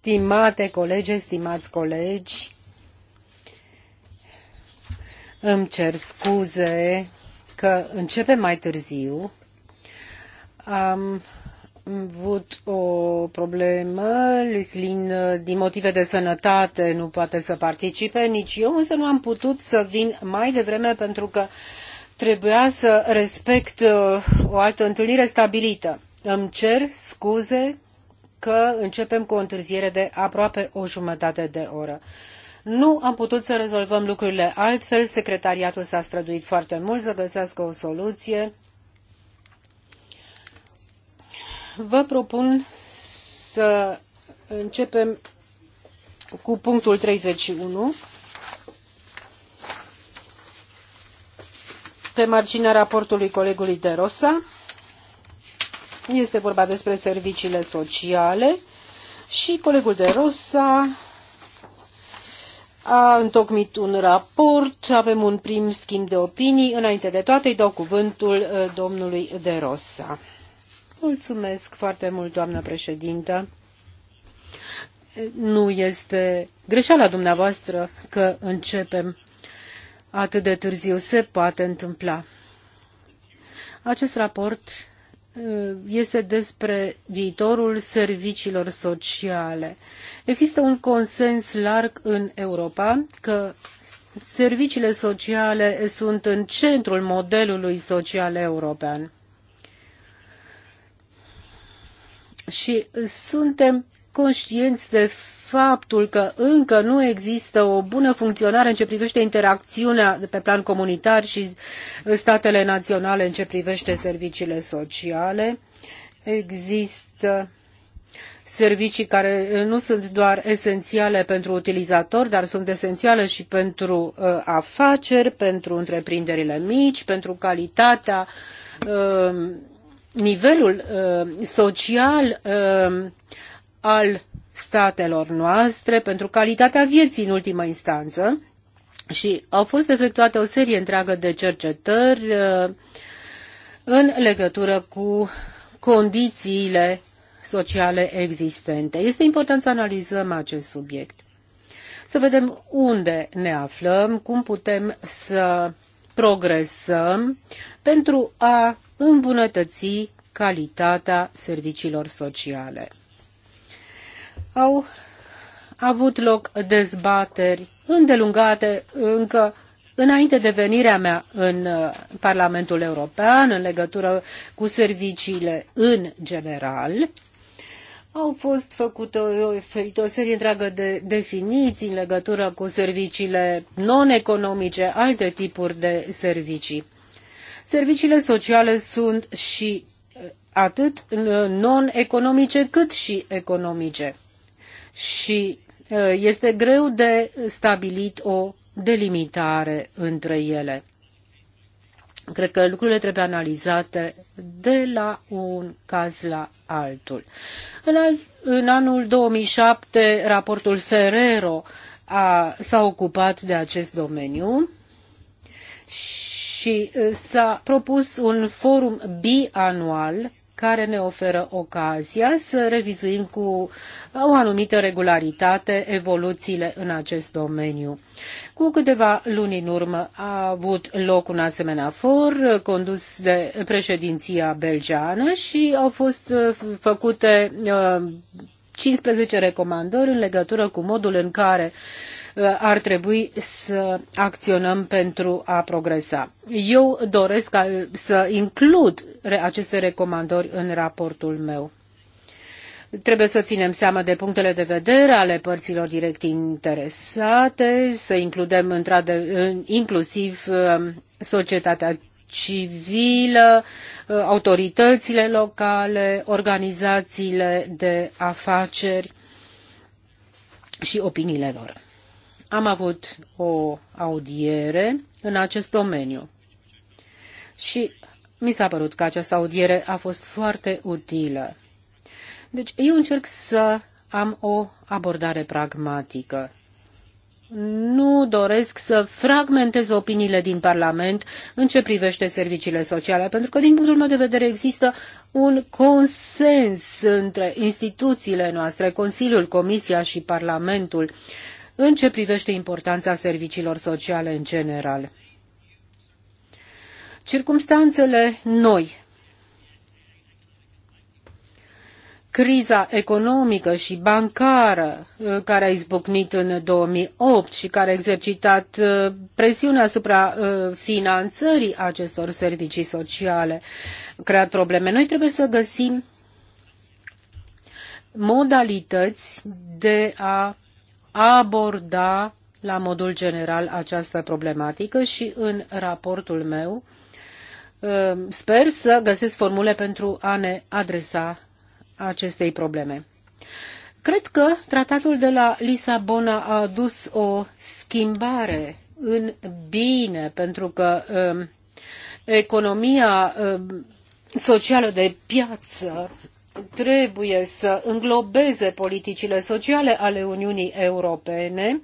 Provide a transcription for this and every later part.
Stimate colege, stimați colegi, îmi cer scuze că începe mai târziu. Am avut o problemă, Lislin, din motive de sănătate, nu poate să participe, nici eu însă nu am putut să vin mai devreme pentru că trebuia să respect uh, o altă întâlnire stabilită. Îmi cer scuze că începem cu o întârziere de aproape o jumătate de oră. Nu am putut să rezolvăm lucrurile altfel, secretariatul s-a străduit foarte mult să găsească o soluție. Vă propun să începem cu punctul 31. Pe marginea raportului colegului de Rosa, este vorba despre serviciile sociale și colegul de Rosa a întocmit un raport, avem un prim schimb de opinii. Înainte de toate îi dau cuvântul uh, domnului de Rosa. Mulțumesc foarte mult, doamnă președintă. Nu este greșeala dumneavoastră că începem atât de târziu. Se poate întâmpla. Acest raport este despre viitorul serviciilor sociale. Există un consens larg în Europa că serviciile sociale sunt în centrul modelului social european. Și suntem conștienți de faptul că încă nu există o bună funcționare în ce privește interacțiunea pe plan comunitar și statele naționale în ce privește serviciile sociale. Există servicii care eh, nu sunt doar esențiale pentru utilizatori, dar sunt esențiale și pentru uh, afaceri, pentru întreprinderile mici, pentru calitatea, uh, nivelul uh, social al statelor noastre pentru calitatea vieții în ultimă instanță și au fost efectuate o serie întreagă de cercetări uh, în legătură cu condițiile sociale existente. Este important să analizăm acest subiect. Să vedem unde ne aflăm, cum putem să progresăm pentru a îmbunătăți calitatea serviciilor sociale au avut loc dezbateri îndelungate încă înainte de venirea mea în uh, Parlamentul European, în legătură cu serviciile în general, au fost făcute o, o serie întreagă de definiții în legătură cu serviciile non-economice, alte tipuri de servicii. Serviciile sociale sunt și uh, atât uh, non-economice cât și economice și este greu de stabilit o delimitare între ele. Cred că lucrurile trebuie analizate de la un caz la altul. În, al, în anul 2007, raportul Ferrero a, s-a ocupat de acest domeniu și s-a propus un forum bianual care ne oferă ocazia să revizuim cu o anumită regularitate evoluțiile în acest domeniu. Cu câteva luni în urmă a avut loc un asemenea for condus de președinția belgeană și au fost uh, făcute 15 uh, recomandări în legătură cu modul în care Uh, ar trebui să acționăm pentru a progresa. Eu doresc uh, să includ aceste recomandări în raportul meu trebuie să ținem seama de punctele de vedere ale părților direct interesate, să includem inclusiv uh, societatea civilă, autoritățile locale, organizațiile de afaceri și opiniile lor. Am avut o audiere în acest domeniu și mi s-a părut că această audiere a fost foarte utilă. Deci eu încerc să am o abordare pragmatică. Nu doresc să fragmentez opiniile din Parlament în ce privește serviciile sociale, pentru că, din punctul meu de vedere, există un consens între instituțiile noastre, Consiliul, Comisia și Parlamentul, în ce privește importanța serviciilor sociale în general. Circumstanțele noi criza economică și bancară uh, care a izbucnit în 2008 și care a exercitat uh, presiune asupra uh, finanțării acestor servicii sociale, creat probleme. Noi trebuie să găsim modalități de a aborda la modul general această problematică și în raportul meu ă, sper să găsesc formule pentru a ne adresa acestei probleme. Cred că tratatul de la Lisabona a adus o schimbare în bine, pentru că ă, economia ă, socială de piață trebuie să înglobeze politicile sociale ale Uniunii Europene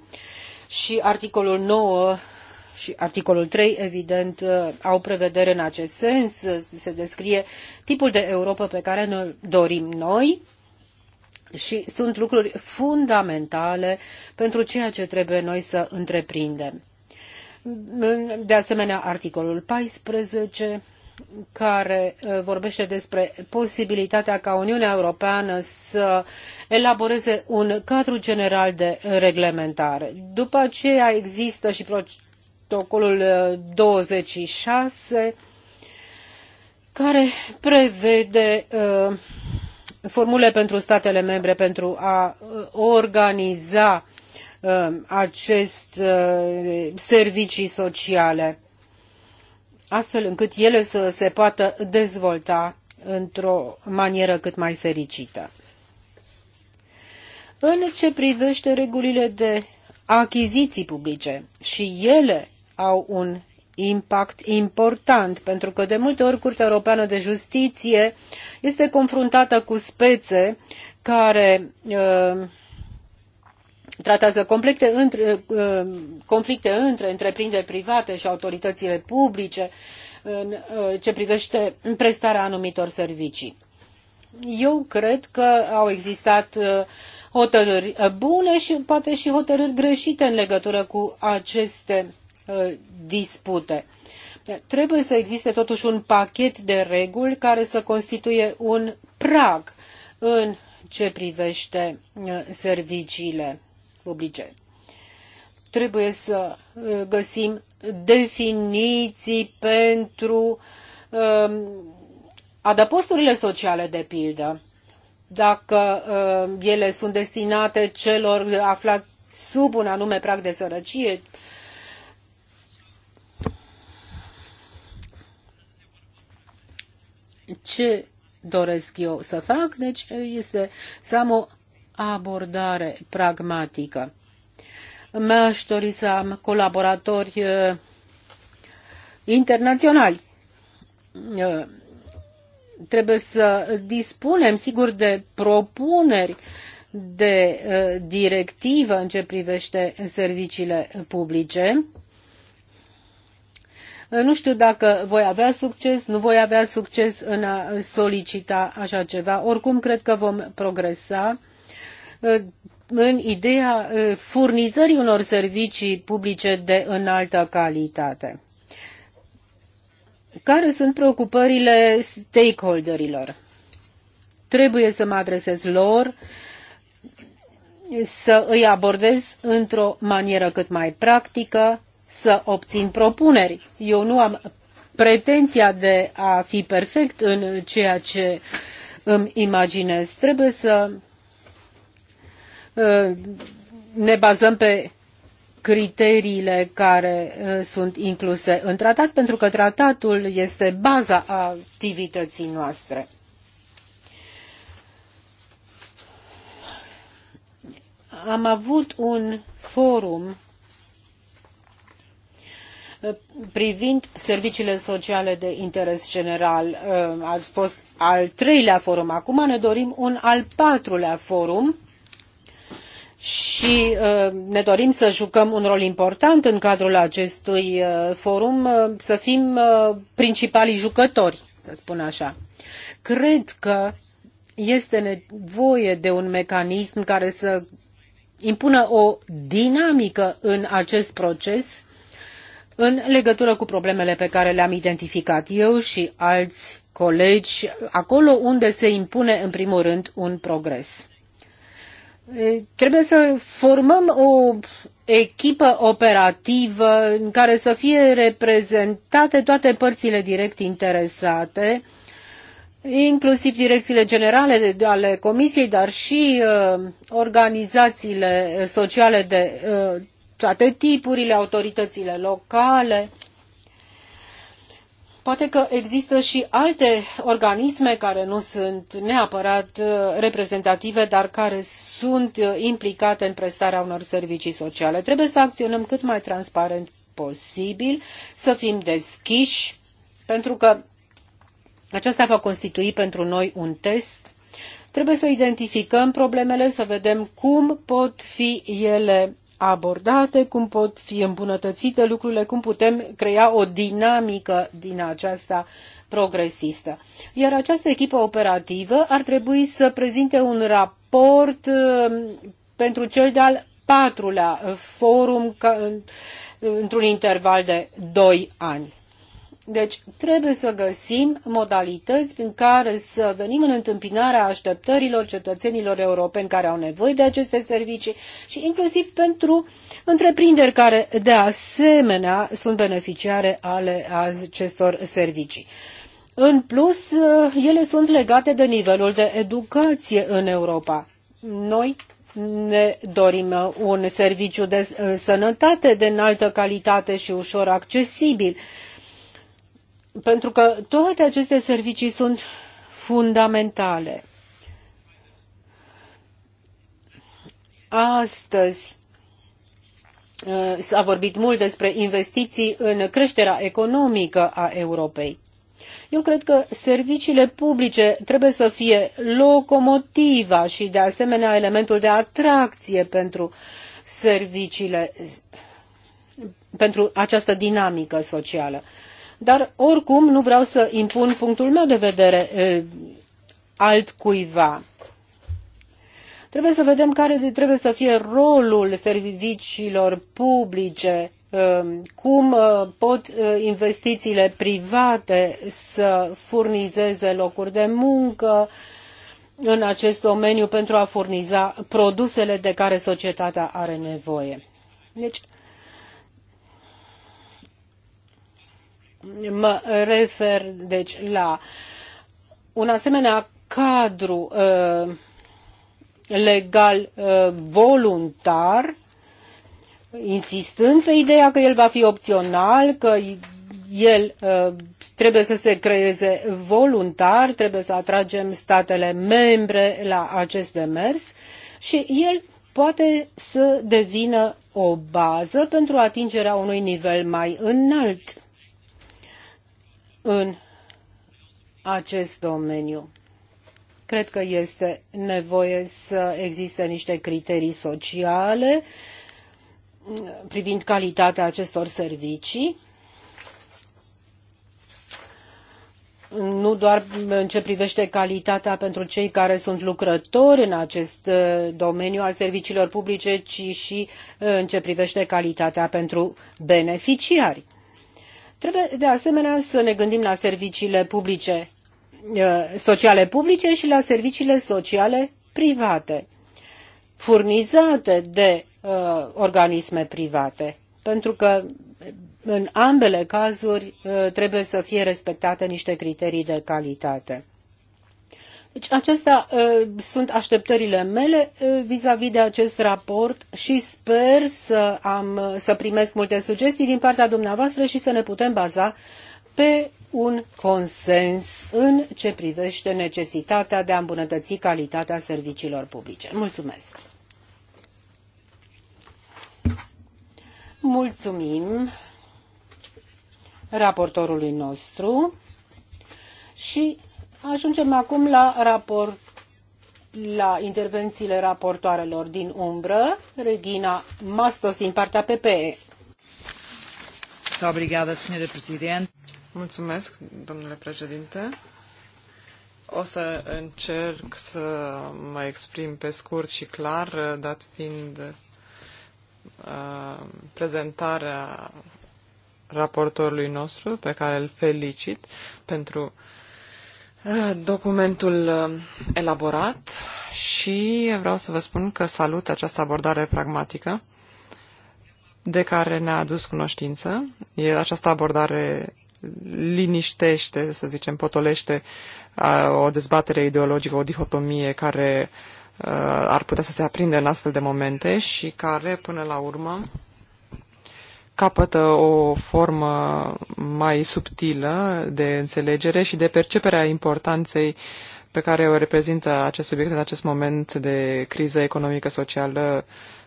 și articolul 9 și articolul 3, evident, uh, au prevedere în acest sens. Se descrie tipul de Europa pe care ne dorim noi și sunt lucruri fundamentale pentru ceea ce trebuie noi să întreprindem. De asemenea, articolul 14 care uh, vorbește despre posibilitatea ca Uniunea Europeană să elaboreze un cadru general de reglementare. După aceea există și protocolul 26 uh, care prevede uh, formule pentru statele membre pentru a organiza aceste servicii sociale astfel încât ele să se poată dezvolta într-o manieră cât mai fericită. În ce privește regulile de achiziții publice, și ele au un impact important, pentru că de multe ori Curtea Europeană de Justiție este confruntată cu spețe care uh, tratează conflicte între, uh, conflicte între întreprinderi private și autoritățile publice în uh, ce privește prestarea anumitor servicii. Eu cred că au existat uh, hotărâri bune și poate și hotărâri greșite în legătură cu aceste dispute. Trebuie să existe totuși un pachet de reguli care să constituie un prag în ce privește serviciile publice. Trebuie să uh, găsim definiții pentru uh, adăposturile sociale, de pildă. Dacă uh, ele sunt destinate celor aflați sub un anume prag de sărăcie, ce doresc eu să fac, deci este să am o abordare pragmatică. Mi-aș dori să am colaboratori uh, internaționali uh, trebuie să dispunem, sigur, de propuneri de uh, directivă în ce privește serviciile publice. Nu știu dacă voi avea succes, nu voi avea succes în a solicita așa ceva. Oricum, cred că vom progresa în ideea furnizării unor servicii publice de înaltă calitate. Care sunt preocupările stakeholderilor? Trebuie să mă adresez lor, să îi abordez într-o manieră cât mai practică, să obțin propuneri. Eu nu am pretenția de a fi perfect în ceea ce îmi imaginez. Trebuie să Uh, ne bazăm pe criteriile care uh, sunt incluse în tratat, pentru că tratatul este baza activității noastre. Am avut un forum uh, privind serviciile sociale de interes general. Ați fost al treilea forum. Acum ne dorim un al patrulea forum și uh, ne dorim să jucăm un rol important în cadrul acestui uh, forum, uh, să fim principalii jucători, să spun așa. Cred că este nevoie de un mecanism care să impună o dinamică în acest proces în legătură cu problemele pe care le-am identificat eu și alți colegi, acolo unde se impune în primul rând un progres Trebuie să formăm o echipă operativă în care să fie reprezentate toate părțile direct interesate, inclusiv direcțiile generale ale Comisiei, dar și uh, organizațiile sociale de uh, toate tipurile, autoritățile locale. Poate că există și alte organisme care nu sunt neapărat uh, reprezentative, dar care sunt uh, implicate în prestarea unor servicii sociale. Trebuie să acționăm cât mai transparent posibil, să fim deschiși, pentru că aceasta va constitui pentru noi un test. Trebuie să identificăm problemele, să vedem cum pot fi ele abordate, cum pot fi îmbunătățite lucrurile, cum putem crea o dinamică din aceasta progresistă. Iar această echipă operativă ar trebui să prezinte un raport um, pentru cel de-al patrulea forum într-un interval de doi ani. Deci trebuie să găsim modalități prin care să venim în întâmpinarea așteptărilor cetățenilor europeni care au nevoie de aceste servicii și inclusiv pentru întreprinderi care de asemenea sunt beneficiare ale acestor servicii. În plus, ele sunt legate de nivelul de educație în Europa. Noi ne dorim un serviciu de sănătate de înaltă calitate și ușor accesibil pentru că toate aceste servicii sunt fundamentale. Astăzi uh, s-a vorbit mult despre investiții în creșterea economică a Europei. Eu cred că serviciile publice trebuie să fie locomotiva și de asemenea elementul de atracție pentru serviciile pentru această dinamică socială. Dar oricum nu vreau să impun punctul meu de vedere altcuiva. Trebuie să vedem care trebuie să fie rolul serviciilor publice, cum pot investițiile private să furnizeze locuri de muncă în acest domeniu pentru a furniza produsele de care societatea are nevoie. Deci, Mă refer, deci, la un asemenea cadru uh, legal uh, voluntar, insistând pe ideea că el va fi opțional, că el uh, trebuie să se creeze voluntar, trebuie să atragem statele membre la acest demers și el poate să devină o bază pentru atingerea unui nivel mai înalt în acest domeniu. Cred că este nevoie să existe niște criterii sociale mm, privind calitatea acestor servicii, nu doar în ce privește calitatea pentru cei care sunt lucrători în acest uh, domeniu al serviciilor publice, ci și uh, în ce privește calitatea pentru beneficiari. Trebuie de asemenea să ne gândim la serviciile publice eh, sociale publice și la serviciile sociale private, furnizate de uh, organisme private, pentru că în ambele cazuri uh, trebuie să fie respectate niște criterii de calitate. Deci acestea uh, sunt așteptările mele uh, vis-a-vis -vis de acest raport și sper să, am, uh, să primesc multe sugestii din partea dumneavoastră și să ne putem baza pe un consens în ce privește necesitatea de a îmbunătăți calitatea serviciilor publice. Mulțumesc! Mulțumim raportorului nostru și Ajungem acum la raport la intervențiile raportoarelor din umbră, Regina Mastos din partea PPE. Obrigada, senhora Presidente. Mulțumesc, domnule președinte. O să încerc să mă exprim pe scurt și clar, dat fiind uh, prezentarea raportorului nostru, pe care îl felicit pentru uh, documentul uh, elaborat și vreau să vă spun că salut această abordare pragmatică de care ne-a adus cunoștință. Această abordare liniștește, să zicem, potolește uh, o dezbatere ideologică, o dihotomie care uh, ar putea să se aprinde în astfel de momente și care, până la urmă, capătă o formă mai subtilă de înțelegere și de perceperea importanței pe care o reprezintă acest subiect în acest moment de criză economică, socială,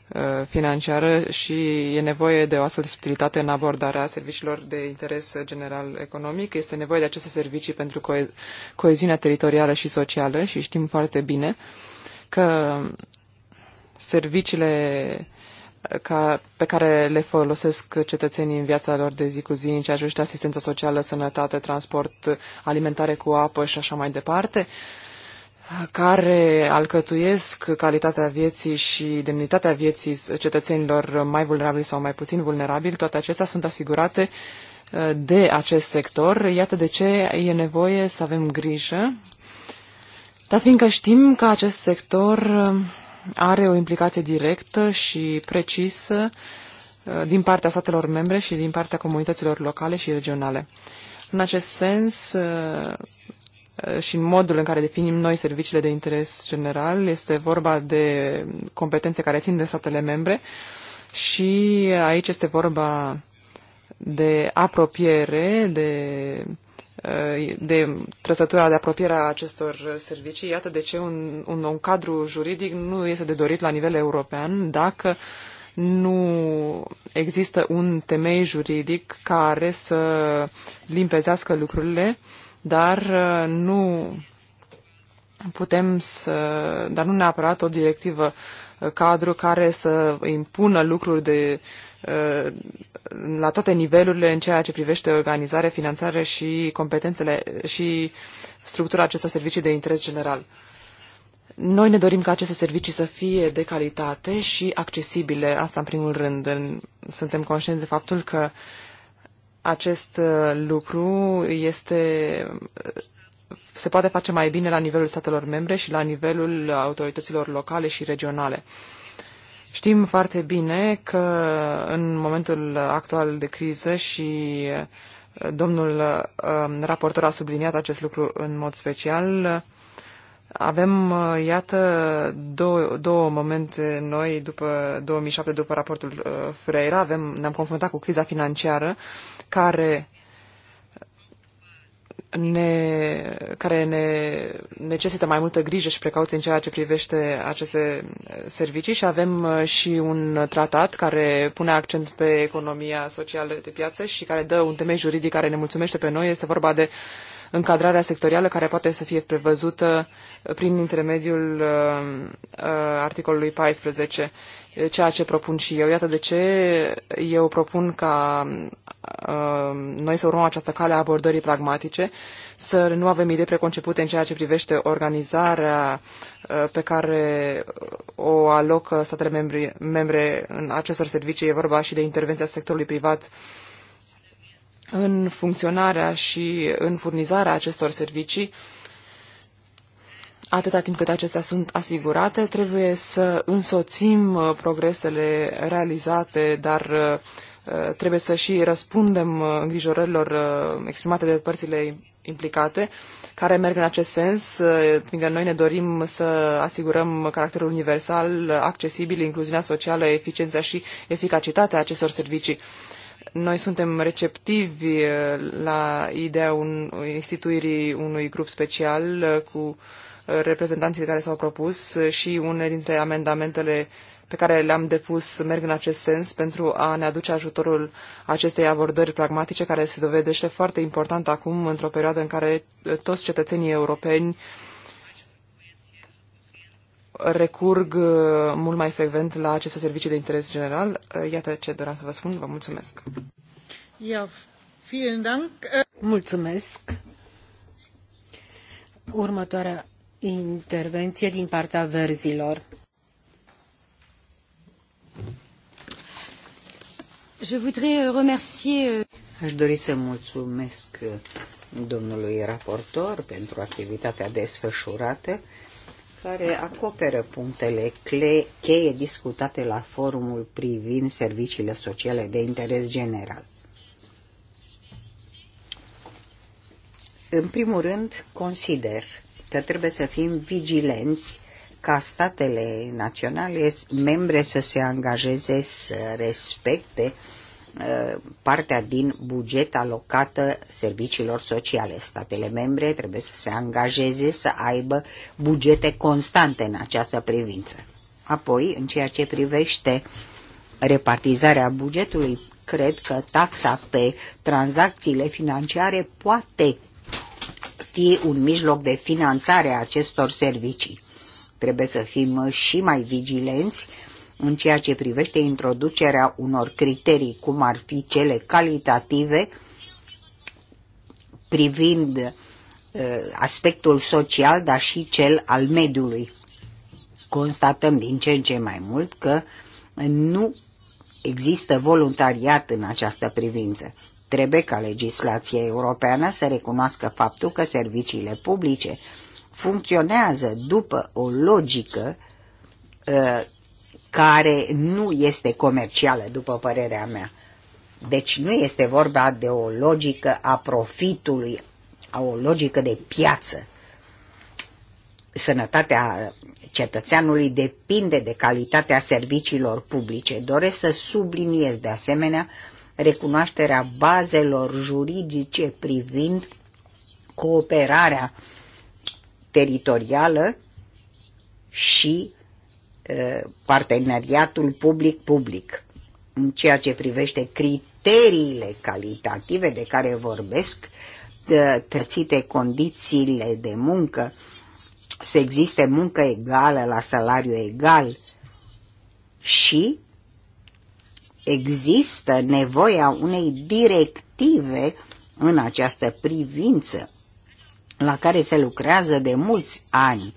uh, financiară și e nevoie de o astfel de subtilitate în abordarea serviciilor de interes general economic. Este nevoie de aceste servicii pentru co- coeziunea teritorială și socială și știm foarte bine că serviciile ca, pe care le folosesc cetățenii în viața lor de zi cu zi, în ceea ce privește asistența socială, sănătate, transport, alimentare cu apă și așa mai departe, care alcătuiesc calitatea vieții și demnitatea vieții cetățenilor mai vulnerabili sau mai puțin vulnerabili, toate acestea sunt asigurate uh, de acest sector. Iată de ce e nevoie să avem grijă, dar fiindcă știm că acest sector uh, are o implicație directă și precisă uh, din partea statelor membre și din partea comunităților locale și regionale. În acest sens uh, uh, și în modul în care definim noi serviciile de interes general, este vorba de competențe care țin de statele membre și aici este vorba de apropiere, de de trăsătura de apropiere a acestor servicii. Iată de ce un, un, un cadru juridic nu este de dorit la nivel european dacă nu există un temei juridic care să limpezească lucrurile, dar uh, nu putem să, dar nu neapărat o directivă cadru care să impună lucruri de, uh, la toate nivelurile în ceea ce privește organizare, finanțare și competențele și structura acestor servicii de interes general. Noi ne dorim ca aceste servicii să fie de calitate și accesibile, asta în primul rând. Suntem conștienți de faptul că acest uh, lucru este se poate face mai bine la nivelul statelor membre și la nivelul autorităților locale și regionale. Știm foarte bine că în momentul actual de criză și uh, domnul uh, raportor a subliniat acest lucru în mod special, avem, uh, iată, două, două momente noi după 2007, după raportul Freira. Avem, ne-am confruntat cu criza financiară, care ne, care ne necesită mai multă grijă și precauție în ceea ce privește aceste servicii și avem uh, și un tratat care pune accent pe economia socială de piață și care dă un temei juridic care ne mulțumește pe noi. Este vorba de încadrarea sectorială care poate să fie prevăzută prin intermediul uh, uh, articolului 14, ceea ce propun și eu. Iată de ce eu propun ca uh, noi să urmăm această cale a abordării pragmatice, să nu avem idei preconcepute în ceea ce privește organizarea pe care o alocă statele membre membre în acestor servicii. E vorba și de intervenția sectorului privat uh, în funcționarea și în furnizarea acestor servicii, atâta timp cât acestea sunt asigurate, trebuie să însoțim uh, progresele realizate, dar uh, uh, trebuie să și răspundem îngrijorărilor exprimate de părțile implicate care merg în acest sens, fiindcă noi ne dorim să asigurăm caracterul universal, accesibil, incluziunea socială, eficiența și eficacitatea acestor servicii. Noi suntem receptivi uh, la ideea un, instituirii unui grup special uh, cu uh, reprezentanții care s-au propus și unele dintre amendamentele pe care le-am depus merg în acest sens pentru a ne aduce ajutorul acestei abordări pragmatice care se dovedește foarte important acum într-o perioadă în care toți cetățenii europeni uh, recurg uh, mult mai frecvent la aceste servicii de interes general. Uh, iată ce doream să vă spun. Vă mulțumesc. vielen Dank. Mulțumesc. Următoarea intervenție din partea verzilor. Je voudrais remercier... Euh, Aș dori să mulțumesc euh, domnului raportor pentru activitatea desfășurată care acoperă punctele cheie discutate la forumul privind serviciile sociale de interes general. În primul rând, consider că trebuie să fim vigilenți ca statele naționale membre să se angajeze să respecte uh, Uh, partea din buget alocată serviciilor sociale. Statele membre trebuie să se angajeze să aibă bugete constante în această privință. Apoi, în ceea ce privește repartizarea bugetului, cred că taxa pe tranzacțiile financiare poate fi un mijloc de finanțare a acestor servicii. Trebuie să fim și mai vigilenți în ceea ce privește introducerea unor criterii, cum ar fi cele calitative, privind uh, aspectul social, dar și cel al mediului. Constatăm din ce în ce mai mult că nu există voluntariat în această privință. Trebuie ca legislația europeană să recunoască faptul că serviciile publice funcționează după o logică uh, care nu este comercială, după părerea mea. Deci nu este vorba de o logică a profitului, a o logică de piață. Sănătatea cetățeanului depinde de calitatea serviciilor publice. Doresc să subliniez de asemenea recunoașterea bazelor juridice privind cooperarea teritorială și parteneriatul public-public în ceea ce privește criteriile calitative de care vorbesc, trățite condițiile de muncă, să existe muncă egală la salariu egal și există nevoia unei directive în această privință la care se lucrează de mulți ani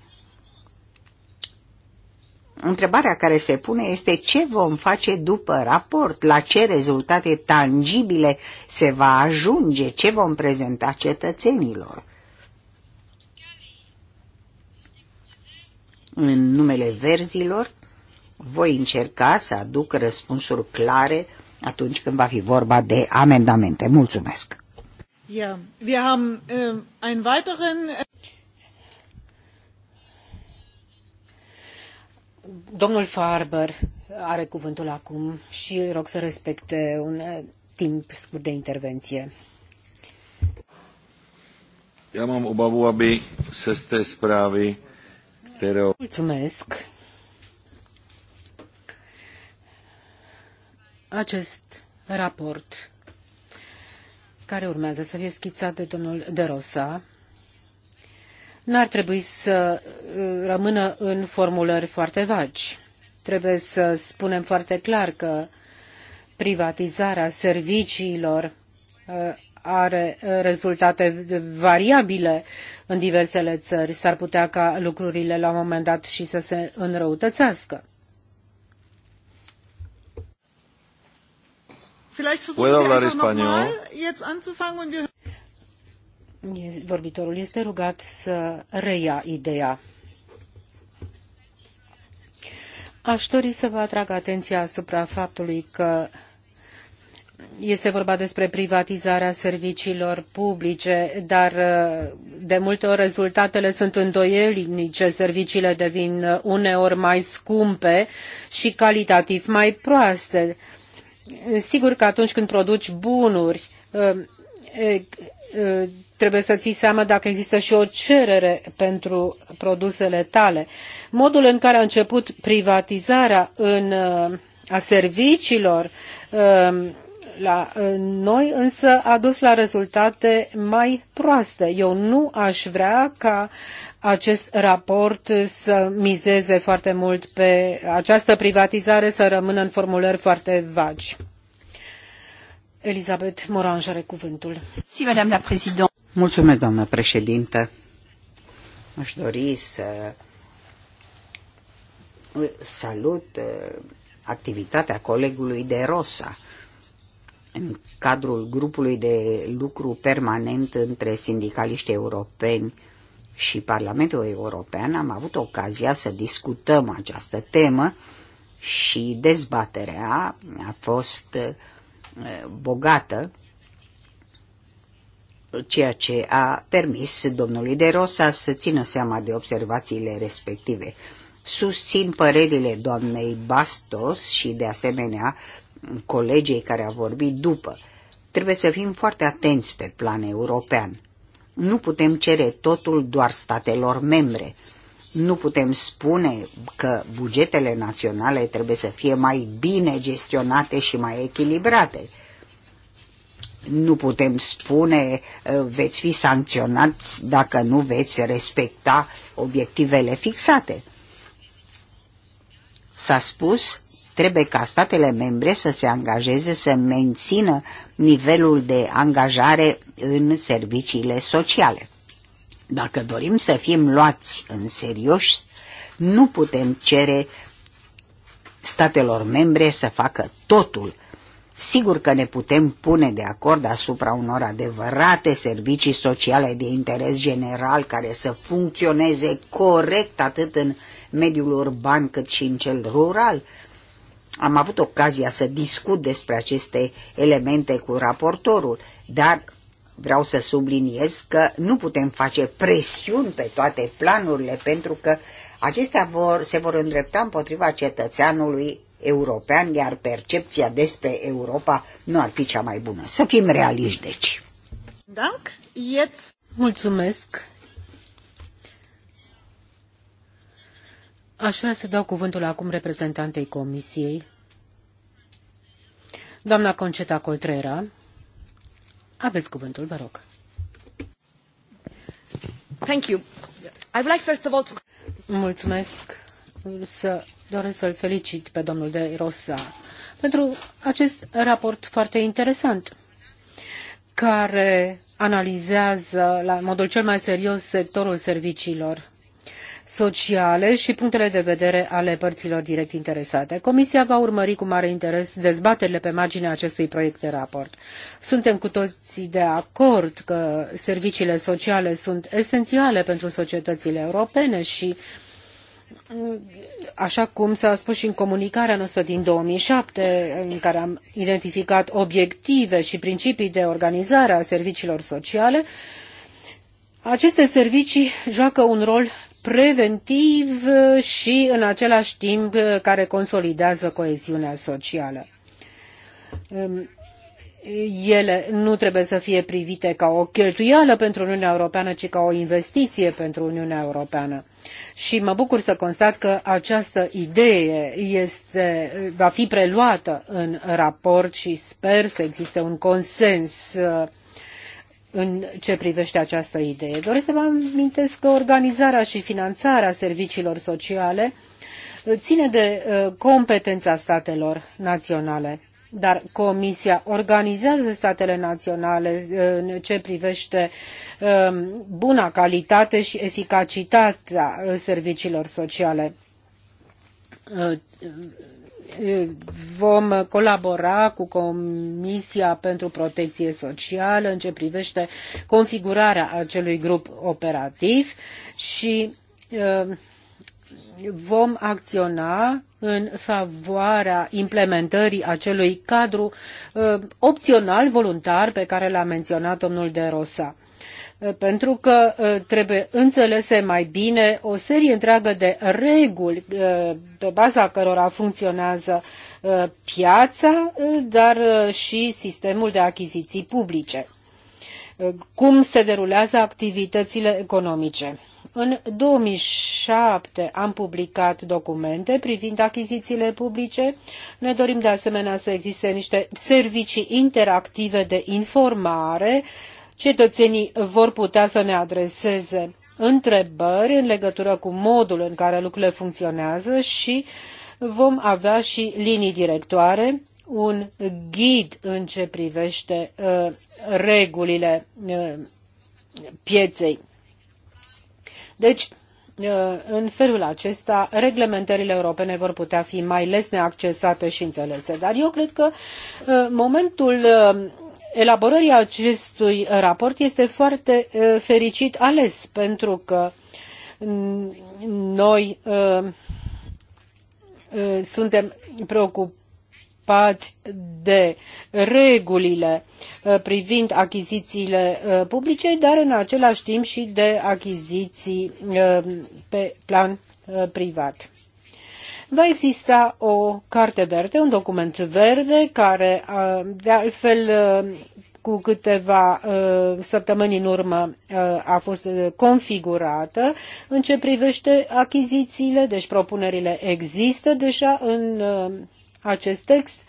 întrebarea care se pune este ce vom face după raport, la ce rezultate tangibile se va ajunge, ce vom prezenta cetățenilor. În numele verzilor, voi încerca să aduc răspunsuri clare atunci când va fi vorba de amendamente. Mulțumesc! Yeah. Wir haben, uh, weiteren... Äh, Domnul Farber are cuvântul acum și îl rog să respecte un eh, timp scurt de intervenție. Já mám obavu, aby se z té zprávy, Mulțumesc. Acest raport care urmează să fie schițat de domnul De Rosa n-ar trebui să uh, rămână în formulări foarte vagi. Trebuie să spunem foarte clar că privatizarea serviciilor uh, are uh, rezultate variabile în diversele țări. S-ar putea ca lucrurile la un moment dat și să se înrăutățească. Vielleicht versuchen Sie Vorbitorul este rugat să reia ideea. Aș dori să vă atrag atenția asupra faptului că este vorba despre privatizarea serviciilor publice, dar uh, de multe ori rezultatele sunt îndoielnice, serviciile devin uneori mai scumpe și calitativ mai proaste. Sigur că atunci când produci bunuri, uh, uh, trebuie să ții seama dacă există și o cerere pentru produsele tale. Modul în care a început privatizarea în, uh, a serviciilor um, la uh, noi însă a dus la rezultate mai proaste. Eu nu aș vrea ca acest raport să mizeze foarte mult pe această privatizare, să rămână în formulări foarte vagi. Elisabeth Morange are cuvântul. Si, madame la présidente. Mulțumesc, doamnă președintă. Aș dori să salut uh, activitatea colegului de Rosa în cadrul grupului de lucru permanent între sindicaliști europeni și Parlamentul European am avut ocazia să discutăm această temă și dezbaterea a fost uh, bogată ceea ce a permis domnului de Rosa să țină seama de observațiile respective. Susțin părerile doamnei Bastos și, de asemenea, colegei care a vorbit după. Trebuie să fim foarte atenți pe plan european. Nu putem cere totul doar statelor membre. Nu putem spune că bugetele naționale trebuie să fie mai bine gestionate și mai echilibrate nu putem spune ă, veți fi sancționați dacă nu veți respecta obiectivele fixate. S-a spus, trebuie ca statele membre să se angajeze să mențină nivelul de angajare în serviciile sociale. Dacă dorim să fim luați în serios, nu putem cere statelor membre să facă totul Sigur că ne putem pune de acord asupra unor adevărate servicii sociale de interes general care să funcționeze corect atât în mediul urban cât și în cel rural. Am avut ocazia să discut despre aceste elemente cu raportorul, dar vreau să subliniez că nu putem face presiuni pe toate planurile pentru că acestea vor, se vor îndrepta împotriva cetățeanului european, iar percepția despre Europa nu ar fi cea mai bună. Să fim realiști, deci. Dank. Jetzt. Mulțumesc. Aș vrea să dau cuvântul acum reprezentantei Comisiei, doamna Conceta Coltrera. Aveți cuvântul, vă rog. Thank you. I would like first of all to... Mulțumesc să doresc să-l felicit pe domnul de Rosa pentru acest raport foarte interesant care analizează la modul cel mai serios sectorul serviciilor sociale și punctele de vedere ale părților direct interesate. Comisia va urmări cu mare interes dezbaterile pe marginea acestui proiect de raport. Suntem cu toții de acord că serviciile sociale sunt esențiale pentru societățile europene și uh, așa cum s-a spus și în comunicarea noastră din 2007, în care am identificat obiective și principii de organizare a serviciilor sociale, aceste servicii joacă un rol preventiv și în același timp care consolidează coeziunea socială ele nu trebuie să fie privite ca o cheltuială pentru Uniunea Europeană, ci ca o investiție pentru Uniunea Europeană. Și mă bucur să constat că această idee este, va fi preluată în raport și sper să existe un consens uh, în ce privește această idee. Doresc să vă amintesc că organizarea și finanțarea serviciilor sociale ține de uh, competența statelor naționale dar Comisia organizează statele naționale în ce privește um, buna calitate și eficacitatea uh, serviciilor sociale uh, uh, vom colabora cu Comisia pentru Protecție Socială în ce privește configurarea acelui grup operativ și uh, vom acționa în favoarea implementării acelui cadru uh, opțional voluntar pe care l-a menționat domnul de Rosa uh, pentru că uh, trebuie înțelese mai bine o serie întreagă de reguli pe baza cărora funcționează piața, dar și sistemul de achiziții publice. Cum se derulează activitățile economice? În 2007 am publicat documente privind achizițiile publice. Ne dorim de asemenea să existe niște servicii interactive de informare. Cetățenii vor putea să ne adreseze întrebări în legătură cu modul în care lucrurile funcționează și vom avea și linii directoare, un ghid în ce privește uh, regulile uh, pieței. Deci, uh, în felul acesta, reglementările europene vor putea fi mai lesne accesate și înțelese. Dar eu cred că uh, momentul uh, elaborării acestui raport este foarte fericit ales, pentru că mm, noi suntem preocupați preocupați de regulile uh, privind achizițiile uh, publice, dar în același timp și de achiziții uh, pe plan privat. Va exista o carte verde, un document verde care, de altfel, cu câteva săptămâni în urmă a fost configurată. În ce privește achizițiile, deci propunerile există deja în acest text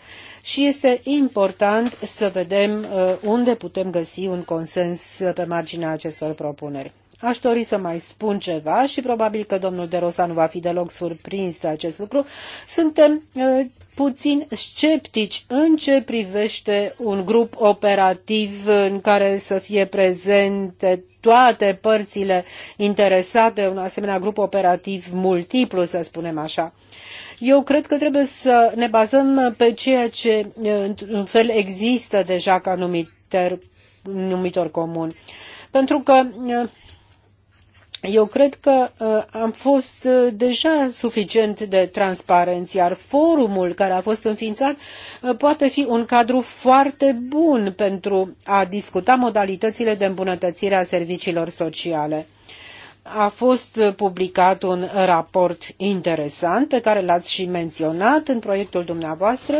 și este important să vedem uh, unde putem găsi un consens pe marginea acestor propuneri. Aș dori să mai spun ceva și probabil că domnul De Rosa nu va fi deloc surprins de acest lucru. Suntem uh, puțin sceptici în ce privește un grup operativ în care să fie prezente toate părțile interesate, un asemenea grup operativ multiplu, să spunem așa. Eu cred că trebuie să ne bazăm pe ceea ce în fel există deja ca numitor, numitor comun. Pentru că eu cred că uh, am fost uh, deja suficient de transparenți, iar forumul care a fost înființat uh, poate fi un cadru foarte bun pentru a discuta modalitățile de îmbunătățire a serviciilor sociale. A fost uh, publicat un raport interesant pe care l-ați și menționat în proiectul dumneavoastră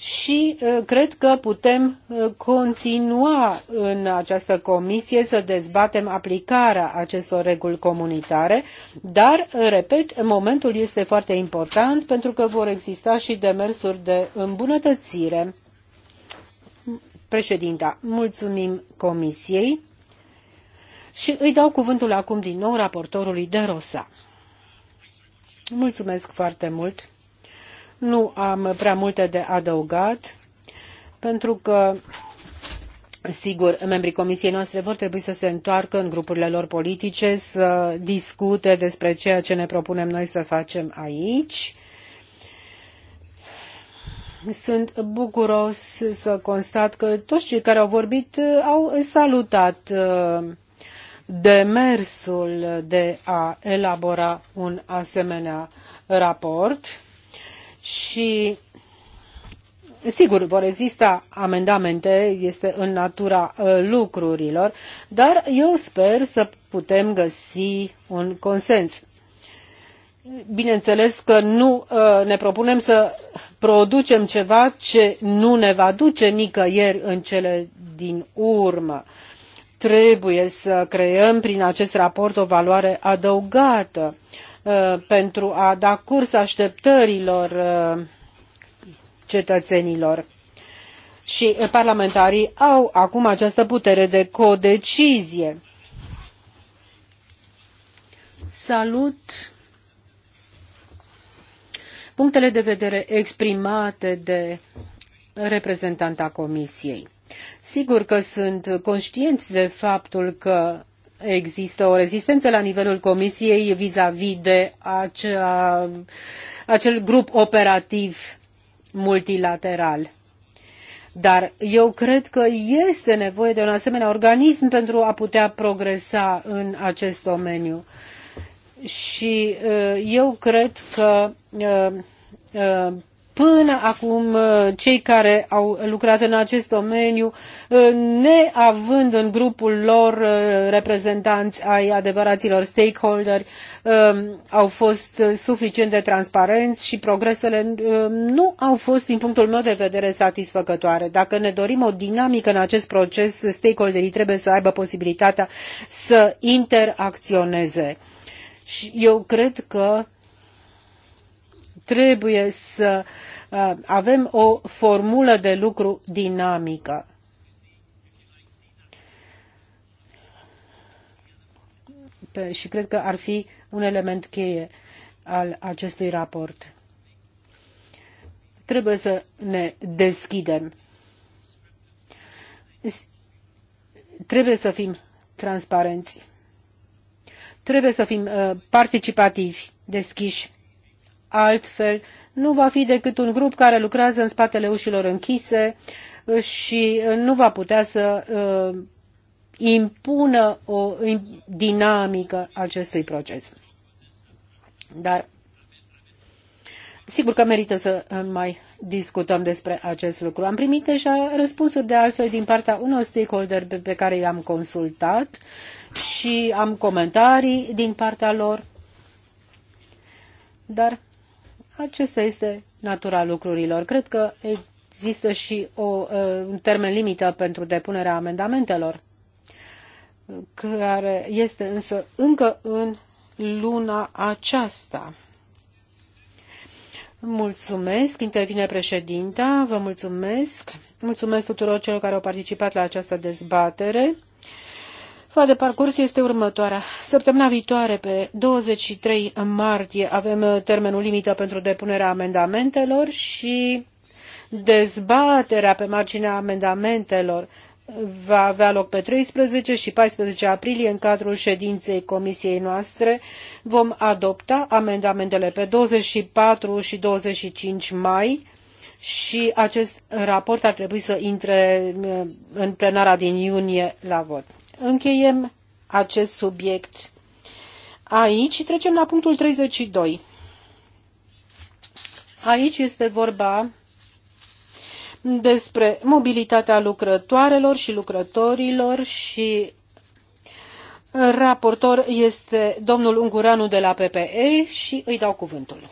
și uh, cred că putem uh, continua în această comisie să dezbatem aplicarea acestor reguli comunitare, dar, uh, repet, momentul este foarte important pentru că vor exista și demersuri de îmbunătățire. Președinta, mulțumim comisiei și îi dau cuvântul acum din nou raportorului de Rosa. Mulțumesc foarte mult. Nu am prea multe de adăugat, pentru că Sigur, membrii comisiei noastre vor trebui să se întoarcă în grupurile lor politice, să discute despre ceea ce ne propunem noi să facem aici. Sunt bucuros să constat că toți cei care au vorbit uh, au salutat uh, demersul de a elabora un asemenea raport și Sigur, vor exista amendamente, este în natura uh, lucrurilor, dar eu sper să putem găsi un consens. Bineînțeles că nu uh, ne propunem să producem ceva ce nu ne va duce nicăieri în cele din urmă. Trebuie să creăm prin acest raport o valoare adăugată. Uh, Uh, pentru a da curs așteptărilor uh, cetățenilor. Și parlamentarii au acum această putere de codecizie. Salut punctele de vedere exprimate de reprezentanta Comisiei. Sigur că sunt conștient de faptul că există o rezistență la nivelul Comisiei vis-a-vis de acea, acel grup operativ multilateral. Dar eu cred că este nevoie de un asemenea organism pentru a putea progresa în acest domeniu. Și uh, eu cred că uh, uh, Până acum, uh, cei care au lucrat în acest domeniu, uh, neavând în grupul lor uh, reprezentanți ai adevăraților stakeholder, um, au fost suficient de transparenți și progresele nu au fost, din punctul meu de vedere, satisfăcătoare. Dacă ne dorim o dinamică în acest proces, stakeholderii trebuie să aibă posibilitatea să interacționeze. Și eu cred că trebuie să uh, avem o formulă de lucru dinamică. Pe, și cred că ar fi un element cheie al acestui raport. Trebuie să ne deschidem. Trebuie să fim transparenți. Trebuie să fim uh, participativi, deschiși altfel nu va fi decât un grup care lucrează în spatele ușilor închise și uh, nu va putea să uh, impună o dinamică acestui proces. Dar sigur că merită să uh, mai discutăm despre acest lucru. Am primit deja răspunsuri de altfel din partea unor stakeholder pe care i-am consultat și am comentarii din partea lor. Dar acesta este natura lucrurilor. Cred că există și o, uh, un termen limită pentru depunerea amendamentelor, care este însă încă în luna aceasta. Mulțumesc, intervine președinta, vă mulțumesc. Mulțumesc tuturor celor care au participat la această dezbatere. Foa de parcurs este următoarea. Săptămâna viitoare, pe 23 martie, avem uh, termenul limită pentru depunerea amendamentelor și dezbaterea pe marginea amendamentelor va avea loc pe 13 și 14 aprilie în cadrul ședinței comisiei noastre. Vom adopta amendamentele pe 24 și 25 mai și acest raport ar trebui să intre uh, în plenara din iunie la vot încheiem acest subiect aici și trecem la punctul 32. Aici este vorba despre mobilitatea lucrătoarelor și lucrătorilor și raportor este domnul Ungureanu de la PPE și îi dau cuvântul.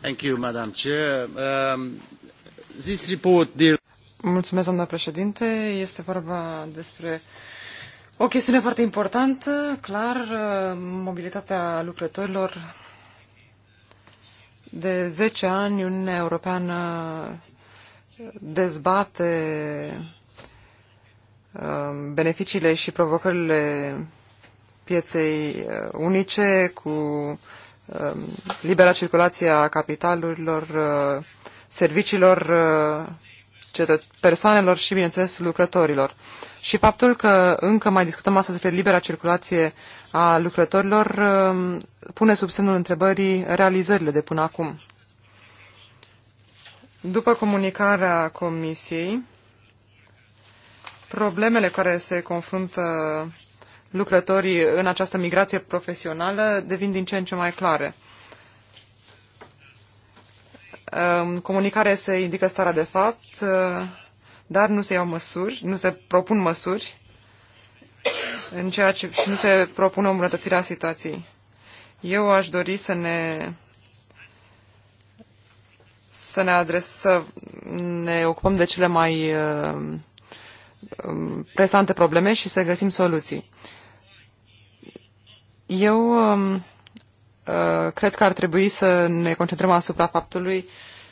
Thank you, Madam Chair. Um, this report deal... Mulțumesc, doamna președinte. Este vorba despre o chestiune foarte importantă, clar, mobilitatea lucrătorilor. De 10 ani, Uniunea Europeană dezbate um, beneficiile și provocările pieței uh, unice cu um, libera circulație a capitalurilor, uh, serviciilor uh, persoanelor și, bineînțeles, lucrătorilor. Și faptul că încă mai discutăm astăzi despre libera circulație a lucrătorilor um, pune sub semnul întrebării realizările de până acum. După comunicarea Comisiei, problemele care se confruntă lucrătorii în această migrație profesională devin din ce în ce mai clare comunicare se indică starea de fapt, dar nu se iau măsuri, nu se propun măsuri în ceea ce, și nu se propune a situației. Eu aș dori să ne să ne adres, să ne ocupăm de cele mai uh, um, presante probleme și să găsim soluții. Eu um, Uh, cred că ar trebui să ne concentrăm asupra faptului,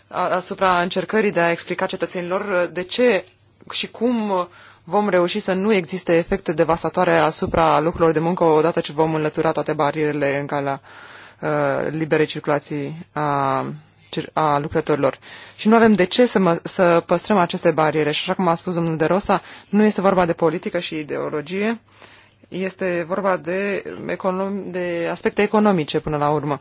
asupra încercării de a explica cetățenilor uh, de ce și cum vom reuși să nu existe efecte devastatoare asupra lucrurilor de muncă odată ce vom înlătura toate barierele în calea uh, liberei circulații a, a lucrătorilor. Și nu avem de ce să, mă, să păstrăm aceste bariere. Și așa cum a spus domnul De Rosa, nu este vorba de politică și ideologie, uh, este vorba de, econom- de aspecte economice până la urmă.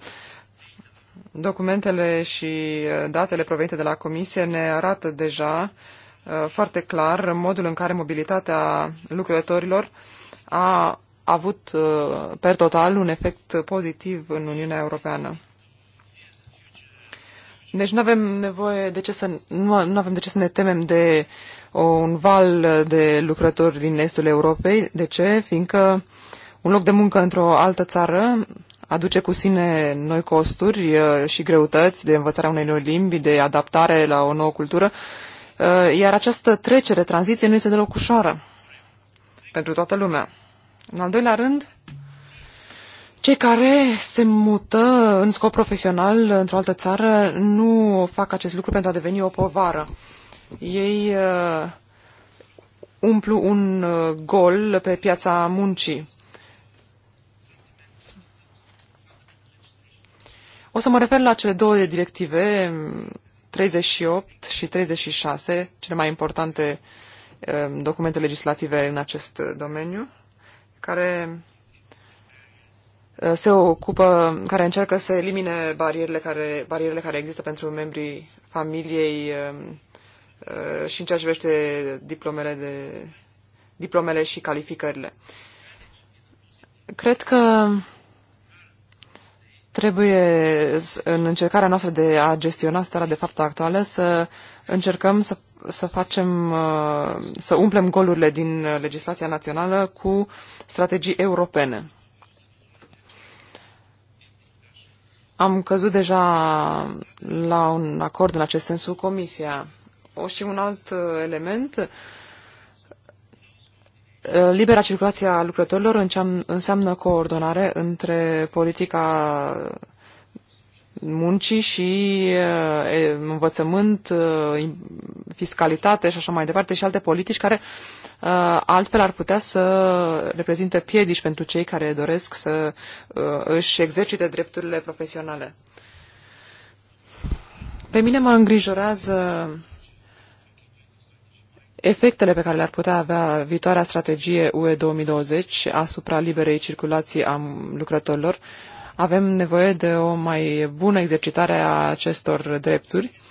Documentele și uh, datele provenite de la Comisie ne arată deja uh, foarte clar modul în care mobilitatea lucrătorilor a avut uh, per total un efect pozitiv în Uniunea Europeană. Deci nu avem nevoie de ce să, nu, nu avem de ce să ne temem de un val de lucrători din estul Europei. De ce? Fiindcă un loc de muncă într-o altă țară aduce cu sine noi costuri uh, și greutăți de învățarea unei noi limbi, de adaptare la o nouă cultură, uh, iar această trecere, tranziție, nu este deloc ușoară pentru toată lumea. În al doilea rând, cei care se mută în scop profesional într-o altă țară nu fac acest lucru pentru a deveni o povară. Ei uh, umplu un uh, gol pe piața muncii. O să mă refer la cele două directive, 38 și 36, cele mai importante uh, documente legislative în acest domeniu, care Uh, se ocupă, care încearcă să elimine barierele care, barierele care există pentru membrii familiei um, uh, și în ceea ce privește diplomele, de, diplomele și calificările. Cred că trebuie, în încercarea noastră de a gestiona starea de fapt actuală, să încercăm să, să facem, uh, să umplem golurile din legislația națională cu strategii europene. Am căzut deja la un acord în acest sens cu Comisia. O și un alt uh, element, uh, libera circulație a lucrătorilor înseamnă coordonare între politica muncii și uh, învățământ, uh, fiscalitate și așa mai departe și alte politici care uh, altfel ar putea să reprezinte piedici pentru cei care doresc să își exercite drepturile profesionale. Pe mine mă îngrijorează efectele pe care le-ar putea avea viitoarea strategie UE 2020 asupra liberei circulații a lucrătorilor, uh, avem nevoie de o mai bună exercitare a acestor drepturi,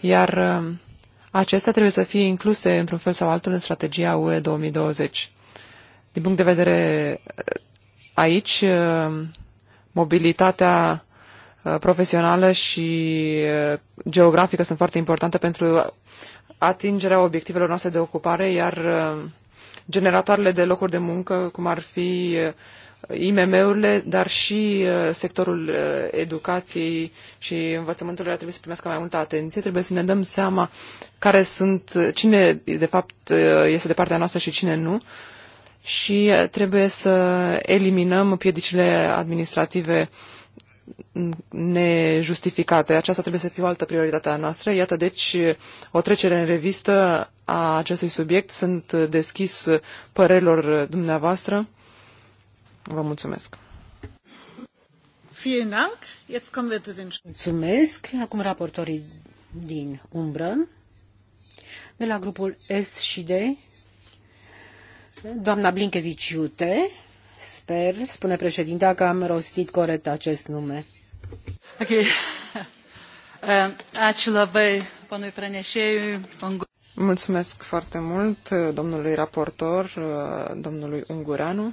iar uh, acestea trebuie să fie incluse într-un fel sau altul în strategia UE 2020. Din punct de vedere uh, aici, uh, mobilitatea profesională și geografică sunt foarte importante pentru atingerea obiectivelor noastre de ocupare, iar generatoarele de locuri de muncă, cum ar fi IMM-urile, dar și uh, sectorul uh, educației și învățământului ar trebui să primească mai multă atenție. Trebuie să ne dăm seama care sunt, cine de fapt uh, este de partea noastră și cine nu. Și trebuie să eliminăm piedicile administrative nejustificate. Aceasta trebuie să fie o altă prioritate a noastră. Iată, deci, o trecere în revistă a acestui subiect. Sunt deschis părerilor dumneavoastră Vă mulțumesc. Mulțumesc. Acum raportorii din umbră, de la grupul S și D, doamna blinkevici sper, spune președinta că am rostit corect acest nume. Ok. Ačiū labai, panui Mulțumesc foarte mult domnului raportor, domnului Ungureanu.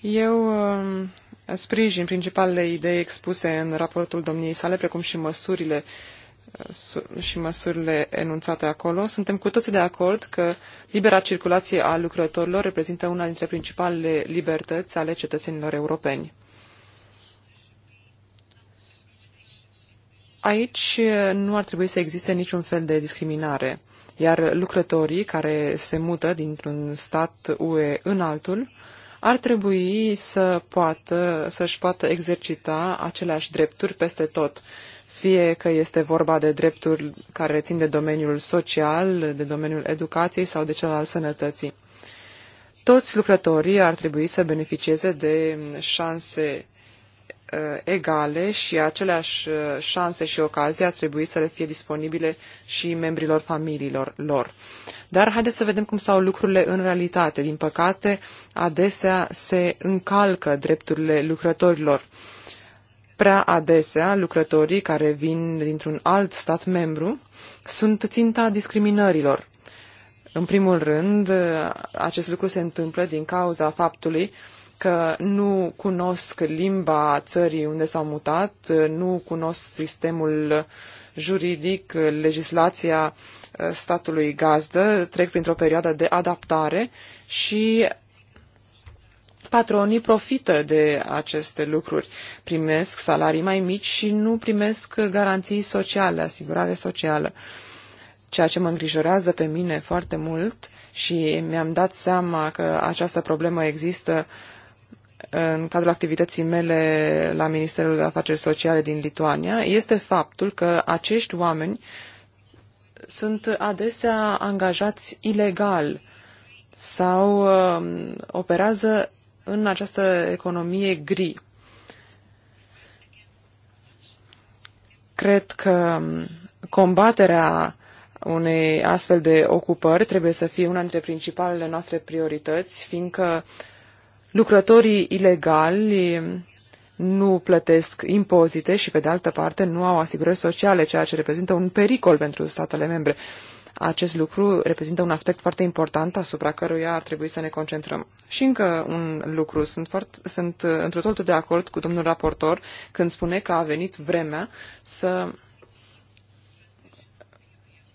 Eu um, sprijin principalele idei expuse în raportul domniei sale, precum și măsurile uh, și măsurile enunțate acolo. Suntem cu toții de acord că libera circulație a lucrătorilor reprezintă una dintre principalele libertăți ale cetățenilor europeni. Aici uh, nu ar trebui să existe niciun fel de discriminare, iar lucrătorii care se mută dintr-un stat UE în altul ar trebui să poată, să-și poată exercita aceleași drepturi peste tot fie că este vorba de drepturi care țin de domeniul social, de domeniul educației sau de cel al sănătății. Toți lucrătorii ar trebui să beneficieze de șanse Uh, egale și aceleași uh, șanse și ocazii ar trebui să le fie disponibile și membrilor familiilor lor. Dar haideți să vedem cum stau lucrurile în realitate. Din păcate, adesea se încalcă drepturile lucrătorilor. Prea adesea, lucrătorii care vin dintr-un alt stat membru sunt ținta discriminărilor. În primul rând, uh, acest lucru se întâmplă din cauza faptului că nu cunosc limba țării unde s-au mutat, nu cunosc sistemul juridic, legislația eh, statului gazdă, trec printr-o perioadă de adaptare și patronii profită de aceste lucruri. Primesc salarii mai mici și nu primesc garanții sociale, asigurare socială. Ceea ce mă îngrijorează pe mine foarte mult și mi-am dat seama că această problemă există uh, în cadrul activității mele la Ministerul de Afaceri Sociale din Lituania este faptul că acești oameni sunt adesea angajați ilegal sau uh, operează în această economie gri. Cred că um, combaterea unei astfel de ocupări trebuie să fie una dintre principalele noastre priorități, fiindcă uh, lucrătorii ilegali nu plătesc impozite și, pe de altă parte, nu au asigurări sociale, ceea ce reprezintă un pericol pentru statele membre. Acest lucru reprezintă un aspect foarte important asupra căruia ar trebui să ne concentrăm. Și încă un lucru, sunt, foarte, sunt într totul de acord cu domnul raportor când spune că a venit vremea să,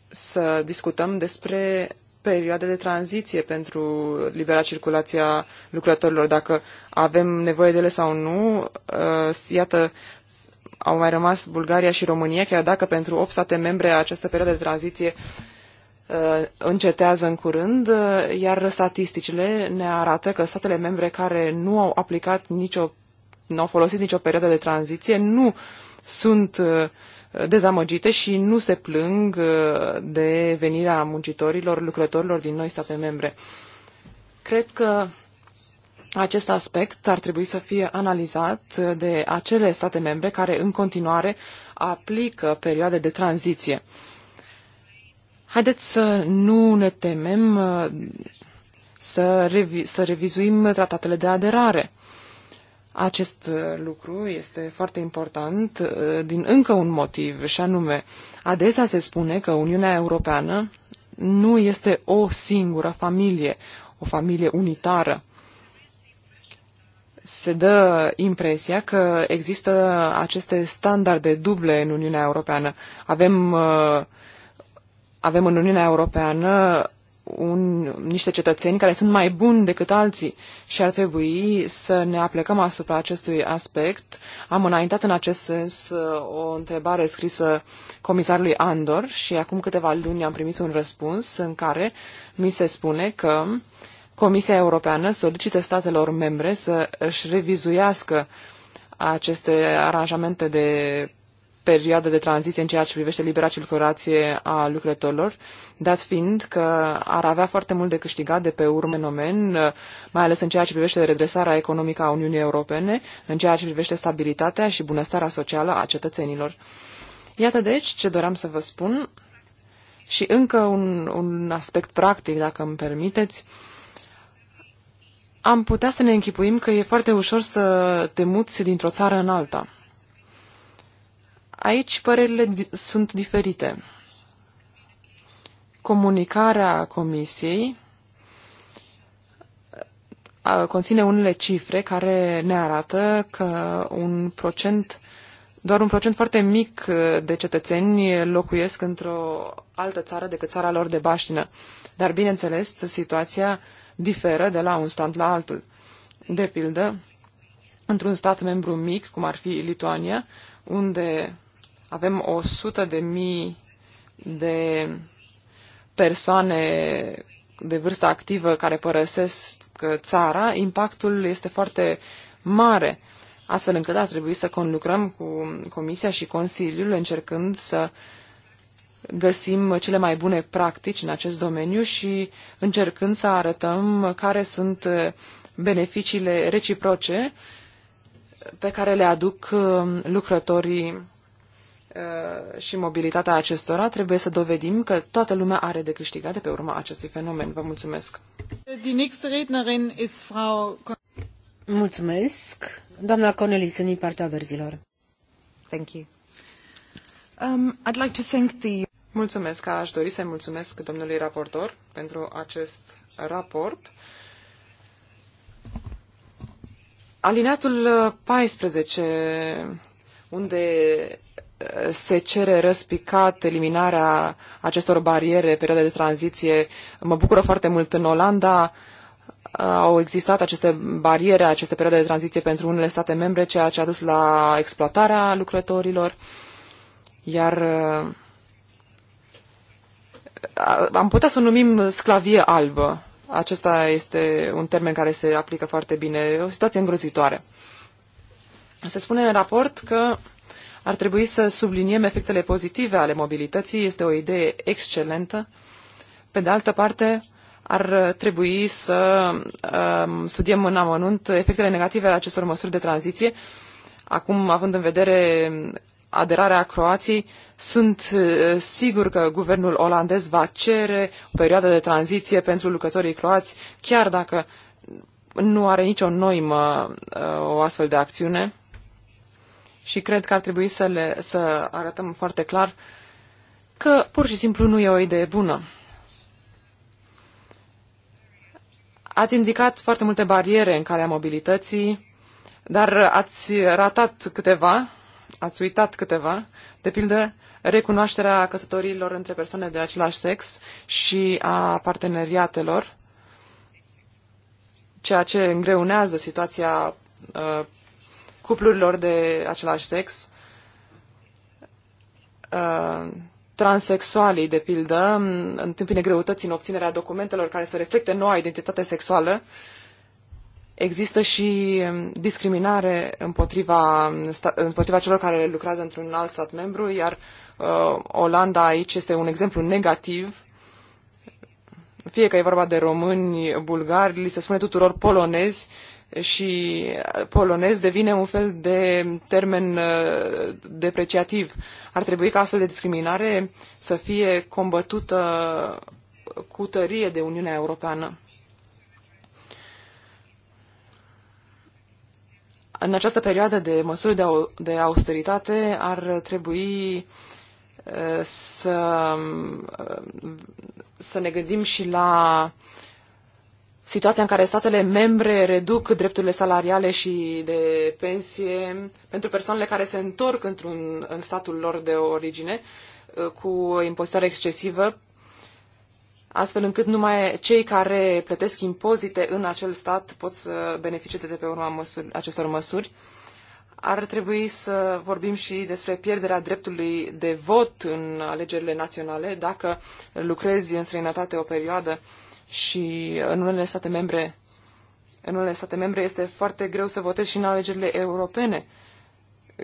să discutăm despre perioadă de tranziție pentru libera circulație a lucrătorilor, dacă avem nevoie de ele sau nu. Uh, iată, au mai rămas Bulgaria și România, chiar dacă pentru 8 state membre această perioadă de tranziție uh, încetează în curând, uh, iar statisticile ne arată că statele membre care nu au aplicat nicio, nu au folosit nicio perioadă de tranziție, nu sunt uh, dezamăgite și nu se plâng uh, de venirea muncitorilor, lucrătorilor din noi state membre. Cred că acest aspect ar trebui să fie analizat de acele state membre care în continuare aplică perioade de tranziție. Haideți să nu ne temem uh, să, revi- să revizuim tratatele de aderare. Acest uh, lucru este foarte important uh, din încă un motiv, și anume, adesea se spune că Uniunea Europeană nu este o singură familie, o familie unitară. Se dă impresia că există aceste standarde duble în Uniunea Europeană. Avem, uh, avem în Uniunea Europeană un, niște cetățeni care sunt mai buni decât alții și ar trebui să ne aplecăm asupra acestui aspect. Am înaintat în acest sens uh, o întrebare scrisă comisarului Andor și acum câteva luni am primit un răspuns în care mi se spune că Comisia Europeană solicită statelor membre să își revizuiască aceste aranjamente de perioadă de tranziție în ceea ce privește libera circulație a lucrătorilor, dat fiind că ar avea foarte mult de câștigat de pe urme nomen, mai ales în ceea ce privește redresarea economică a Uniunii Europene, în ceea ce privește stabilitatea și bunăstarea socială a cetățenilor. Iată deci ce doream să vă spun și încă un, un aspect practic, dacă îmi permiteți. Am putea să ne închipuim că e foarte ușor să te muți dintr-o țară în alta – Aici părerile sunt diferite. Comunicarea Comisiei conține unele cifre care ne arată că un procent, doar un procent foarte mic de cetățeni locuiesc într-o altă țară decât țara lor de baștină. Dar, bineînțeles, situația diferă de la un stat la altul. De pildă, într-un stat membru mic, cum ar fi Lituania, unde avem 100 de mii de persoane de vârstă activă care părăsesc țara, impactul este foarte mare, astfel încât ar trebui să conlucrăm cu Comisia și Consiliul încercând să găsim cele mai bune practici în acest domeniu și încercând să arătăm care sunt beneficiile reciproce pe care le aduc lucrătorii Uh, și mobilitatea acestora, trebuie să dovedim că toată lumea are de câștigat de pe urma acestui fenomen. Vă mulțumesc! Mulțumesc! Doamna Cornelis, din partea verzilor. Thank you. Um, I'd like to thank the... Mulțumesc! Aș dori să-i mulțumesc domnului raportor pentru acest raport. Alineatul 14, unde se cere răspicat eliminarea acestor bariere, perioade de tranziție. Mă bucură foarte mult în Olanda. Uh, au existat aceste bariere, aceste perioade de tranziție pentru unele state membre, ceea ce a dus la exploatarea lucrătorilor. Iar uh, am putea să o numim sclavie albă. Acesta este un termen care se aplică foarte bine. E o situație îngrozitoare. Se spune în raport că ar trebui să subliniem efectele pozitive ale mobilității, este o idee excelentă. Pe de altă parte, ar trebui să um, studiem în amănunt efectele negative ale acestor măsuri de tranziție. Acum, având în vedere aderarea Croației, sunt uh, sigur că guvernul olandez va cere o perioadă de tranziție pentru lucrătorii croați, chiar dacă nu are nicio noimă uh, o astfel de acțiune și cred că ar trebui să, le, să arătăm foarte clar că pur și simplu nu e o idee bună. Ați indicat foarte multe bariere în calea mobilității, dar ați ratat câteva, ați uitat câteva, de pildă recunoașterea căsătoriilor între persoane de același sex și a parteneriatelor, ceea ce îngreunează situația uh, cuplurilor de același sex. Uh, transexualii, de pildă, întâmpină greutăți în obținerea documentelor care să reflecte noua identitate sexuală. Există și um, discriminare împotriva, um, împotriva celor care lucrează într-un alt stat membru, iar uh, Olanda aici este un exemplu negativ. Fie că e vorba de români, bulgari, li se spune tuturor polonezi, uh, și polonez devine un fel de termen uh, depreciativ. Ar trebui ca astfel de discriminare să fie combătută cu tărie de Uniunea Europeană. În această perioadă de măsuri de austeritate ar trebui uh, să, uh, să ne gândim și la situația în care statele membre reduc drepturile salariale și de pensie pentru persoanele care se întorc într-un, în statul lor de origine uh, cu impozitare excesivă, astfel încât numai cei care plătesc impozite în acel stat pot să beneficieze de pe urma măsuri, acestor măsuri. Ar trebui să vorbim și despre pierderea dreptului de vot în alegerile naționale. Dacă lucrezi în străinătate o perioadă, uh, și în unele state membre în unele state membre este foarte greu să votezi și în alegerile europene,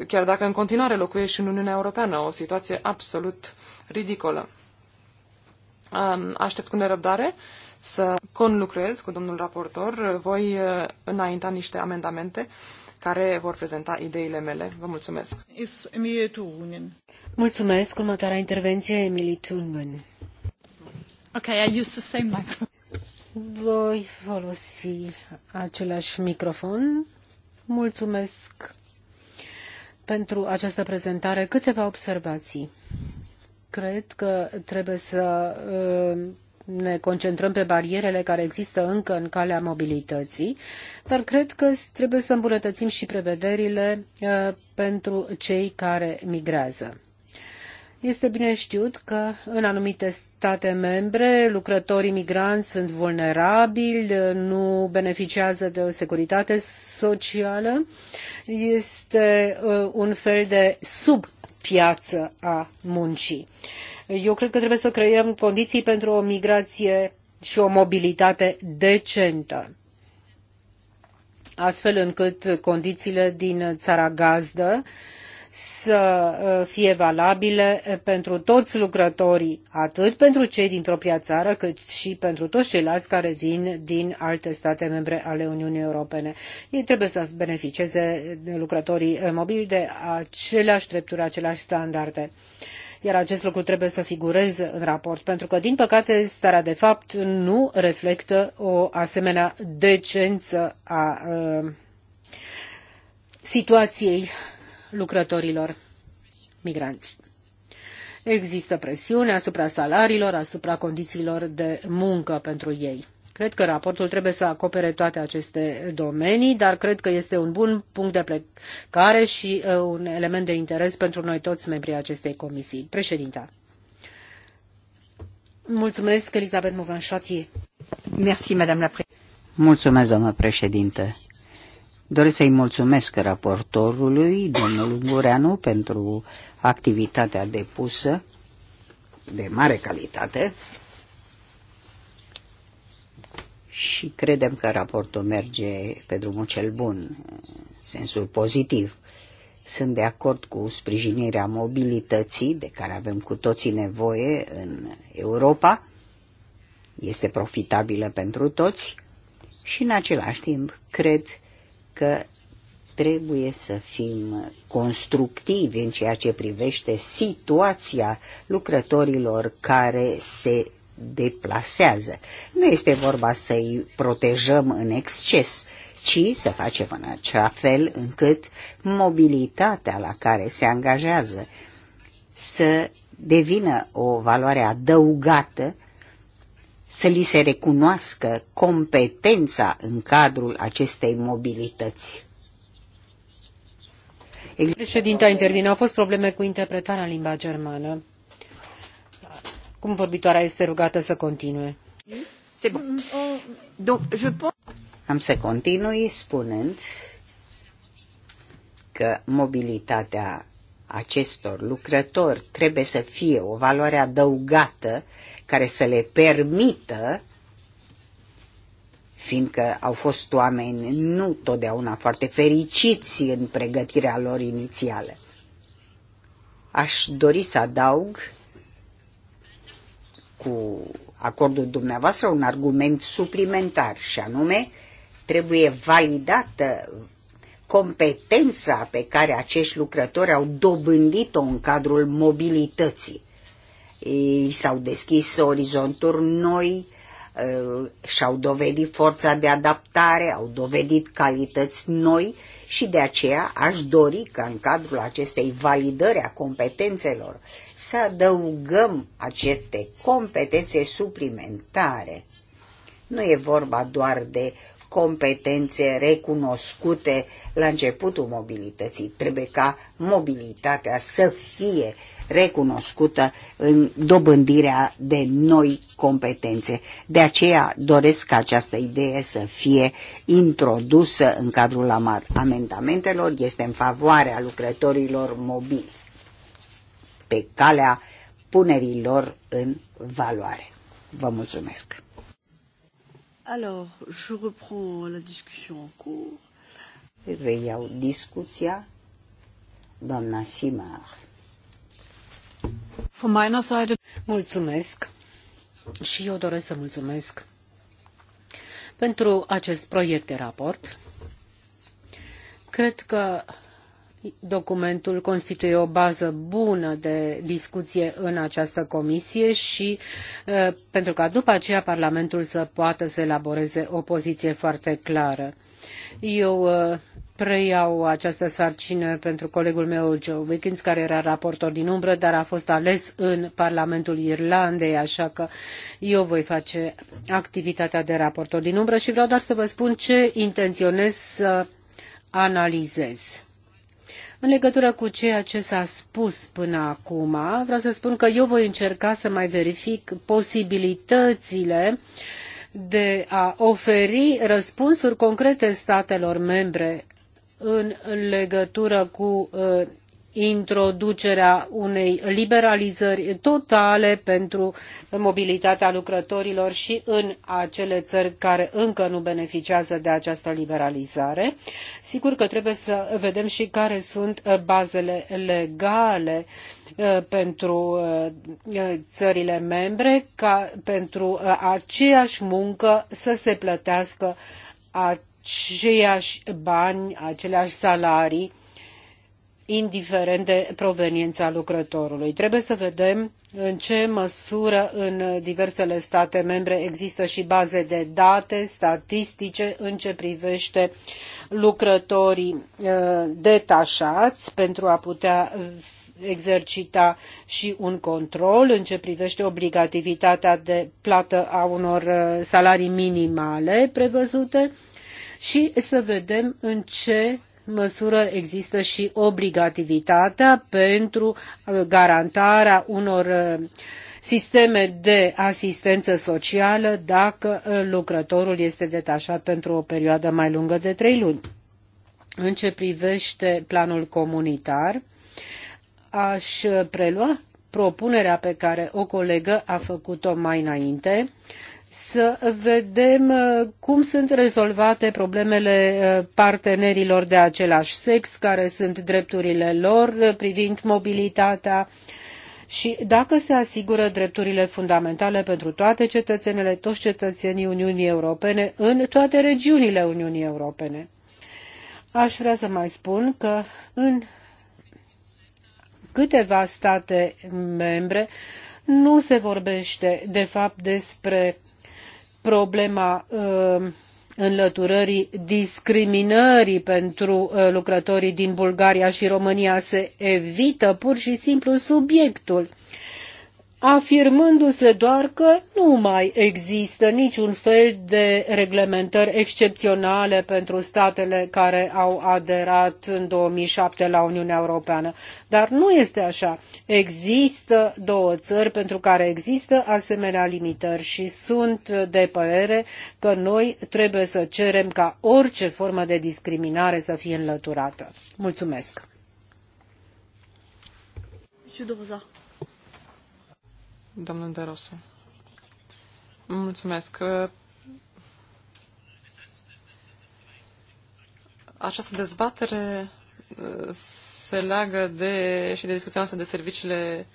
chiar dacă în continuare locuiești în Uniunea Europeană, o situație absolut ridicolă. Aștept cu nerăbdare să conlucrez cu domnul raportor. Voi uh, înainta niște amendamente care vor prezenta ideile mele. Vă mulțumesc. Mulțumesc. Următoarea intervenție, Emily Tunen. Okay, I use the same microphone. Voi folosi același microfon. Mulțumesc pentru această prezentare. Câteva observații. Cred că trebuie să uh, ne concentrăm pe barierele care există încă în calea mobilității, dar cred că trebuie să îmbunătățim și prevederile uh, pentru cei care migrează. Este bine știut că în anumite state membre lucrătorii migranți sunt vulnerabili, nu beneficiază de o securitate socială. Este uh, un fel de subpiață a muncii. Eu cred că trebuie să creăm condiții pentru o migrație și o mobilitate decentă astfel încât condițiile din țara gazdă uh, să uh, fie valabile uh, pentru toți lucrătorii, atât pentru cei din propria țară, cât și pentru toți ceilalți care vin din alte state membre ale Uniunii Europene. Ei trebuie să beneficieze lucrătorii uh, mobili de aceleași drepturi, aceleași standarde iar acest lucru trebuie să figureze în raport, pentru că, din păcate, starea de fapt nu reflectă o asemenea decență a uh, situației lucrătorilor migranți. Există presiune asupra salariilor, asupra condițiilor de muncă pentru ei. Cred că raportul trebuie să acopere toate aceste domenii, dar cred că este un bun punct de plecare și uh, un element de interes pentru noi toți membrii acestei comisii. Președinta. Mulțumesc, Elisabeth mouvin Mulțumesc, doamnă președinte. Doresc să-i mulțumesc raportorului, domnul Ungureanu, pentru activitatea depusă de mare calitate și credem că raportul merge pe drumul cel bun, în sensul pozitiv. Sunt de acord cu sprijinirea mobilității de care avem cu toții nevoie în Europa. Este profitabilă pentru toți și în același timp cred că trebuie să fim constructivi în ceea ce privește situația lucrătorilor care se deplasează. Nu este vorba să-i protejăm în exces, ci să facem în acea fel încât mobilitatea la care se angajează să devină o valoare adăugată să li se recunoască competența în cadrul acestei mobilități. Președinte, a intervine. Au fost probleme cu interpretarea în limba germană. Cum vorbitoarea este rugată să continue? Am să continui spunând că mobilitatea acestor lucrători trebuie să fie o valoare adăugată care să le permită, fiindcă au fost oameni nu totdeauna foarte fericiți în pregătirea lor inițială. Aș dori să adaug cu acordul dumneavoastră un argument suplimentar și anume trebuie validată competența pe care acești lucrători au dobândit-o în cadrul mobilității. Ei s-au deschis orizonturi noi, uh, și-au dovedit forța de adaptare, au dovedit calități noi și de aceea aș dori ca în cadrul acestei validări a competențelor să adăugăm aceste competențe suplimentare. Nu e vorba doar de competențe recunoscute la începutul mobilității. Trebuie ca mobilitatea să fie recunoscută în dobândirea de noi competențe. De aceea doresc ca această idee să fie introdusă în cadrul amendamentelor, este în favoarea lucrătorilor mobili pe calea punerii lor în valoare. Vă mulțumesc! Alors, je reprends la discussion en cours. Reiau discuția. Doamna Simar. Von meiner Seite... Mulțumesc. Și eu doresc să mulțumesc pentru acest proiect de raport. Cred că Documentul constituie o bază bună de discuție în această comisie și pentru ca după aceea Parlamentul să poată să elaboreze o poziție foarte clară. Eu preiau această sarcină pentru colegul meu Joe Wiggins, care era raportor din umbră, dar a fost ales în Parlamentul Irlandei, așa că eu voi face activitatea de raportor din umbră și vreau doar să vă spun ce intenționez să analizez în legătură cu ceea ce s-a spus până acum, vreau să spun că eu voi încerca să mai verific posibilitățile de a oferi răspunsuri concrete statelor membre în legătură cu uh, introducerea unei liberalizări totale pentru mobilitatea lucrătorilor și în acele țări care încă nu beneficiază de această liberalizare. Sigur că trebuie să vedem și care sunt uh, bazele legale uh, pentru uh, țările membre ca pentru aceeași muncă să se plătească aceiași bani, aceleași salarii indiferent de proveniența lucrătorului. Trebuie să vedem în ce măsură în diversele state membre există și baze de date statistice în ce privește lucrătorii uh, detașați pentru a putea exercita și un control în ce privește obligativitatea de plată a unor uh, salarii minimale prevăzute și să vedem în ce măsură există și obligativitatea pentru uh, garantarea unor uh, sisteme de asistență socială dacă uh, lucrătorul este detașat pentru o perioadă mai lungă de trei luni. În ce privește planul comunitar, aș prelua propunerea pe care o colegă a făcut-o mai înainte să vedem uh, cum sunt rezolvate problemele uh, partenerilor de același sex, care sunt drepturile lor uh, privind mobilitatea și dacă se asigură drepturile fundamentale pentru toate cetățenele, toți cetățenii Uniunii Europene, în toate regiunile Uniunii Europene. Aș vrea să mai spun că în câteva state membre nu se vorbește, de fapt, despre problema um, înlăturării discriminării pentru uh, lucrătorii din Bulgaria și România se evită pur și simplu subiectul afirmându-se doar că nu mai există niciun fel de reglementări excepționale pentru statele care au aderat în 2007 la Uniunea Europeană. Dar nu este așa. Există două țări pentru care există asemenea limitări și sunt de părere că noi trebuie să cerem ca orice formă de discriminare să fie înlăturată. Mulțumesc! Și domnul De Rosu. Mulțumesc. Această dezbatere uh, se leagă de, și de discuția noastră de serviciile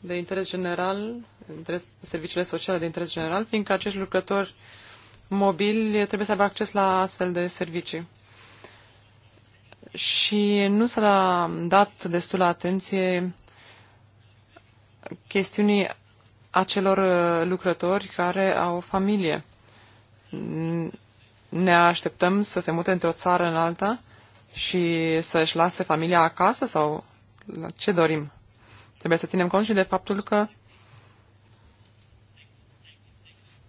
de interes general, interes, serviciile sociale de interes general, fiindcă acești lucrători mobili trebuie să aibă acces la astfel de servicii. Și nu s-a dat destul atenție chestiunii acelor uh, lucrători care au familie. Ne așteptăm să se mute într-o țară în alta și să-și lase familia acasă sau ce dorim? Trebuie să ținem cont și de faptul că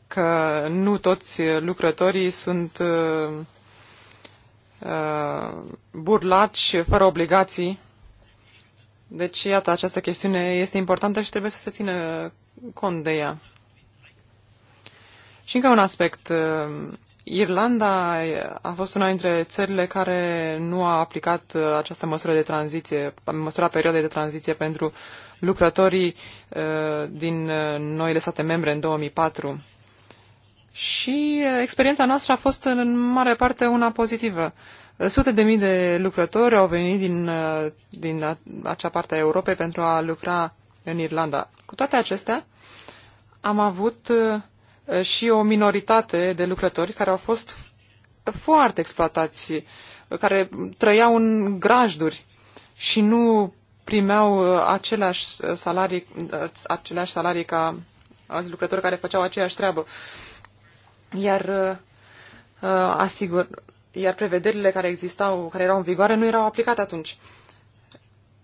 că nu toți lucrătorii sunt uh, uh burlaci fără obligații deci, iată, această chestiune este importantă și trebuie să se țină cont de ea. Și încă un aspect. Irlanda a fost una dintre țările care nu a aplicat această măsură de tranziție, măsura perioadei de tranziție pentru lucrătorii uh, din uh, noile state membre în 2004. Și uh, experiența noastră a fost în mare parte una pozitivă. Sute de mii de lucrători au venit din, uh, din acea parte a Europei pentru a lucra în Irlanda. Cu toate acestea, am avut uh, și o minoritate de lucrători care au fost foarte exploatați, care trăiau în grajduri și nu primeau uh, aceleași salarii, aceleași salarii ca alți lucrători care făceau aceeași treabă. Iar asigur, iar prevederile care existau, care erau în vigoare, nu erau aplicate atunci.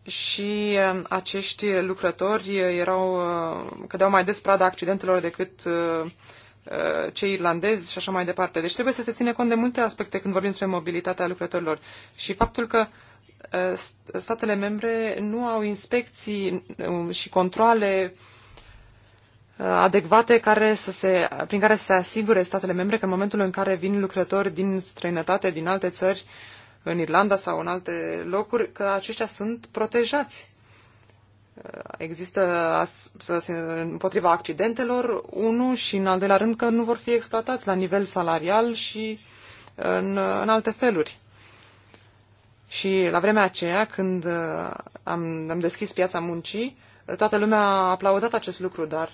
Și um, acești lucrători uh, erau, uh, cădeau mai des prada accidentelor decât uh, cei irlandezi și așa mai departe. Deci trebuie să se ține cont de multe aspecte când vorbim despre mobilitatea lucrătorilor. Și faptul că statele membre nu au inspecții um, și controle adecvate care să se, prin care să se asigure statele membre că în momentul în care vin lucrători din străinătate, din alte țări, în Irlanda sau în alte locuri, că aceștia sunt protejați. Uh, există împotriva accidentelor, unu, și în al doilea rând că nu vor fi exploatați la nivel salarial și uh, în, în alte feluri. Și la vremea aceea, când uh, am, am deschis piața muncii, toată lumea a aplaudat acest lucru, dar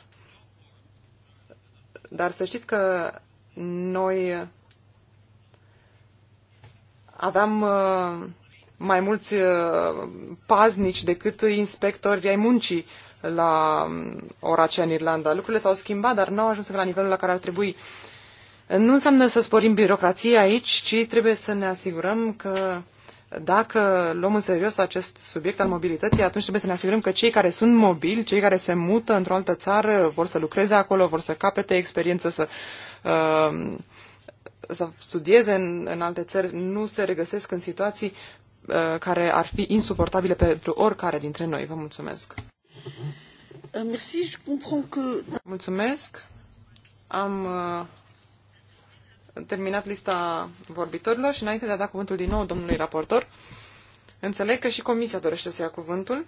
dar să știți că noi aveam uh, mai mulți uh, paznici decât inspectori ai muncii la um, Oracea în Irlanda. Lucrurile s-au schimbat, dar nu au ajuns la nivelul la care ar trebui. Nu înseamnă să sporim birocrația aici, ci trebuie să ne asigurăm că dacă luăm în serios acest subiect al mobilității, atunci trebuie să ne asigurăm că cei care sunt mobili, cei care se mută într-o altă țară, vor să lucreze acolo, vor să capete experiență, să, uh, să studieze în, în alte țări, nu se regăsesc în situații uh, care ar fi insuportabile pentru oricare dintre noi. Vă mulțumesc! Euh, mulțumesc! Am uh, terminat lista vorbitorilor și înainte de a da cuvântul din nou domnului raportor, înțeleg că și comisia dorește să ia cuvântul.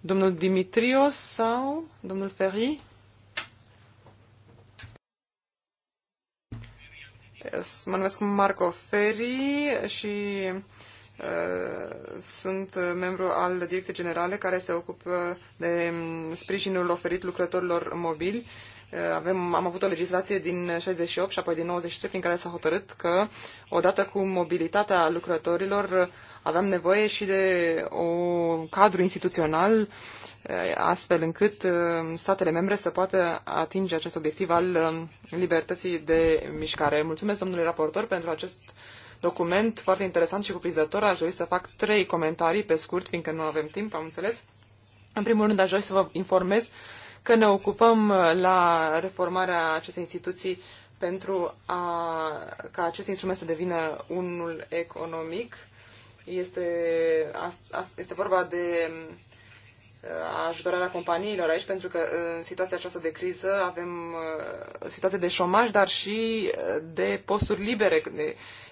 Domnul Dimitrios sau domnul Ferri? Mă numesc Marco Ferri și uh, sunt membru al Direcției Generale care se ocupă de sprijinul oferit lucrătorilor mobili avem, am avut o legislație din 68 și apoi din 93 prin care s-a hotărât că odată cu mobilitatea lucrătorilor aveam nevoie și de un cadru instituțional eh, astfel încât eh, statele membre să poată atinge acest obiectiv al eh, libertății de mișcare. Mulțumesc domnului raportor pentru acest document foarte interesant și cuprinzător. Aș dori să fac trei comentarii pe scurt, fiindcă nu avem timp, am înțeles. În primul rând, aș dori să vă informez că ne ocupăm uh, la reformarea acestei instituții pentru a, ca acest instrument să devină unul economic. Este, este vorba de um, ajutorarea companiilor aici, pentru că uh, în situația aceasta de criză avem uh, situație de șomaj, dar și de posturi libere,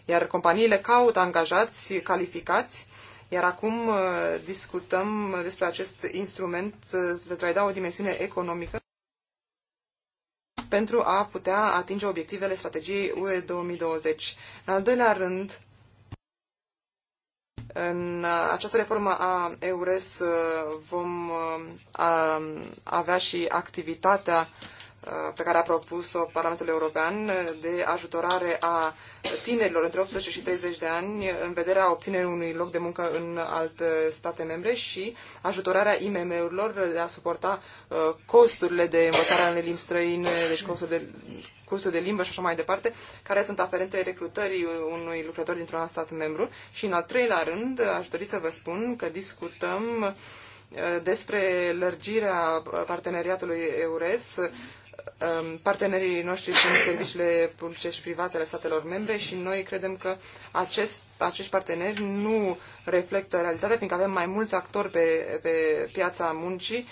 iar companiile caută angajați calificați iar acum uh, discutăm despre acest instrument uh, pentru a-i da o dimensiune economică pentru a putea atinge obiectivele strategiei UE 2020. În al doilea rând, în uh, această reformă a EURES vom avea și activitatea Uh, pe care a propus-o Parlamentul European de ajutorare a tinerilor între 18 și 30 de ani în vederea obținerii unui loc de muncă în alte state membre și ajutorarea IMM-urilor de a suporta uh, costurile de învățare în limbi străine, deci costurile de cursuri de limbă și așa mai departe, care sunt aferente recrutării unui lucrător dintr-un alt stat membru. Și în al treilea rând, aș dori să vă spun că discutăm uh, despre lărgirea parteneriatului EURES Um, partenerii noștri sunt serviciile publice și private ale statelor membre și noi credem că acest, acești parteneri nu reflectă realitatea, fiindcă avem mai mulți actori pe, pe piața muncii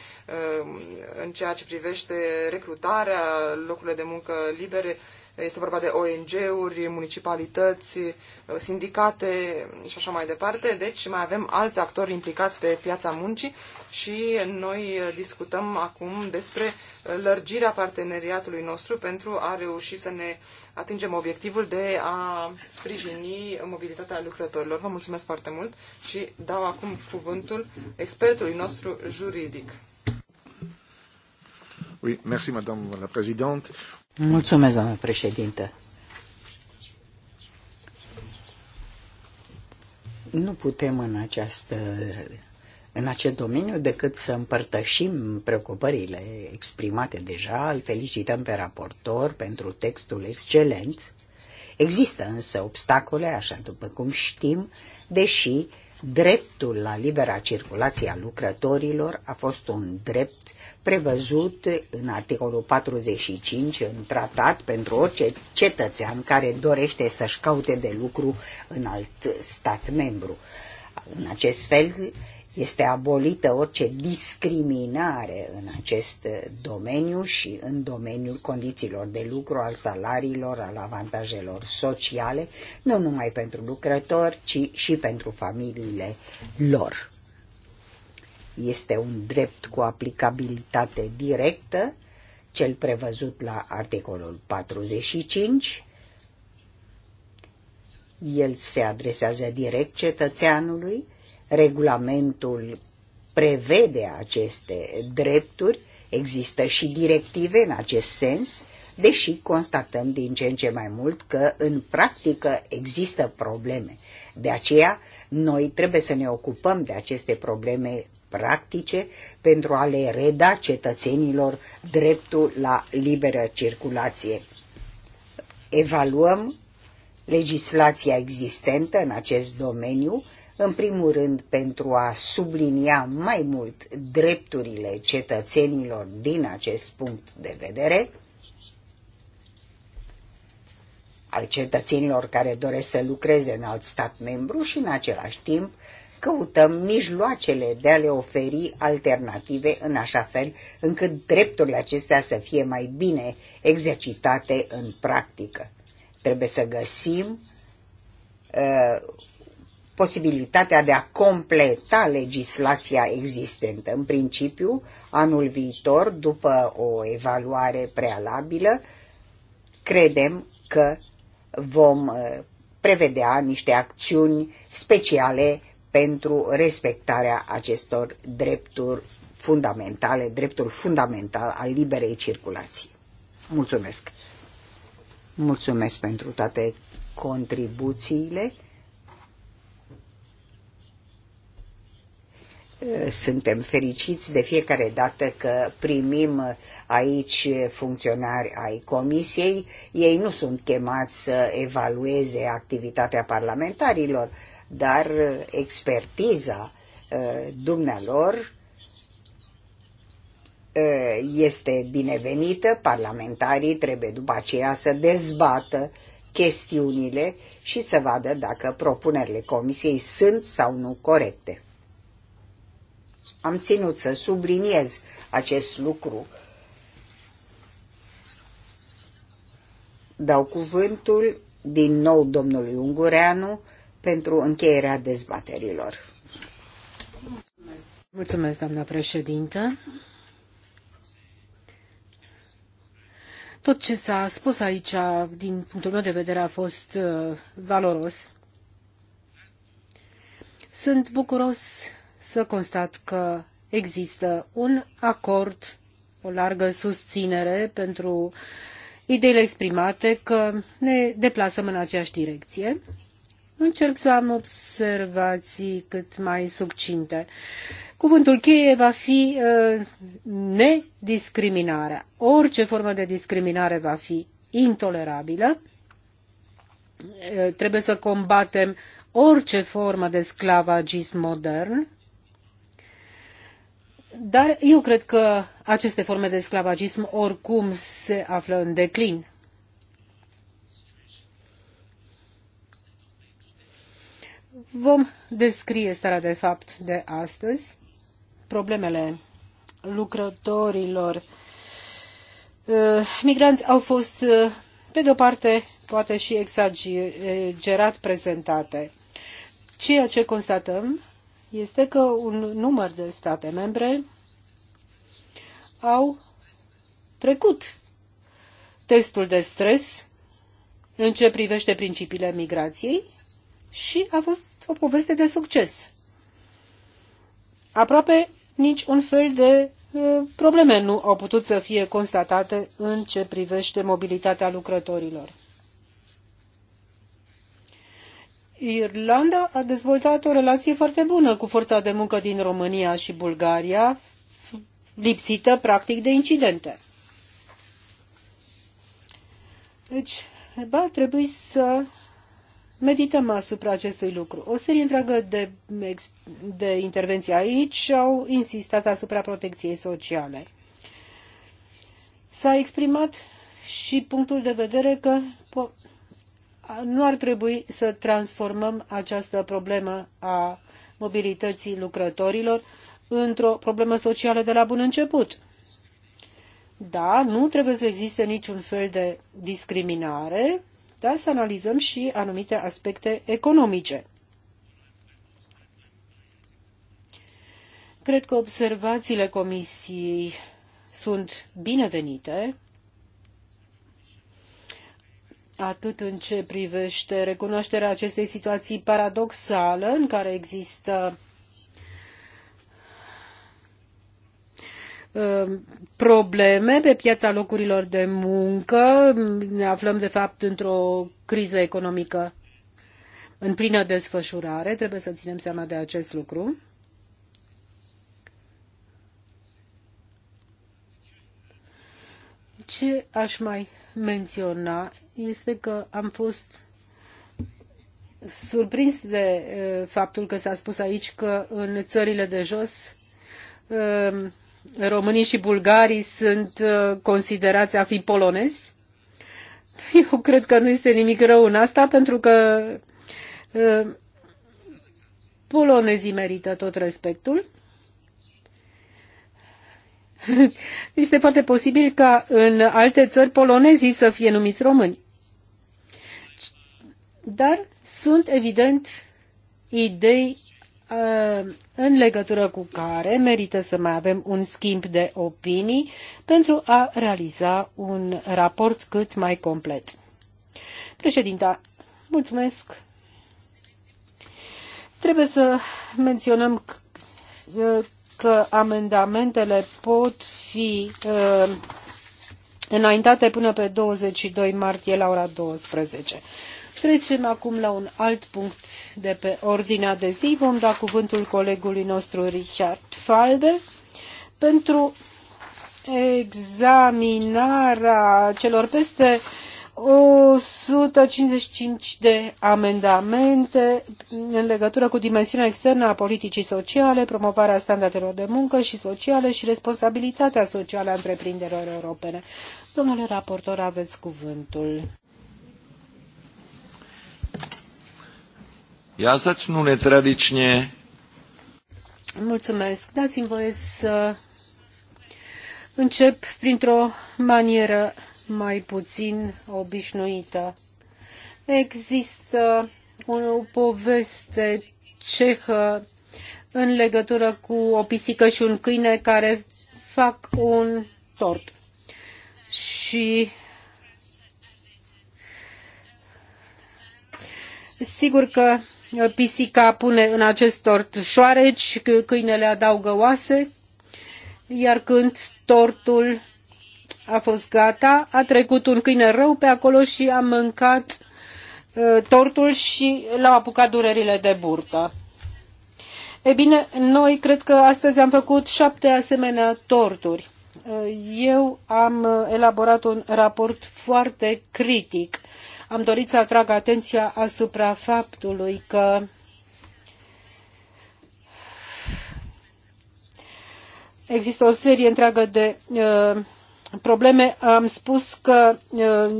um, în ceea ce privește recrutarea, locurile de muncă libere este vorba de ONG-uri, municipalități, sindicate și așa mai departe. Deci mai avem alți actori implicați pe piața muncii și noi discutăm acum despre lărgirea parteneriatului nostru pentru a reuși să ne atingem obiectivul de a sprijini mobilitatea lucrătorilor. Vă mulțumesc foarte mult și dau acum cuvântul expertului nostru juridic. Oui, merci Madame la Présidente. Mulțumesc, doamnă președinte. Nu putem în, această, în acest domeniu decât să împărtășim preocupările exprimate deja, îl felicităm pe raportor pentru textul excelent. Există însă obstacole, așa după cum știm, deși dreptul la libera circulație a lucrătorilor a fost un drept prevăzut în articolul 45 în tratat pentru orice cetățean care dorește să-și caute de lucru în alt stat membru. În acest fel este abolită orice discriminare în acest domeniu și în domeniul condițiilor de lucru, al salariilor, al avantajelor sociale, nu numai pentru lucrători, ci și pentru familiile lor. Este un drept cu aplicabilitate directă, cel prevăzut la articolul 45. El se adresează direct cetățeanului, regulamentul prevede aceste drepturi, există și directive în acest sens, deși constatăm din ce în ce mai mult că în practică există probleme. De aceea, noi trebuie să ne ocupăm de aceste probleme practice pentru a le reda cetățenilor dreptul la liberă circulație. Evaluăm legislația existentă în acest domeniu, în primul rând pentru a sublinia mai mult drepturile cetățenilor din acest punct de vedere, al cetățenilor care doresc să lucreze în alt stat membru și în același timp căutăm mijloacele de a le oferi alternative în așa fel încât drepturile acestea să fie mai bine exercitate în practică. Trebuie să găsim uh, posibilitatea de a completa legislația existentă. În principiu, anul viitor, după o evaluare prealabilă, credem că vom uh, prevedea niște acțiuni speciale pentru respectarea acestor drepturi fundamentale, dreptul fundamental al liberei circulații. Mulțumesc! Mulțumesc pentru toate contribuțiile. Suntem fericiți de fiecare dată că primim aici funcționari ai comisiei. Ei nu sunt chemați să evalueze activitatea parlamentarilor, dar uh, expertiza uh, dumnealor uh, este binevenită, parlamentarii trebuie după aceea să dezbată chestiunile și să vadă dacă propunerile comisiei sunt sau nu corecte. Am ținut să subliniez acest lucru. Dau cuvântul din nou domnului Ungureanu pentru încheierea dezbaterilor. Mulțumesc, Mulțumesc doamna președintă. Tot ce s-a spus aici, din punctul meu de vedere, a fost uh, valoros. Sunt bucuros să constat că există un acord, o largă susținere pentru ideile exprimate, că ne deplasăm în aceeași direcție. Încerc să am observații cât mai succinte. Cuvântul cheie va fi uh, nediscriminarea. Orice formă de discriminare va fi intolerabilă. Uh, trebuie să combatem orice formă de sclavagism modern. Dar eu cred că aceste forme de sclavagism oricum se află în declin. Vom descrie starea de fapt de astăzi, problemele lucrătorilor. Uh, migranți au fost, uh, pe de-o parte, poate și exagerat prezentate. Ceea ce constatăm este că un număr de state membre au trecut testul de stres în ce privește principiile migrației și a fost o poveste de succes. Aproape nici un fel de uh, probleme nu au putut să fie constatate în ce privește mobilitatea lucrătorilor. Irlanda a dezvoltat o relație foarte bună cu forța de muncă din România și Bulgaria, lipsită practic de incidente. Deci, ba, trebuie să medităm asupra acestui lucru. O serie întreagă de, de intervenții aici au insistat asupra protecției sociale. S-a exprimat și punctul de vedere că nu ar trebui să transformăm această problemă a mobilității lucrătorilor într-o problemă socială de la bun început. Da, nu trebuie să existe niciun fel de discriminare, dar să analizăm și anumite aspecte economice. Cred că observațiile Comisiei sunt binevenite, atât în ce privește recunoașterea acestei situații paradoxale în care există Um, probleme pe piața locurilor de muncă. Ne aflăm, de fapt, într-o criză economică în plină desfășurare. Trebuie să ținem seama de acest lucru. Ce aș mai menționa este că am fost surprins de uh, faptul că s-a spus aici că în țările de jos um, românii și bulgarii sunt uh, considerați a fi polonezi? Eu cred că nu este nimic rău în asta, pentru că uh, polonezii merită tot respectul. Este foarte posibil ca în alte țări polonezii să fie numiți români. Dar sunt, evident, idei Uh, în legătură cu care merită să mai avem un schimb de opinii pentru a realiza un raport cât mai complet. Președinta, mulțumesc. Trebuie să menționăm uh, că amendamentele pot fi uh, înaintate până pe 22 martie la ora 12. Trecem acum la un alt punct de pe ordinea de zi. Vom da cuvântul colegului nostru Richard Falbe pentru examinarea celor peste 155 de amendamente în legătură cu dimensiunea externă a politicii sociale, promovarea standardelor de muncă și sociale și responsabilitatea socială a întreprinderilor europene. Domnule raportor, aveți cuvântul. Já začnu netradičně. Mulțumesc. Dați-mi voie să încep printr-o manieră mai puțin obișnuită. Există o poveste cehă în legătură cu o pisică și un câine care fac un tort. Și sigur că pisica pune în acest tort șoareci, câinele adaugă oase, iar când tortul a fost gata, a trecut un câine rău pe acolo și a mâncat uh, tortul și l-au apucat durerile de burtă. E bine, noi cred că astăzi am făcut șapte asemenea torturi. Uh, eu am uh, elaborat un raport foarte critic am dorit să atrag atenția asupra faptului că există o serie întreagă de uh, probleme. Am spus că uh,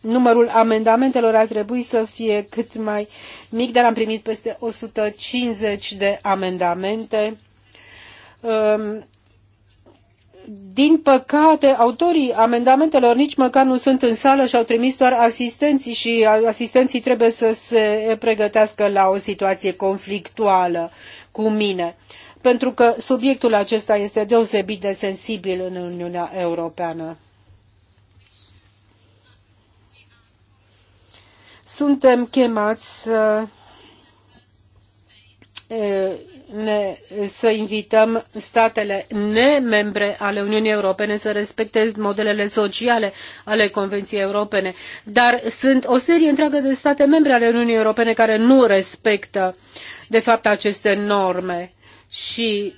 numărul amendamentelor ar trebui să fie cât mai mic, dar am primit peste 150 de amendamente. Uh, din păcate, autorii amendamentelor nici măcar nu sunt în sală și au trimis doar asistenții și asistenții trebuie să se pregătească la o situație conflictuală cu mine, pentru că subiectul acesta este deosebit de sensibil în Uniunea Europeană. Suntem chemați să ne, să invităm statele nemembre ale Uniunii Europene să respecte modelele sociale ale Convenției Europene. Dar sunt o serie întreagă de state membre ale Uniunii Europene care nu respectă, de fapt, aceste norme. Și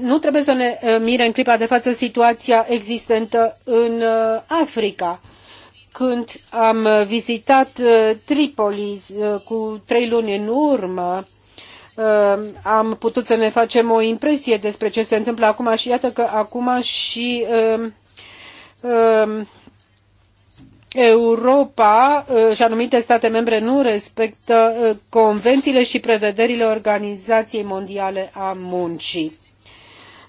nu trebuie să ne uh, mire în clipa de față situația existentă în uh, Africa. Când am vizitat uh, Tripoli uh, cu trei luni în urmă, uh, am putut să ne facem o impresie despre ce se întâmplă acum și iată că acum și um, um, Europa și anumite state membre nu respectă convențiile și prevederile Organizației Mondiale a Muncii.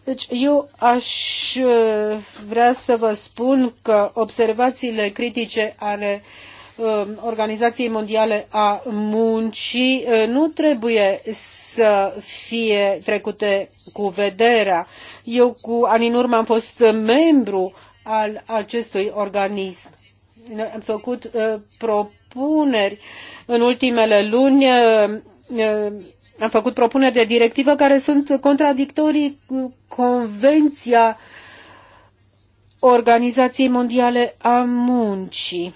Deci eu aș eh, vrea să vă spun că observațiile critice ale eh, Organizației Mondiale a Muncii eh, nu trebuie să fie trecute cu vederea. Eu cu ani în urmă am fost membru al acestui organism. am făcut uh, propuneri în ultimele luni uh, am făcut propuneri de directivă care sunt contradictorii cu Convenția Organizației Mondiale a Muncii.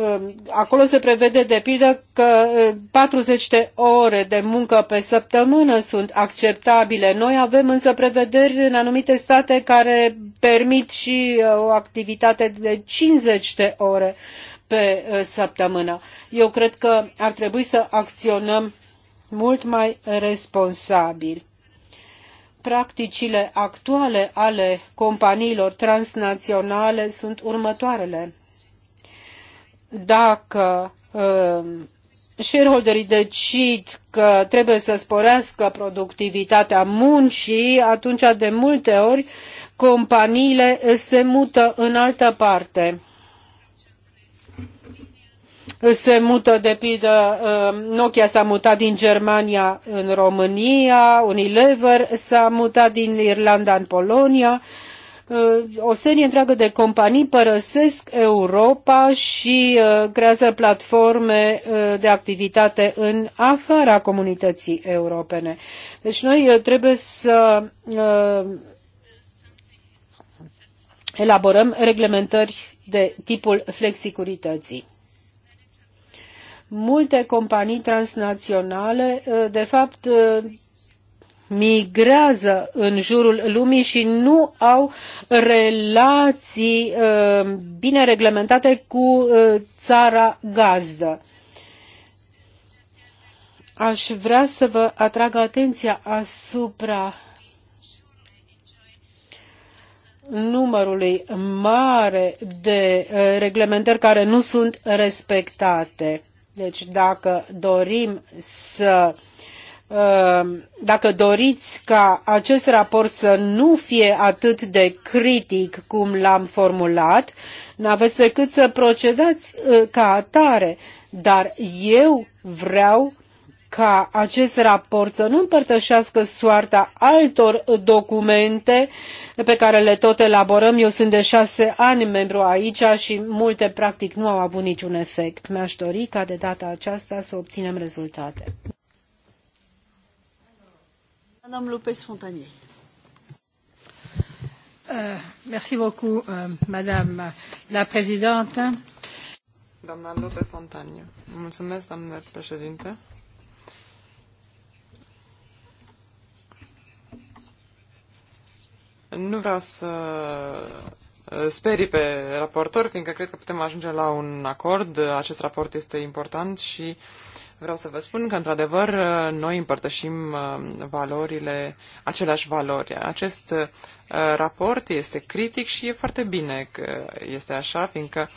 Ă, acolo se prevede, de pildă, că 40 ă, de ore de muncă pe săptămână sunt acceptabile. Noi avem însă prevederi în anumite state care permit și ă, o activitate de 50 de ore pe uh, săptămână. Eu cred că ar trebui să acționăm mult mai responsabil. Practicile actuale ale companiilor transnaționale sunt următoarele. Dacă uh, shareholderii decid că trebuie să sporească productivitatea muncii, atunci de multe ori companiile se mută în altă parte se mută de pildă, uh, Nokia s-a mutat din Germania în România, Unilever s-a mutat din Irlanda în Polonia. Uh, o serie întreagă de companii părăsesc Europa și uh, creează platforme de activitate în afara comunității europene. Deci noi trebuie să elaborăm reglementări de tipul flexicurității multe companii transnaționale, uh, de fapt, uh, migrează în jurul lumii și nu au relații uh, bine reglementate cu țara gazdă. Aș vrea să vă atrag atenția asupra numărului mare de reglementări care nu sunt respectate deci dacă dorim să uh, dacă doriți ca acest raport să nu fie atât de critic cum l-am formulat, n-aveți decât să procedați uh, ca atare. Dar eu vreau ca acest raport să nu împărtășească soarta altor documente pe care le tot elaborăm. Eu sunt de șase ani membru aici și multe practic nu au avut niciun efect. Mi-aș dori ca de data aceasta să obținem rezultate. Madame Lopez Fontanier. Uh, merci beaucoup, uh, Madame la Présidente. Doamna Lope Fontaniu. Mulțumesc, doamnă președinte. Nu vreau să sperii pe raportor, fiindcă cred că putem ajunge la un acord. Acest raport este important și vreau să vă spun că, într-adevăr, noi împărtășim uh, valorile, aceleași valori. Acest uh, raport este critic și e foarte bine că este așa, fiindcă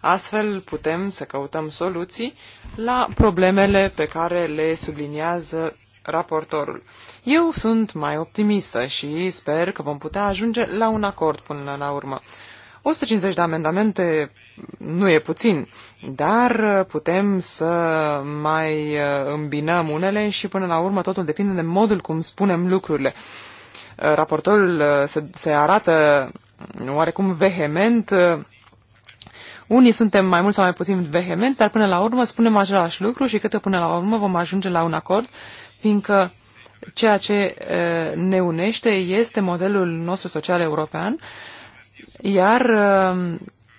astfel putem să căutăm soluții la problemele pe care le subliniază raportorul. Eu sunt mai optimistă și sper că vom putea ajunge la un acord până la urmă. 150 de amendamente nu e puțin, dar putem să mai uh, îmbinăm unele și până la urmă totul depinde de modul cum spunem lucrurile. Uh, raportorul uh, se, se arată mm, oarecum vehement. Unii suntem mai mult sau mai puțin vehemenți, dar până la urmă spunem același lucru și câte până la urmă vom ajunge la un acord fiindcă ceea ce ne unește este modelul nostru social european, iar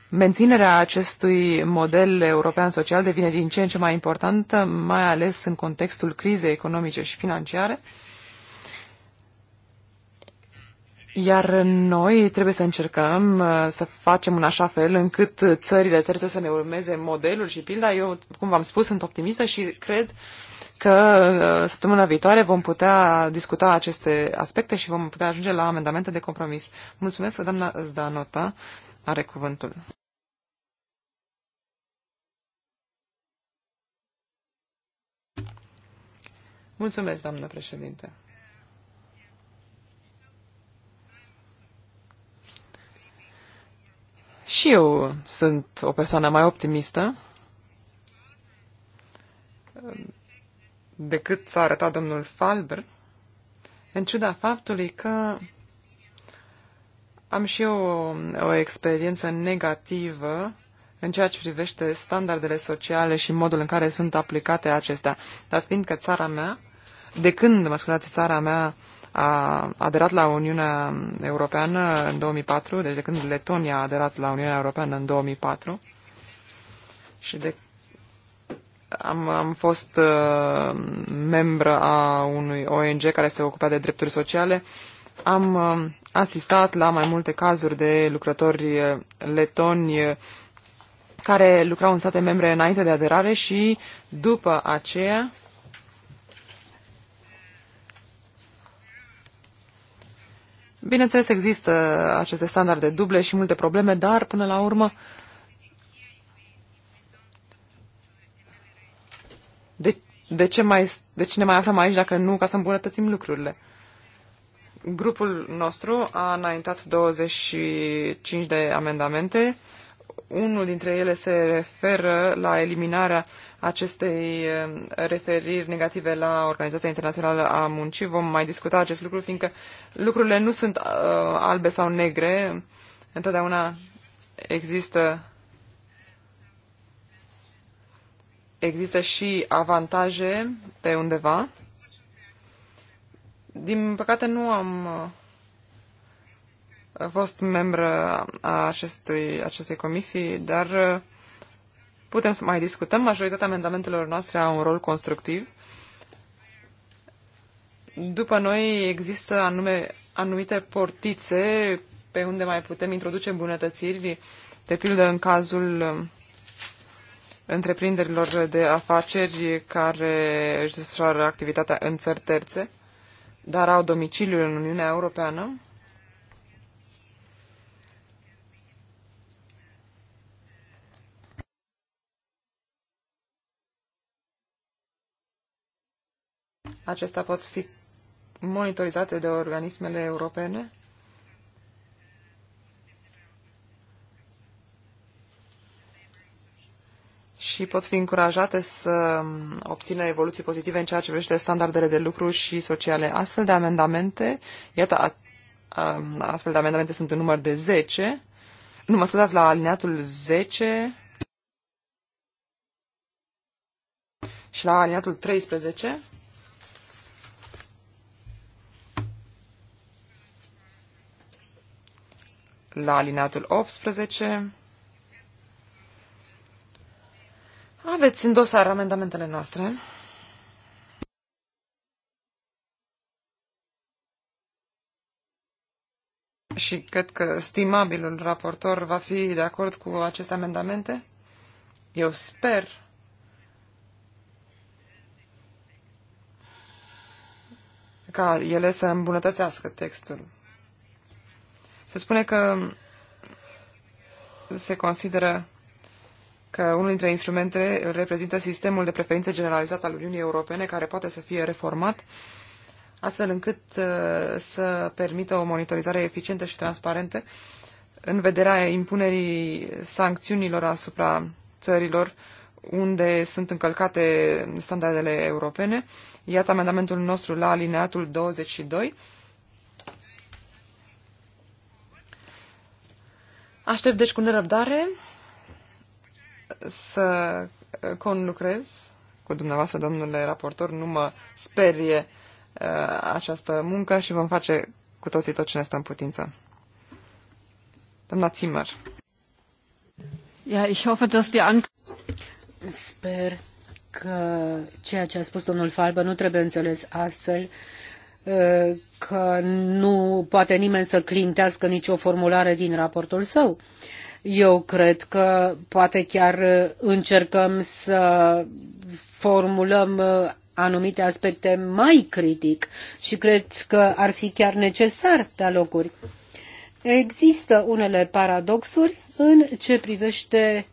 menținerea acestui model european social devine din ce în ce mai importantă, mai ales în contextul crizei economice și financiare. Iar noi trebuie să încercăm să facem în așa fel încât țările terțe să ne urmeze modelul și pilda. Eu, cum v-am spus, sunt optimistă și cred uh, că uh, săptămâna viitoare vom putea discuta aceste aspecte și vom putea ajunge la amendamente de compromis. Mulțumesc, doamna Zdanota are cuvântul. Mulțumesc, doamnă președinte. Și eu sunt o persoană mai optimistă decât s-a arătat domnul Falber, în ciuda faptului că am și eu o, o experiență negativă în ceea ce privește standardele sociale și modul în care sunt aplicate acestea. Dar fiindcă țara mea, de când, mă scuzați, țara mea a aderat la Uniunea Europeană în 2004, deci de când Letonia a aderat la Uniunea Europeană în 2004, și de am, am fost uh, membră a unui ONG care se ocupa de drepturi sociale. Am uh, asistat la mai multe cazuri de lucrători uh, letoni uh, care lucrau în state membre înainte de aderare și după aceea Bineînțeles, există aceste standarde duble și multe probleme, dar până la urmă uh, de ce, mai, de ce ne mai aflăm aici dacă nu ca să îmbunătățim lucrurile? Grupul nostru a înaintat 25 de amendamente. Unul dintre ele se referă la eliminarea acestei referiri negative la Organizația Internațională a Muncii. Vom mai discuta acest lucru, fiindcă lucrurile nu sunt uh, albe sau negre. Întotdeauna există există și avantaje pe undeva. Din păcate nu am uh, fost membră a acestui, acestei comisii, dar uh, putem să mai discutăm. Majoritatea amendamentelor noastre au un rol constructiv. După noi există anume, anumite portițe pe unde mai putem introduce îmbunătățiri, de pildă în cazul um, întreprinderilor de afaceri care își desfășoară activitatea în țări terțe, dar au domiciliu în Uniunea Europeană. Acestea pot fi monitorizate de organismele europene și pot fi încurajate să obțină evoluții pozitive în ceea ce privește standardele de lucru și sociale. Astfel de amendamente, iată, astfel de amendamente sunt în număr de 10, nu mă scuzați, la alineatul 10 și la alineatul 13. La alineatul 18 Aveți în dosar amendamentele noastre. Și cred că stimabilul raportor va fi de acord cu aceste amendamente. Eu sper. ca ele să îmbunătățească textul. Se spune că se consideră că unul dintre instrumente reprezintă sistemul de preferințe generalizat al Uniunii Europene, care poate să fie reformat, astfel încât uh, să permită o monitorizare eficientă și transparentă în vederea impunerii sancțiunilor asupra țărilor unde sunt încălcate standardele europene. Iată amendamentul nostru la alineatul 22. Aștept deci cu nerăbdare să uh, conlucrez cu dumneavoastră, domnule raportor, nu mă sperie uh, această muncă și vom face cu toții tot ce ne stă în putință. Doamna Zimmer. ich hoffe, dass die Sper că ceea ce a spus domnul Falbă nu trebuie înțeles astfel uh, că nu poate nimeni să clintească nicio formulare din raportul său. Uh, eu cred că poate chiar uh, încercăm să formulăm uh, anumite aspecte mai critic și cred că ar fi chiar necesar pe locuri. Există unele paradoxuri în ce privește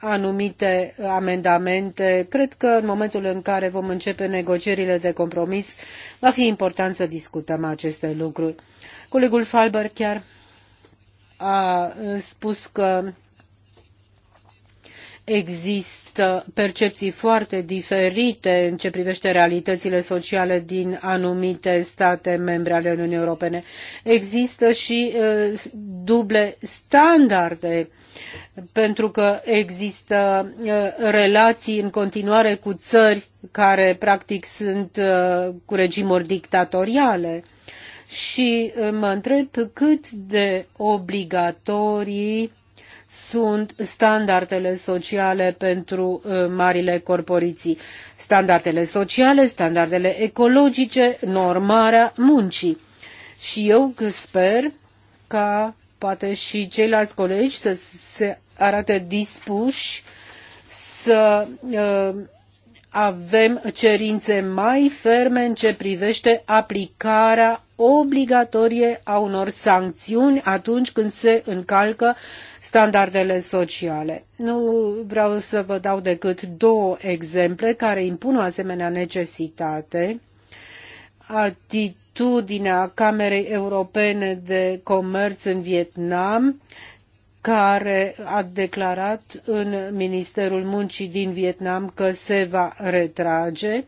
anumite amendamente. Cred că în momentul în care vom începe negocierile de compromis, va fi important să discutăm aceste lucruri. Colegul Falber chiar a spus că există percepții foarte diferite în ce privește realitățile sociale din anumite state membre ale Uniunii Europene. Există și uh, duble standarde, pentru că există uh, relații în continuare cu țări care practic sunt uh, cu regimuri dictatoriale. Uh, și uh, mă întreb cât de obligatorii sunt standardele sociale pentru uh, marile corporații. Standardele sociale, standardele ecologice, normarea muncii. Și eu sper ca poate și ceilalți colegi să se arate dispuși să uh, avem cerințe mai ferme în ce privește aplicarea obligatorie a unor sancțiuni atunci când se încalcă standardele sociale. Nu vreau să vă dau decât două exemple care impun o asemenea necesitate. Atitudinea Camerei Europene de Comerț în Vietnam care a declarat în Ministerul Muncii din Vietnam că se va retrage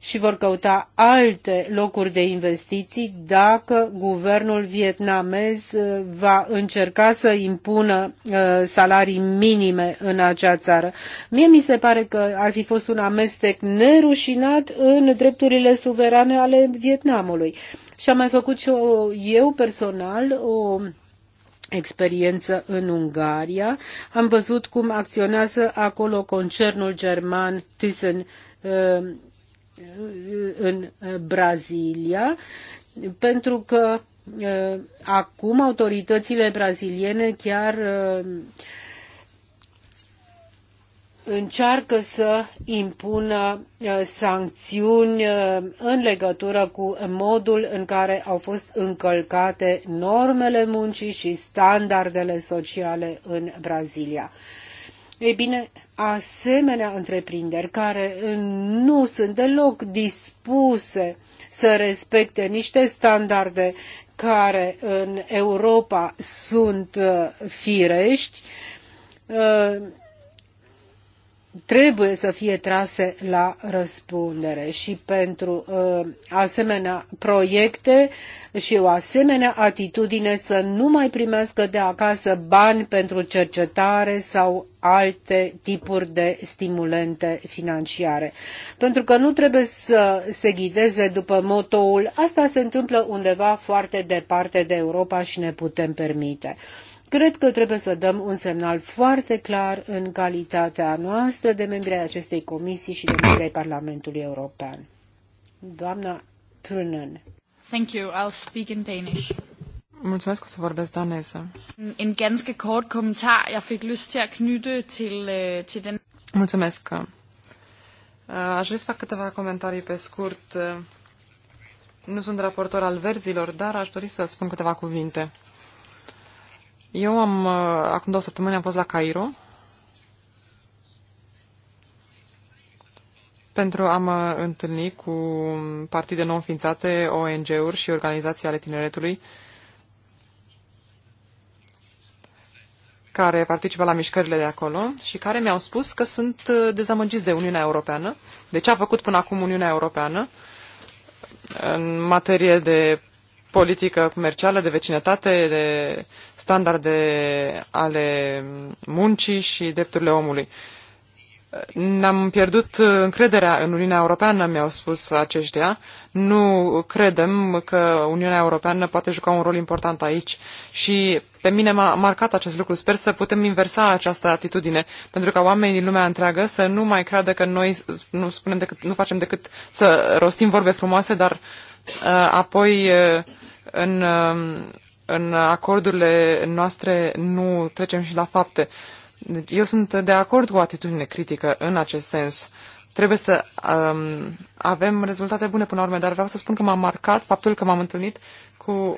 și vor căuta alte locuri de investiții dacă guvernul vietnamez uh, va încerca să impună uh, salarii minime în acea țară. Mie mi se pare că ar fi fost un amestec nerușinat în drepturile suverane ale Vietnamului. Și am mai făcut și eu personal o experiență în Ungaria. Am văzut cum acționează acolo concernul german Thyssen uh, în uh, Brazilia, pentru că uh, acum autoritățile braziliene chiar încearcă să impună uh, sancțiuni uh, în legătură cu modul în care au fost încălcate normele muncii și standardele sociale în Brazilia. Ei bine, asemenea întreprinderi care nu sunt deloc dispuse să respecte niște standarde care în Europa sunt uh, firești, trebuie să fie trase la răspundere și pentru uh, asemenea proiecte și o asemenea atitudine să nu mai primească de acasă bani pentru cercetare sau alte tipuri de stimulente financiare. Pentru că nu trebuie să se ghideze după motoul asta se întâmplă undeva foarte departe de Europa și ne putem permite. Uh, Cred că trebuie să dăm un semnal foarte clar în calitatea noastră de membri ai acestei comisii și de membri ai Parlamentului European. Doamna Trunen. Thank you. I'll speak in Danish. Mulțumesc, o să vorbesc daneză. En ganske kort kommentar, jeg fik lyst til at knytte til, øh, til den... Mulțumesc. Uh, aș vrea să fac câteva comentarii pe scurt. Uh, nu sunt raportor al verzilor, dar aș dori să spun câteva cuvinte. Eu am, uh, acum două săptămâni am fost la Cairo pentru a mă întâlni cu partide nou înființate, ONG-uri și organizații ale tineretului care participă la mișcările de acolo și care mi-au spus că sunt uh, dezamăgiți de Uniunea Europeană, de deci ce a făcut până acum Uniunea Europeană în materie de politică comercială, de vecinătate, de standarde ale muncii și drepturile omului. Ne-am pierdut încrederea în Uniunea Europeană, mi-au spus aceștia. Nu credem că Uniunea Europeană poate juca un rol important aici. Și pe mine m-a marcat acest lucru. Sper să putem inversa această atitudine, pentru ca oamenii din lumea întreagă să nu mai creadă că noi nu, spunem decât, nu facem decât să rostim vorbe frumoase, dar Uh, apoi, uh, în, um, în acordurile noastre nu trecem și la fapte. Deci, eu sunt de acord cu atitudine critică în acest sens. Trebuie să um, avem rezultate bune până la urmă, dar vreau să spun că m-a marcat faptul că m-am întâlnit cu uh,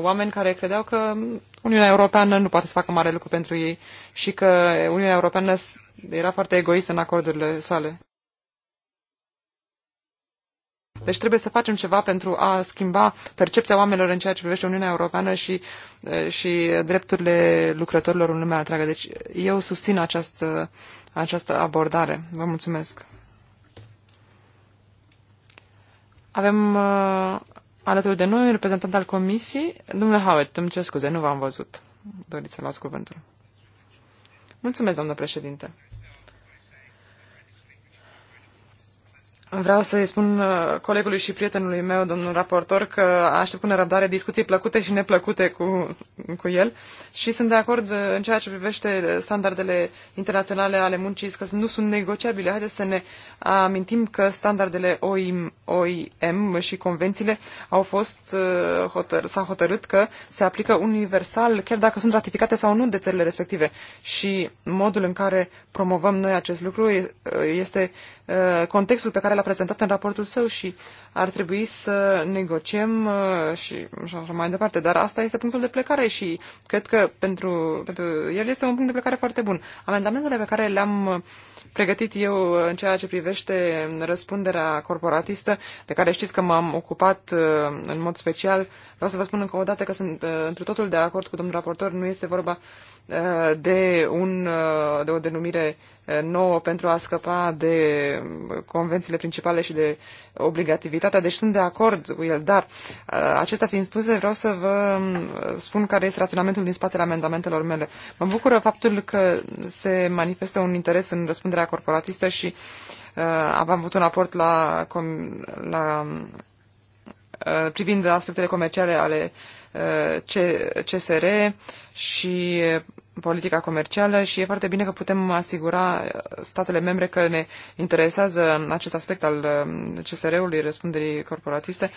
oameni care credeau că Uniunea Europeană nu poate să facă mare lucru pentru ei și că Uniunea Europeană era foarte egoistă în acordurile sale. Deci trebuie să facem ceva pentru a schimba percepția oamenilor în ceea ce privește Uniunea Europeană și, și drepturile lucrătorilor în lumea întreagă. Deci eu susțin această, această abordare. Vă mulțumesc. Avem uh, alături de noi un reprezentant al Comisiei. Domnule Howard, îmi cer scuze, nu v-am văzut. Doriți să luați cuvântul. Mulțumesc, domnule președinte. Vreau să-i spun uh, colegului și prietenului meu, domnul raportor, că aștept cu nerăbdare discuții plăcute și neplăcute cu, cu el și sunt de acord uh, în ceea ce privește standardele internaționale ale muncii, că nu sunt negociabile. Haideți să ne amintim că standardele OIM, OIM și convențiile au fost, uh, hotăr, s-a hotărât că se aplică universal, chiar dacă sunt ratificate sau nu de țările respective. Și modul în care promovăm noi acest lucru este contextul pe care l-a prezentat în raportul său și ar trebui să negociem și așa mai departe. Dar asta este punctul de plecare și cred că pentru, pentru el este un punct de plecare foarte bun. Amendamentele pe care le-am pregătit eu în ceea ce privește răspunderea corporatistă, de care știți că m-am ocupat în mod special, vreau să vă spun încă o dată că sunt într totul de acord cu domnul raportor, nu este vorba Uh, de, un, uh, de o denumire uh, nouă pentru a scăpa de convențiile principale și de obligativitatea. Deci sunt de acord cu el, dar acesta fiind spuse, vreau să vă um, spun care este raționamentul din spatele amendamentelor mele. Mă bucură faptul că se manifestă un interes în răspunderea corporatistă și uh, am avut un aport la, com, la uh, privind aspectele comerciale ale uh, CSR și politica comercială și e foarte bine că putem asigura statele membre că ne interesează acest aspect al uh, CSR-ului, răspunderii corporatiste,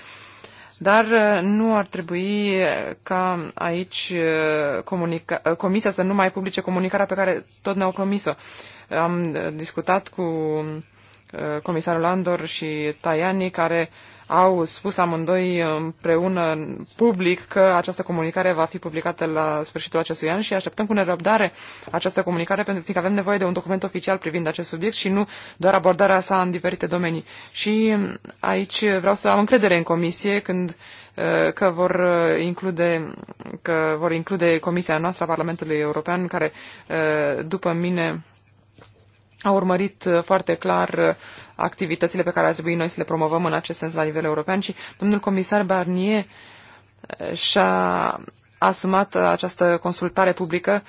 dar uh, nu ar trebui ca aici uh, Comisia să nu mai publice comunicarea pe care tot ne-au promis-o. Am discutat cu comisarul Andor și Tajani care uh, au spus amândoi împreună public că această comunicare va fi publicată la sfârșitul acestui an și așteptăm cu nerăbdare această comunicare, pentru că avem nevoie de un document oficial privind acest subiect și nu doar abordarea sa în diferite domenii. Și aici vreau să am încredere în comisie când uh, că vor uh, include, că vor include Comisia noastră a Parlamentului European, care uh, după mine a urmărit uh, foarte clar uh, activitățile pe care ar trebui noi să le promovăm în acest sens la nivel european și domnul comisar Barnier uh, și-a asumat această consultare publică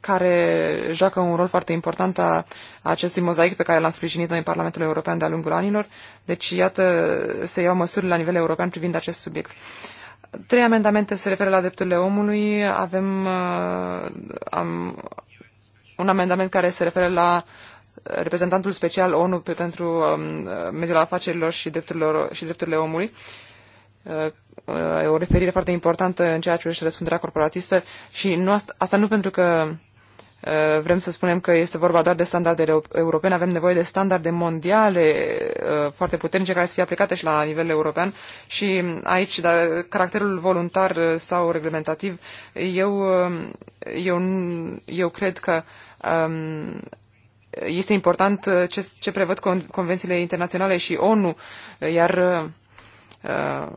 care joacă un rol foarte important a acestui mozaic pe care l-am sprijinit noi în Parlamentul European de-a lungul anilor. Deci, iată, se iau măsuri la nivel european privind acest subiect. Trei amendamente se referă la drepturile omului. Avem uh, am, un amendament care se referă la reprezentantul special ONU pentru um, mediul afacerilor și, drepturilor, și drepturile omului. Uh, uh, e o referire foarte importantă în ceea ce privește răspunderea corporatistă și nu asta, asta nu pentru că Eh, vrem să spunem că este vorba doar de standarde europene, avem nevoie de standarde mondiale eh, foarte puternice care să fie aplicate și la nivel european și aici, dar caracterul voluntar eh, sau reglementativ, eu, eu, eu cred că um, este important ce, ce prevăd con, convențiile internaționale și ONU, iar uh,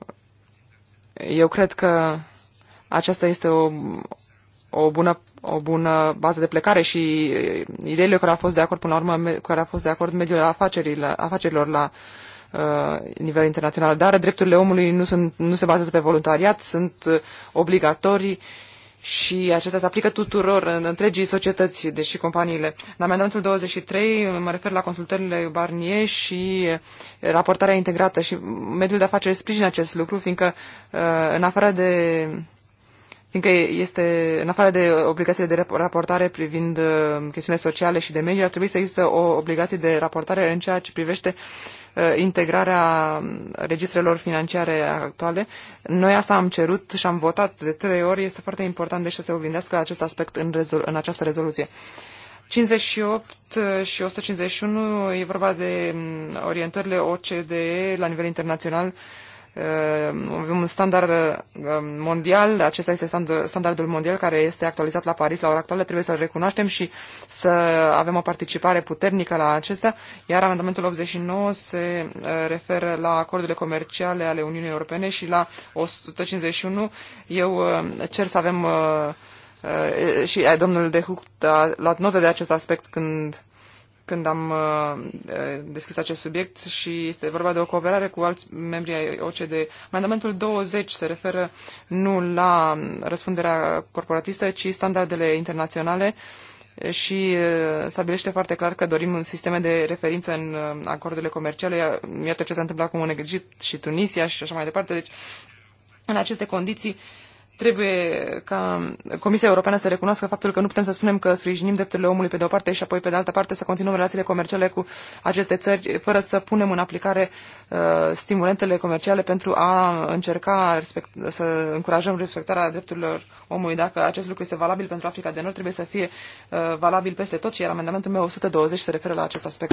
eu cred că aceasta este o, o bună o bună bază de plecare și ideile care au fost de acord până la urmă, care au fost de acord mediul afacerilor, afacerilor la uh, nivel internațional. Dar drepturile omului nu, sunt, nu se bazează pe voluntariat, sunt uh, obligatorii și acestea se aplică tuturor în întregii societăți, deși companiile. În amendamentul 23 mă refer la consultările Barnier și uh, raportarea integrată și mediul de afaceri sprijină acest lucru, fiindcă uh, în afară de fiindcă este, în afară de obligațiile de raportare privind uh, chestiunile sociale și de mediu, ar trebui să există o obligație de raportare în ceea ce privește uh, integrarea um, registrelor financiare actuale. Noi asta am cerut și am votat de trei ori. Este foarte important deci să se oglindească acest aspect în, rezol- în această rezoluție. 58 și 151 uh, e vorba de um, orientările OCDE la nivel internațional uh, Ehm, avem un standard ehm, mondial, acesta este standardul mondial care este actualizat la Paris la ora actuală, trebuie să-l recunoaștem și să avem o participare puternică la acestea, iar amendamentul 89 se eh, referă la acordurile comerciale ale Uniunii Europene și la 151 eu eh, cer să avem eh, și domnul De Hucht a luat notă de acest aspect când când am uh, uh, deschis acest subiect și este vorba de o cooperare cu alți membri ai OCDE. Mandamentul 20 se referă nu la răspunderea corporatistă, ci standardele internaționale și uh, stabilește foarte clar că dorim un sistem de referință în acordurile comerciale. Iată ce s-a întâmplat acum în Egipt și Tunisia și așa mai departe. Deci, în aceste condiții, uh, Trebuie ca Comisia Europeană să recunoască faptul că nu putem să spunem că sprijinim drepturile omului pe de o parte și apoi pe de altă parte să continuăm relațiile comerciale cu aceste țări fără să punem în aplicare uh, stimulentele comerciale pentru a încerca respect, să încurajăm respectarea drepturilor omului. Dacă acest lucru este valabil pentru Africa de Nord, trebuie să fie uh, valabil peste tot și iar amendamentul meu 120 se referă la acest aspect.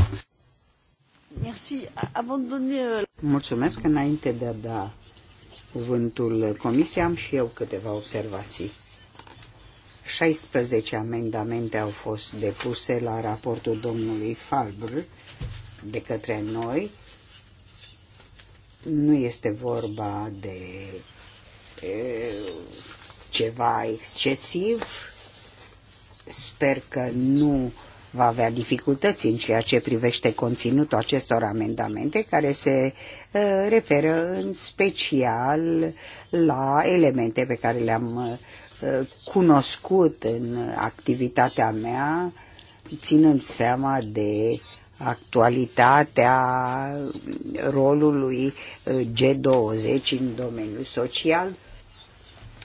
Uh, Mulțumesc. Înainte de a da cuvântul comisiei, am și eu câteva observații. 16 amendamente au fost depuse la raportul domnului Falbr de către noi. Nu este vorba de e, ceva excesiv. Sper că nu va avea dificultăți în ceea ce privește conținutul acestor amendamente, care se uh, referă în special la elemente pe care le-am uh, cunoscut în activitatea mea, ținând seama de actualitatea rolului uh, G20 în domeniul social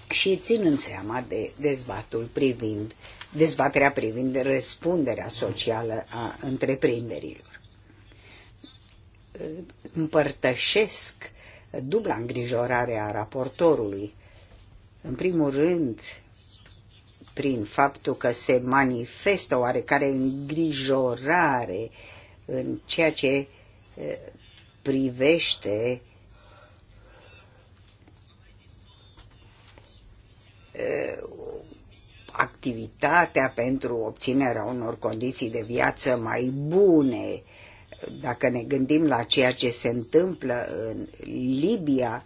și ținând seama de dezbatul privind dezbaterea privind răspunderea socială a întreprinderilor. Împărtășesc dubla îngrijorare a raportorului. În primul rând, prin faptul că se manifestă oarecare îngrijorare în ceea ce privește activitatea pentru obținerea unor condiții de viață mai bune. Dacă ne gândim la ceea ce se întâmplă în Libia,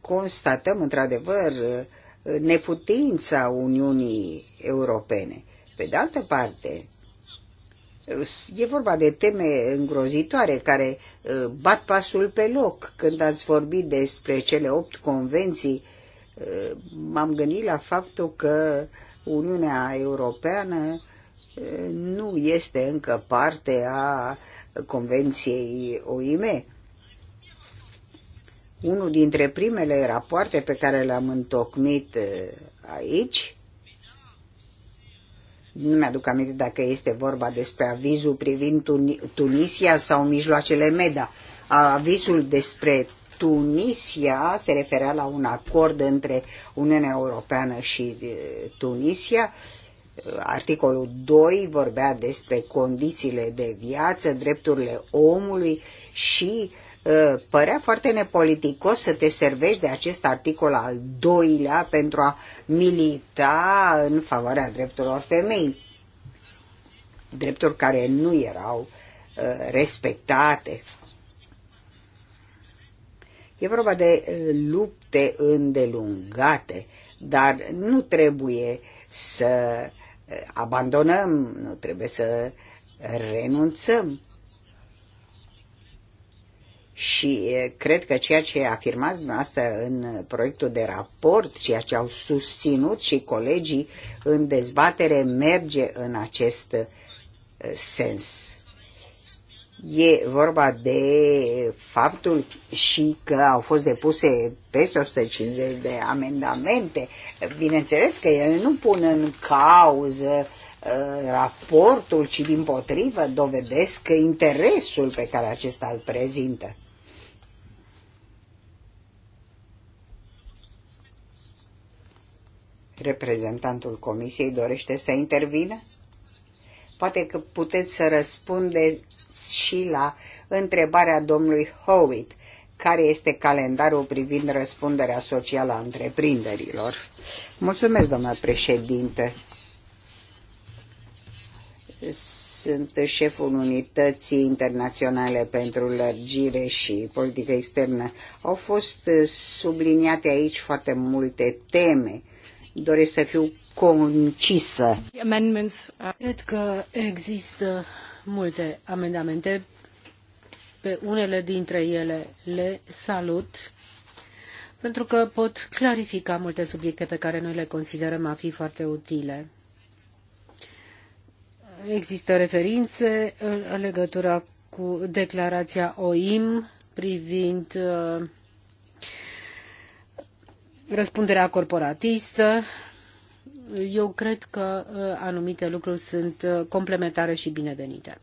constatăm într-adevăr neputința Uniunii Europene. Pe de altă parte, E vorba de teme îngrozitoare care uh, bat pasul pe loc când ați vorbit despre cele opt convenții m-am gândit la faptul că Uniunea Europeană nu este încă parte a Convenției OIM. Unul dintre primele rapoarte pe care le-am întocmit aici, nu mi-aduc aminte dacă este vorba despre avizul privind Tunisia sau mijloacele MEDA, avizul despre Tunisia se referea la un acord între Uniunea Europeană și eh, Tunisia. Eh, articolul 2 vorbea despre condițiile de viață, drepturile omului și eh, părea foarte nepoliticos să te servești de acest articol al doilea pentru a milita în favoarea drepturilor femei. Drepturi care nu erau respectate E vorba de lupte îndelungate, dar nu trebuie să abandonăm, nu trebuie să renunțăm. Și cred că ceea ce afirmați dumneavoastră în proiectul de raport, ceea ce au susținut și colegii în dezbatere, merge în acest sens. E vorba de faptul și că au fost depuse peste 150 de amendamente. Bineînțeles că ele nu pun în cauză uh, raportul, ci din potrivă dovedesc interesul pe care acesta îl prezintă. Reprezentantul comisiei dorește să intervină? Poate că puteți să răspunde, și la întrebarea domnului Howitt, care este calendarul privind răspunderea socială a întreprinderilor. Mulțumesc, domnule președinte. Sunt șeful unității internaționale pentru lărgire și politică externă. Au fost subliniate aici foarte multe teme. Doresc să fiu concisă. Uh, Cred că există multe amendamente. Pe unele dintre ele le salut pentru că pot clarifica multe subiecte pe care noi le considerăm a fi foarte utile. Există referințe în legătură cu declarația OIM privind uh, răspunderea corporatistă eu cred că uh, anumite lucruri sunt uh, complementare și binevenite.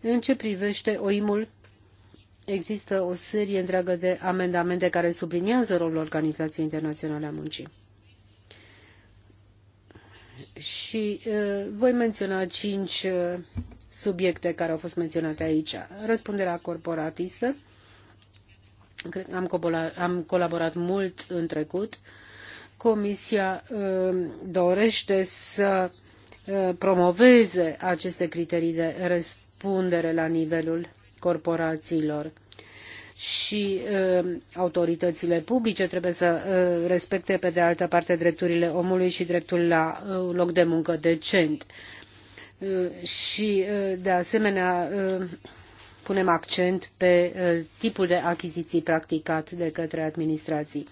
În ce privește OIM-ul, există o serie întreagă de amendamente care subliniază rolul Organizației Internaționale a Muncii. Și uh, voi menționa cinci uh, subiecte care au fost menționate aici. Răspunderea corporatistă. Cred că am, am colaborat mult în trecut uh, Comisia ă, dorește să ă, promoveze aceste criterii de răspundere la nivelul corporațiilor și ă, autoritățile publice trebuie să respecte pe de altă parte drepturile omului și dreptul la un loc de muncă decent. Și de asemenea punem accent pe tipul de achiziții practicat de către administrații.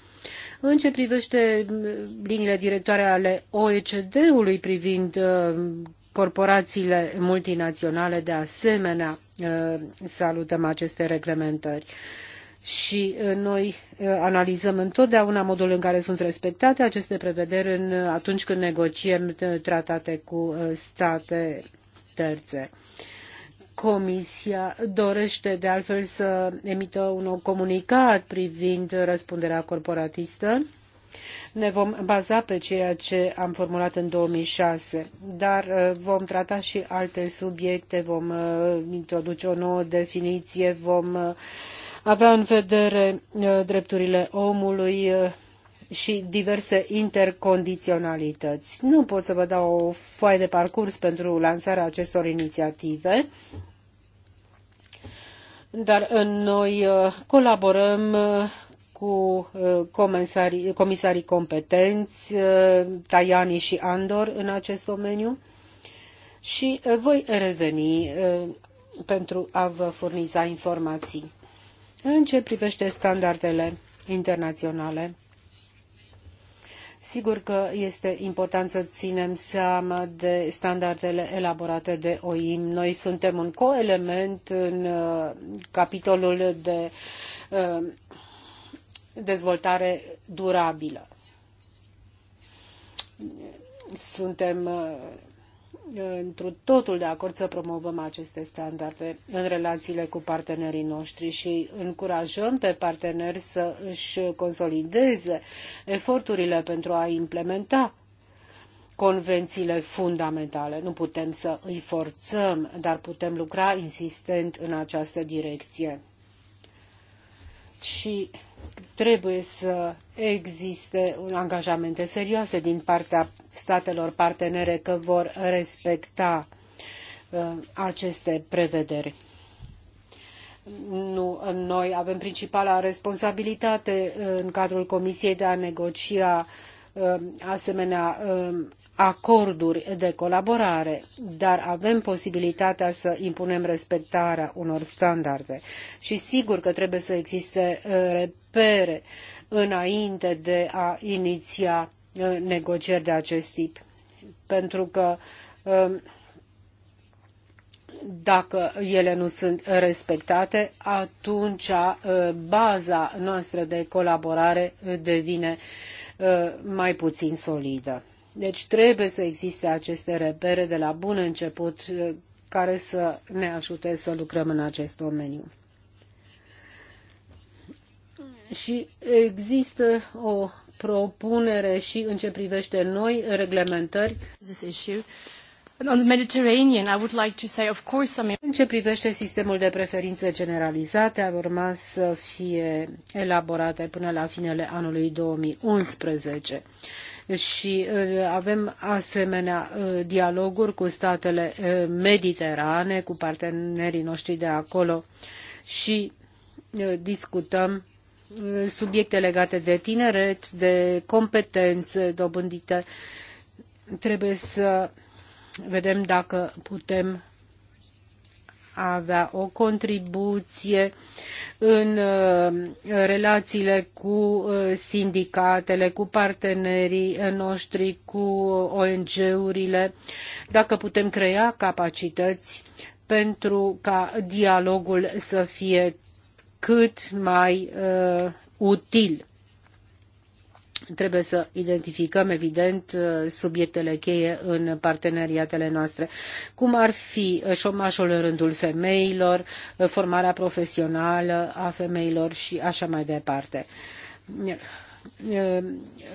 În ce privește mm, liniile directoare ale OECD-ului privind uh, corporațiile multinaționale, de asemenea, uh, salutăm aceste reglementări și uh, noi analizăm întotdeauna modul în care sunt respectate aceste prevederi în, atunci când negociem tratate cu state terțe. Comisia dorește de altfel să emită un nou comunicat privind răspunderea corporatistă. Ne vom baza pe ceea ce am formulat în 2006, dar uh, vom trata și alte subiecte, vom uh, introduce o nouă definiție, vom uh, avea în vedere drepturile omului, și diverse intercondiționalități. Nu pot să vă dau o foaie de parcurs pentru lansarea acestor inițiative, dar uh, noi uh, colaborăm uh, cu comisarii, comisarii competenți, Tajani și Andor, în acest domeniu și voi reveni pentru a vă furniza informații. În ce privește standardele internaționale, Sigur că este important să ținem seama de standardele elaborate de OIM. Noi suntem un coelement în uh, capitolul de uh, dezvoltare durabilă. Suntem uh, întru totul de acord să promovăm aceste standarde în relațiile cu partenerii noștri și încurajăm pe parteneri să își consolideze eforturile pentru a implementa convențiile fundamentale. Nu putem să îi forțăm, dar putem lucra insistent în această direcție. Și trebuie să existe angajamente serioase din partea statelor partenere că vor respecta uh, aceste prevederi. Nu, noi avem principala responsabilitate uh, în cadrul Comisiei de a negocia uh, asemenea acorduri de colaborare, dar avem posibilitatea să impunem respectarea unor standarde. Și sigur că trebuie să existe uh, repere înainte de a iniția uh, negocieri de acest tip. Pentru că um, dacă ele nu sunt respectate, atunci uh, baza noastră de colaborare devine mai puțin solidă. Deci trebuie să existe aceste repere de la bun început eh, care să ne ajute să lucrăm în acest domeniu. Și există o propunere și în ce privește noi reglementări. În ce privește sistemul de preferințe generalizate, ar urma să fie elaborate până la finele anului 2011 și uh, avem asemenea uh, dialoguri cu statele uh, mediterane, cu partenerii noștri de acolo și discutăm subiecte legate de tineret, de competențe dobândite. Trebuie să vedem dacă putem avea o contribuție în uh, relațiile cu uh, sindicatele, cu partenerii uh, noștri, cu ONG-urile, dacă putem crea capacități pentru ca dialogul să fie cât mai uh, util. Trebuie să identificăm, evident, uh, subiectele cheie în parteneriatele noastre, cum ar fi uh, șomajul în rândul femeilor, uh, formarea profesională a femeilor și așa mai departe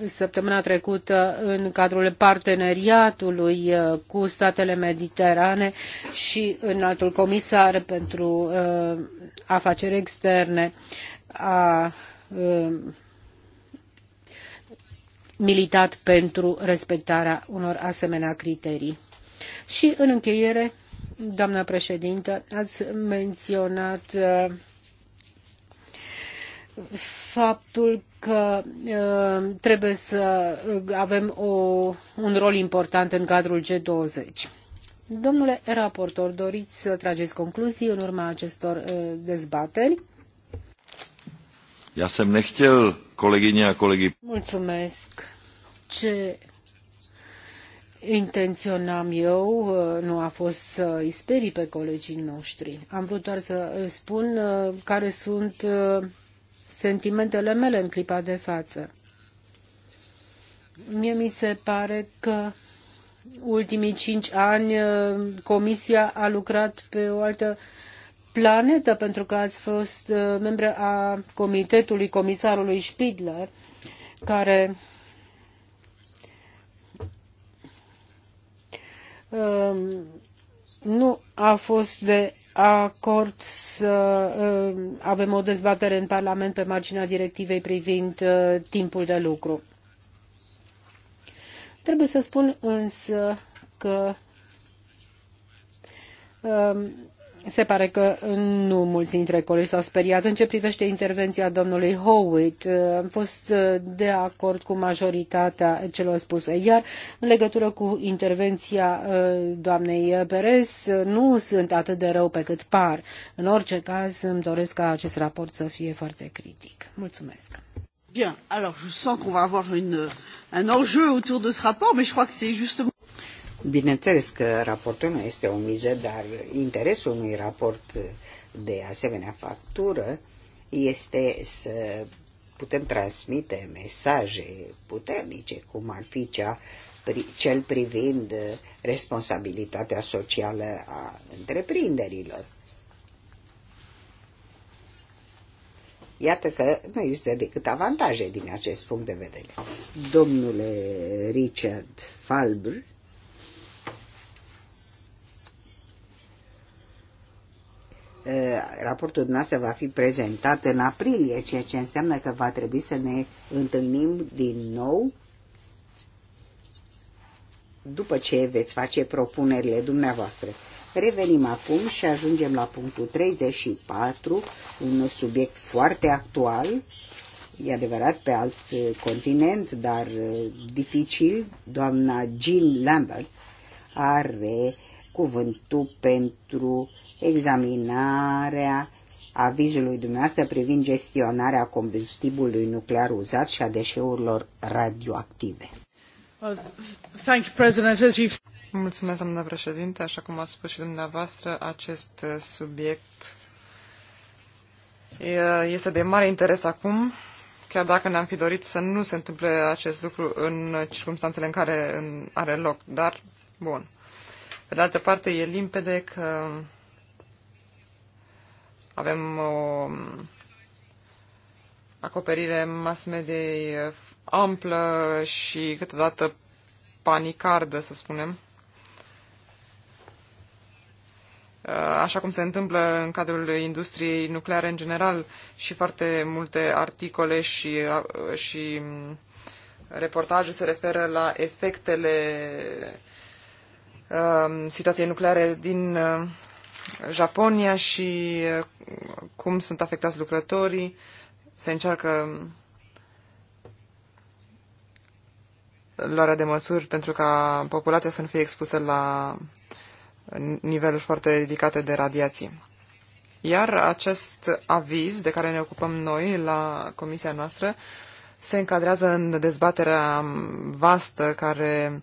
săptămâna trecută în cadrul parteneriatului cu statele mediterane și înaltul comisar pentru afaceri externe a militat pentru respectarea unor asemenea criterii. Și în încheiere, doamna președintă, ați menționat uh, faptul că uh, trebuie să avem o, un rol important în cadrul G20. Domnule raportor, doriți să trageți concluzii în urma acestor uh, dezbateri? Ja sem nechtěl Colegii a kolegy. Mulțumesc. Ce intenționam eu uh, nu a fost să îi sperii pe colegii noștri. Am vrut doar să spun uh, care sunt uh, sentimentele mele în clipa de față. Mie mi se pare că ultimii cinci ani Comisia a lucrat pe o altă uh, planetă, pentru că ați fost uh, membră a comitetului comisarului Spidler, care um, nu a fost de acord să um, avem o dezbatere în Parlament pe marginea directivei privind uh, timpul de lucru. Trebuie să spun însă că um, se pare că nu mulți dintre colegi s-au speriat. În ce privește intervenția domnului Howitt, am fost de acord cu majoritatea celor spuse. Iar în legătură cu intervenția uh, doamnei Perez, nu sunt atât de rău pe cât par. În orice caz, îmi doresc ca acest raport să fie foarte critic. Mulțumesc. Bien, alors je sens qu'on va avoir une, un enjeu autour de ce rapport, mais je crois que c'est justement Bineînțeles că raportul nu este o miză, dar interesul unui raport de asemenea factură este să putem transmite mesaje puternice, cum ar fi cea, cel privind responsabilitatea socială a întreprinderilor. Iată că nu există decât avantaje din acest punct de vedere. Domnule Richard Falbr raportul dumneavoastră va fi prezentat în aprilie, ceea ce înseamnă că va trebui să ne întâlnim din nou după ce veți face propunerile dumneavoastră. Revenim acum și ajungem la punctul 34, un subiect foarte actual, e adevărat pe alt continent, dar dificil. Doamna Jean Lambert are cuvântul pentru examinarea avizului dumneavoastră privind gestionarea combustibilului nuclear uzat și a deșeurilor radioactive. Mulțumesc, doamna președinte. Așa cum ați spus și dumneavoastră, acest uh, subiect este de mare interes acum, chiar dacă ne-am fi dorit să nu se întâmple acest lucru în circunstanțele în care are loc. Dar, bun. Pe de altă parte, e limpede că avem o um, acoperire mass mediei uh, amplă și câteodată panicardă, să spunem. Uh, așa cum se întâmplă în cadrul industriei nucleare în general și foarte multe articole și, uh, și um, reportaje se referă la efectele um, situației nucleare din Japonia și uh, cum sunt afectați lucrătorii. Se încearcă luarea de măsuri pentru ca populația să nu fie expusă la niveluri foarte ridicate de radiații. Iar acest aviz de care ne ocupăm noi la comisia noastră se încadrează în dezbaterea vastă care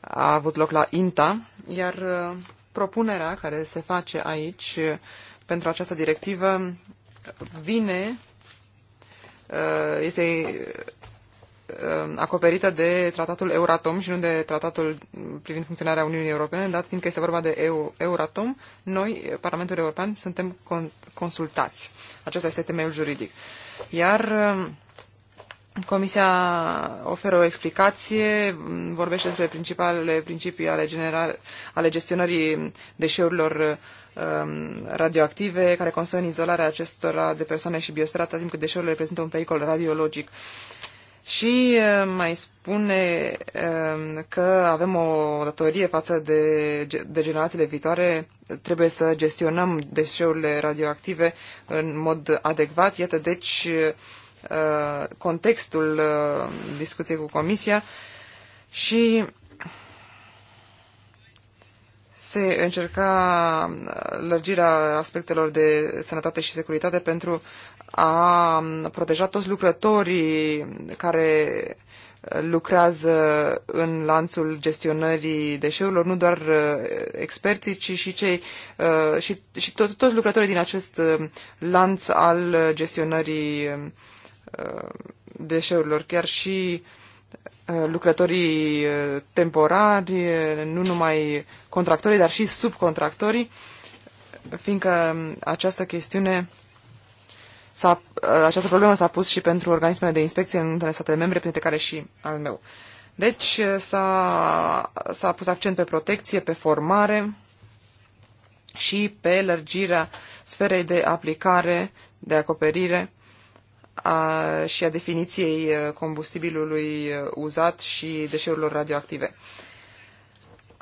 a avut loc la INTA, iar uh, propunerea care se face aici pentru această directivă vine, uh, este uh, acoperită de tratatul Euratom și nu de tratatul privind funcționarea Uniunii Europene, dat fiindcă este vorba de Euratom, noi, Parlamentul European, suntem consultați. Acesta este temeiul juridic. Iar uh, Comisia oferă o explicație, vorbește despre principalele principii ale, general, ale gestionării deșeurilor um, radioactive, care constă în izolarea acestora de persoane și biosfera, atât timp cât deșeurile reprezintă un pericol radiologic. Și uh, mai spune um, că avem o datorie față de, de generațiile viitoare, trebuie să gestionăm deșeurile radioactive în mod adecvat. Iată, deci, Uh, contextul uh, discuției cu Comisia și se încerca uh, lărgirea aspectelor de sănătate și securitate pentru a proteja toți lucrătorii care lucrează în lanțul gestionării deșeurilor, nu doar experții, ci și cei și, și tot, toți lucrătorii din acest lanț al gestionării um, Uh, deșeurilor, chiar și uh, lucrătorii uh, temporari, nu numai contractorii, dar și subcontractorii, fiindcă um, această chestiune s-a, această problemă s-a pus și pentru organismele de inspecție în unele statele membre, printre care și al meu. Deci s-a, s-a pus accent pe protecție, pe formare și pe lărgirea sferei de aplicare, de acoperire a, și a definiției uh, combustibilului uh, uzat și deșeurilor radioactive.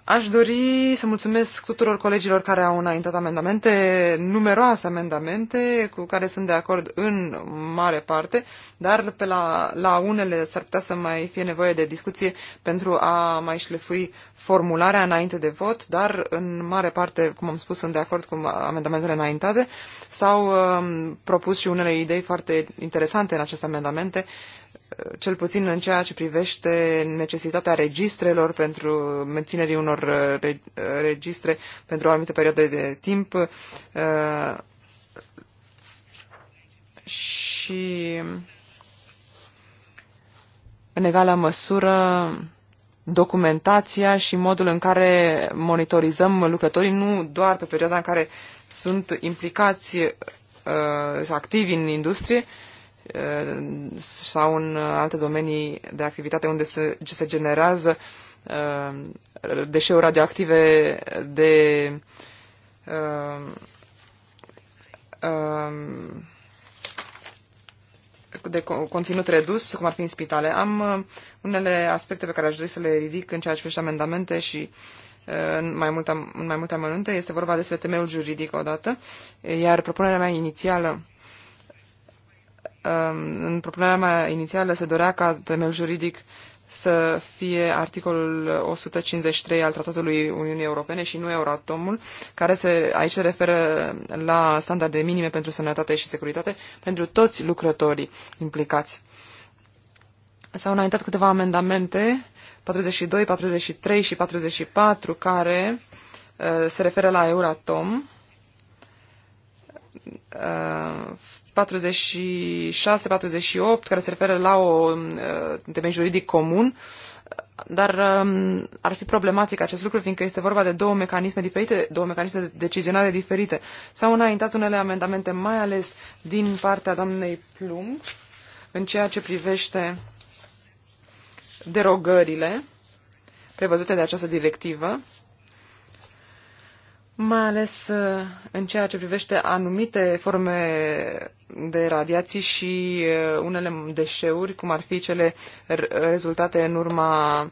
Aș dori să mulțumesc tuturor colegilor care au înaintat amendamente, numeroase amendamente cu care sunt de acord în mare parte, dar pe la, la unele s-ar putea să mai fie nevoie de discuție pentru a mai șlefui formularea înainte de vot, dar în mare parte, cum am spus, sunt de acord cu amendamentele înaintate. S-au um, propus și unele idei foarte interesante în aceste amendamente cel puțin în ceea ce privește necesitatea registrelor pentru menținerii unor uh, uh, registre pentru o anumită perioadă de timp uh, și în egală măsură documentația și modul în care monitorizăm lucrătorii, nu doar pe perioada în care sunt implicați uh, activi în industrie, Uh, sau în alte domenii de activitate unde se, se generează uh, deșeuri radioactive de uh, de conținut redus, cum ar fi în spitale. Am unele aspecte pe care aș dori să le ridic în ceea ce privește amendamente și în mai, multe, în mai multe amănunte. Este vorba despre temeiul juridic odată, iar propunerea mea inițială Um, în propunerea mea inițială se dorea ca temel juridic să fie articolul 153 al Tratatului Uniunii Europene și nu Euratomul, care se, aici se referă la standarde minime pentru sănătate și securitate pentru toți lucrătorii implicați. S-au înaintat câteva amendamente, 42, 43 și 44, care uh, se referă la Euratom, uh, 46-48, care se referă la o um, uh, temei juridic comun, dar um, ar fi problematic acest lucru, fiindcă este vorba de două mecanisme diferite, două mecanisme de decizionare diferite. S-au înaintat unele amendamente, mai ales din partea doamnei Plum, în ceea ce privește derogările prevăzute de această directivă, mai ales uh, în ceea ce privește anumite forme de radiații și uh, unele deșeuri, cum ar fi cele rezultate în urma uh,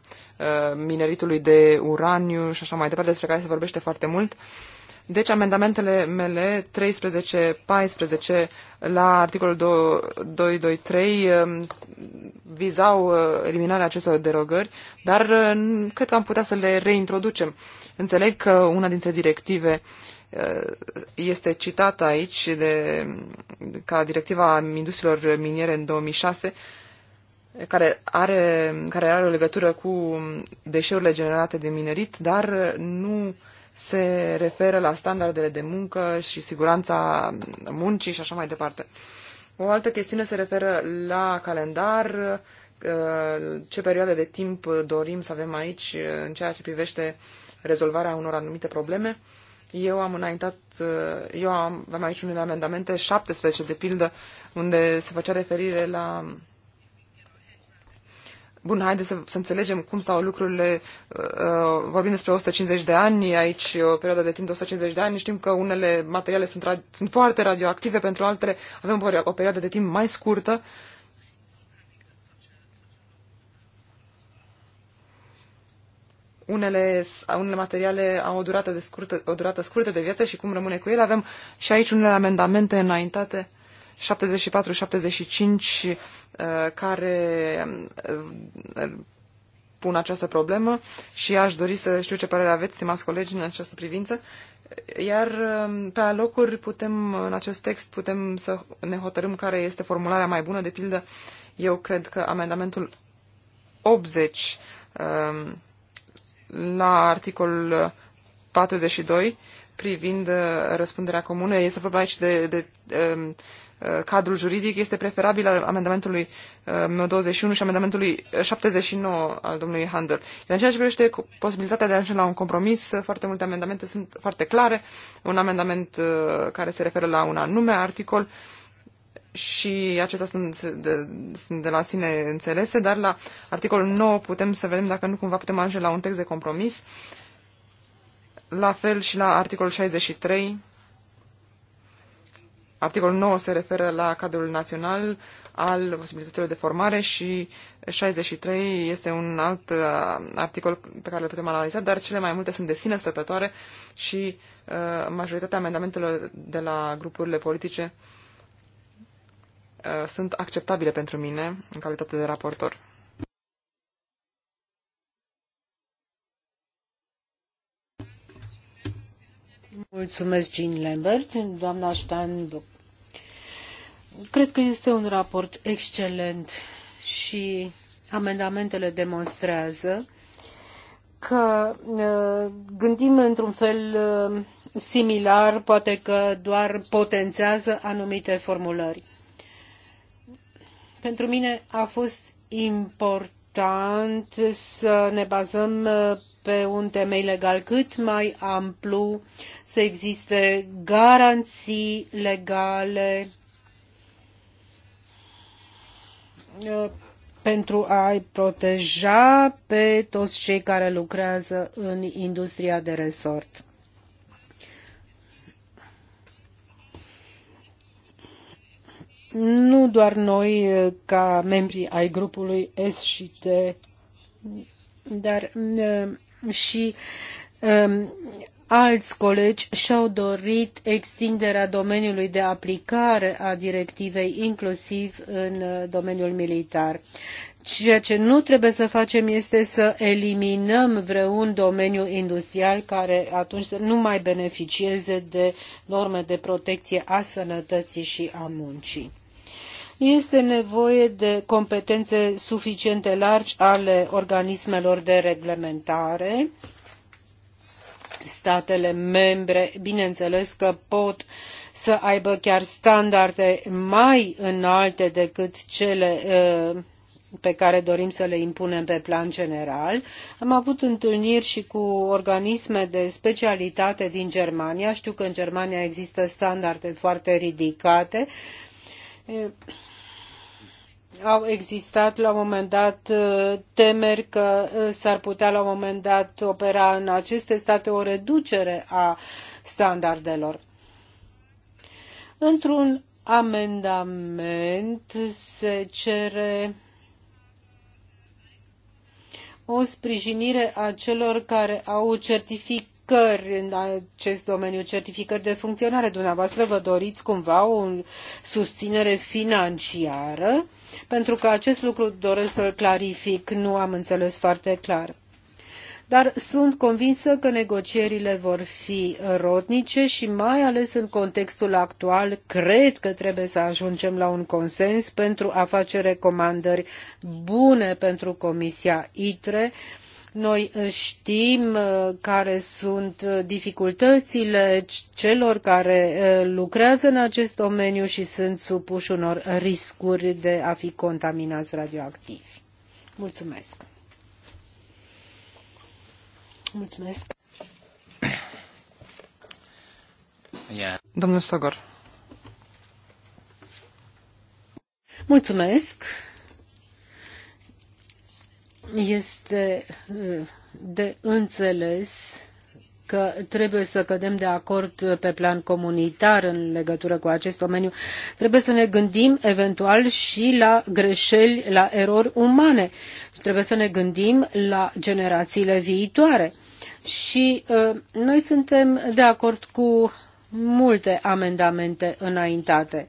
mineritului de uraniu și așa mai departe, despre care se vorbește foarte mult. Deci amendamentele mele 13, 14 la articolul 223 um, vizau uh, eliminarea acestor derogări, dar uh, cred că am putea să le reintroducem. Înțeleg că una dintre directive uh, este citată aici de, ca directiva industriilor miniere în 2006, care are, care are o legătură cu deșeurile generate de minerit, dar nu uh, se referă la standardele de muncă și siguranța muncii și așa mai departe. O altă chestiune se referă la calendar, uh, ce perioade de timp dorim să avem aici uh, în ceea ce privește rezolvarea unor anumite probleme. Eu am înaintat, uh, eu am, am aici unele amendamente, 17 de pildă, unde se făcea referire la Bun, haideți să, să înțelegem cum stau lucrurile. Uh, uh, vorbim despre 150 de ani, aici o perioadă de timp de 150 de ani. Știm că unele materiale sunt, sunt foarte radioactive, pentru altele avem o, o perioadă de timp mai scurtă. Unele, unele materiale au o durată, de scurtă, o durată scurtă de viață și cum rămâne cu ele. Avem și aici unele amendamente înaintate 74-75 uh, care uh, pun această problemă și aș dori să știu ce părere aveți, stimați colegi, în această privință. Iar um, pe alocuri putem, în acest text, putem să ne hotărâm care este formularea mai bună. De pildă, eu cred că amendamentul 80 um, la articolul 42 privind uh, răspunderea comună. Este vorba aici de, de, de um, Uh, cadrul juridic este preferabil al amendamentului 21 uh, și amendamentului 79 uh, al domnului Handel. În ceea ce privește posibilitatea de a ajunge la un compromis, foarte multe amendamente sunt foarte clare. Un amendament care se referă la un anume articol și acestea sunt de, sunt de la sine înțelese, dar la articolul 9 putem să vedem dacă nu cumva putem ajunge la un text de compromis. La fel și la articolul 63 Articolul 9 se referă la cadrul național al posibilităților de formare și 63 este un alt uh, articol pe care le putem analiza, dar cele mai multe sunt de sine stătătoare și uh, majoritatea amendamentelor de la grupurile politice uh, sunt acceptabile pentru mine în calitate de raportor. Mulțumesc, Jean Lambert, doamna Steinbuck. Cred că este un raport excelent și amendamentele demonstrează că uh, gândim într-un fel uh, similar, poate că doar potențează anumite formulări. Pentru mine a fost important important să ne bazăm uh, pe un temei legal cât mai amplu, să existe garanții legale uh, pentru a-i proteja pe toți cei care lucrează în industria de resort. nu doar noi ca membri ai grupului S și T, dar uh, și um, alți colegi și-au dorit extinderea domeniului de aplicare a directivei, inclusiv în uh, domeniul militar. Ceea ce nu trebuie să facem este să eliminăm vreun domeniu industrial care atunci să nu mai beneficieze de norme de protecție a sănătății și a muncii este nevoie de competențe suficiente largi ale organismelor de reglementare. Statele membre, bineînțeles că pot să aibă chiar standarde mai înalte decât cele pe care dorim să le impunem pe plan general. Am avut întâlniri și cu organisme de specialitate din Germania. Știu că în Germania există standarde foarte ridicate au existat la un moment dat uh, temeri că uh, s-ar putea la un moment dat opera în aceste state o reducere a standardelor. Într-un amendament se cere o sprijinire a celor care au certificat certificări în acest domeniu, certificări de funcționare. Dumneavoastră vă doriți cumva o susținere financiară? Pentru că acest lucru doresc să-l clarific, nu am înțeles foarte clar dar sunt convinsă că negocierile vor fi rodnice și mai ales în contextul actual cred că trebuie să ajungem la un consens pentru a face recomandări bune pentru Comisia ITRE noi uh, știm uh, care sunt uh, dificultățile celor care lucrează în acest domeniu și sunt supuși unor riscuri de a fi contaminați radioactivi. Mulțumesc! Mulțumesc! Yeah. Domnul Sogor. Mulțumesc! este uh, de înțeles că trebuie să cădem de acord pe plan comunitar în legătură cu acest domeniu. Trebuie să ne gândim eventual și la greșeli, la erori umane. Trebuie să ne gândim la generațiile viitoare. Și uh, noi suntem de acord cu multe amendamente înaintate.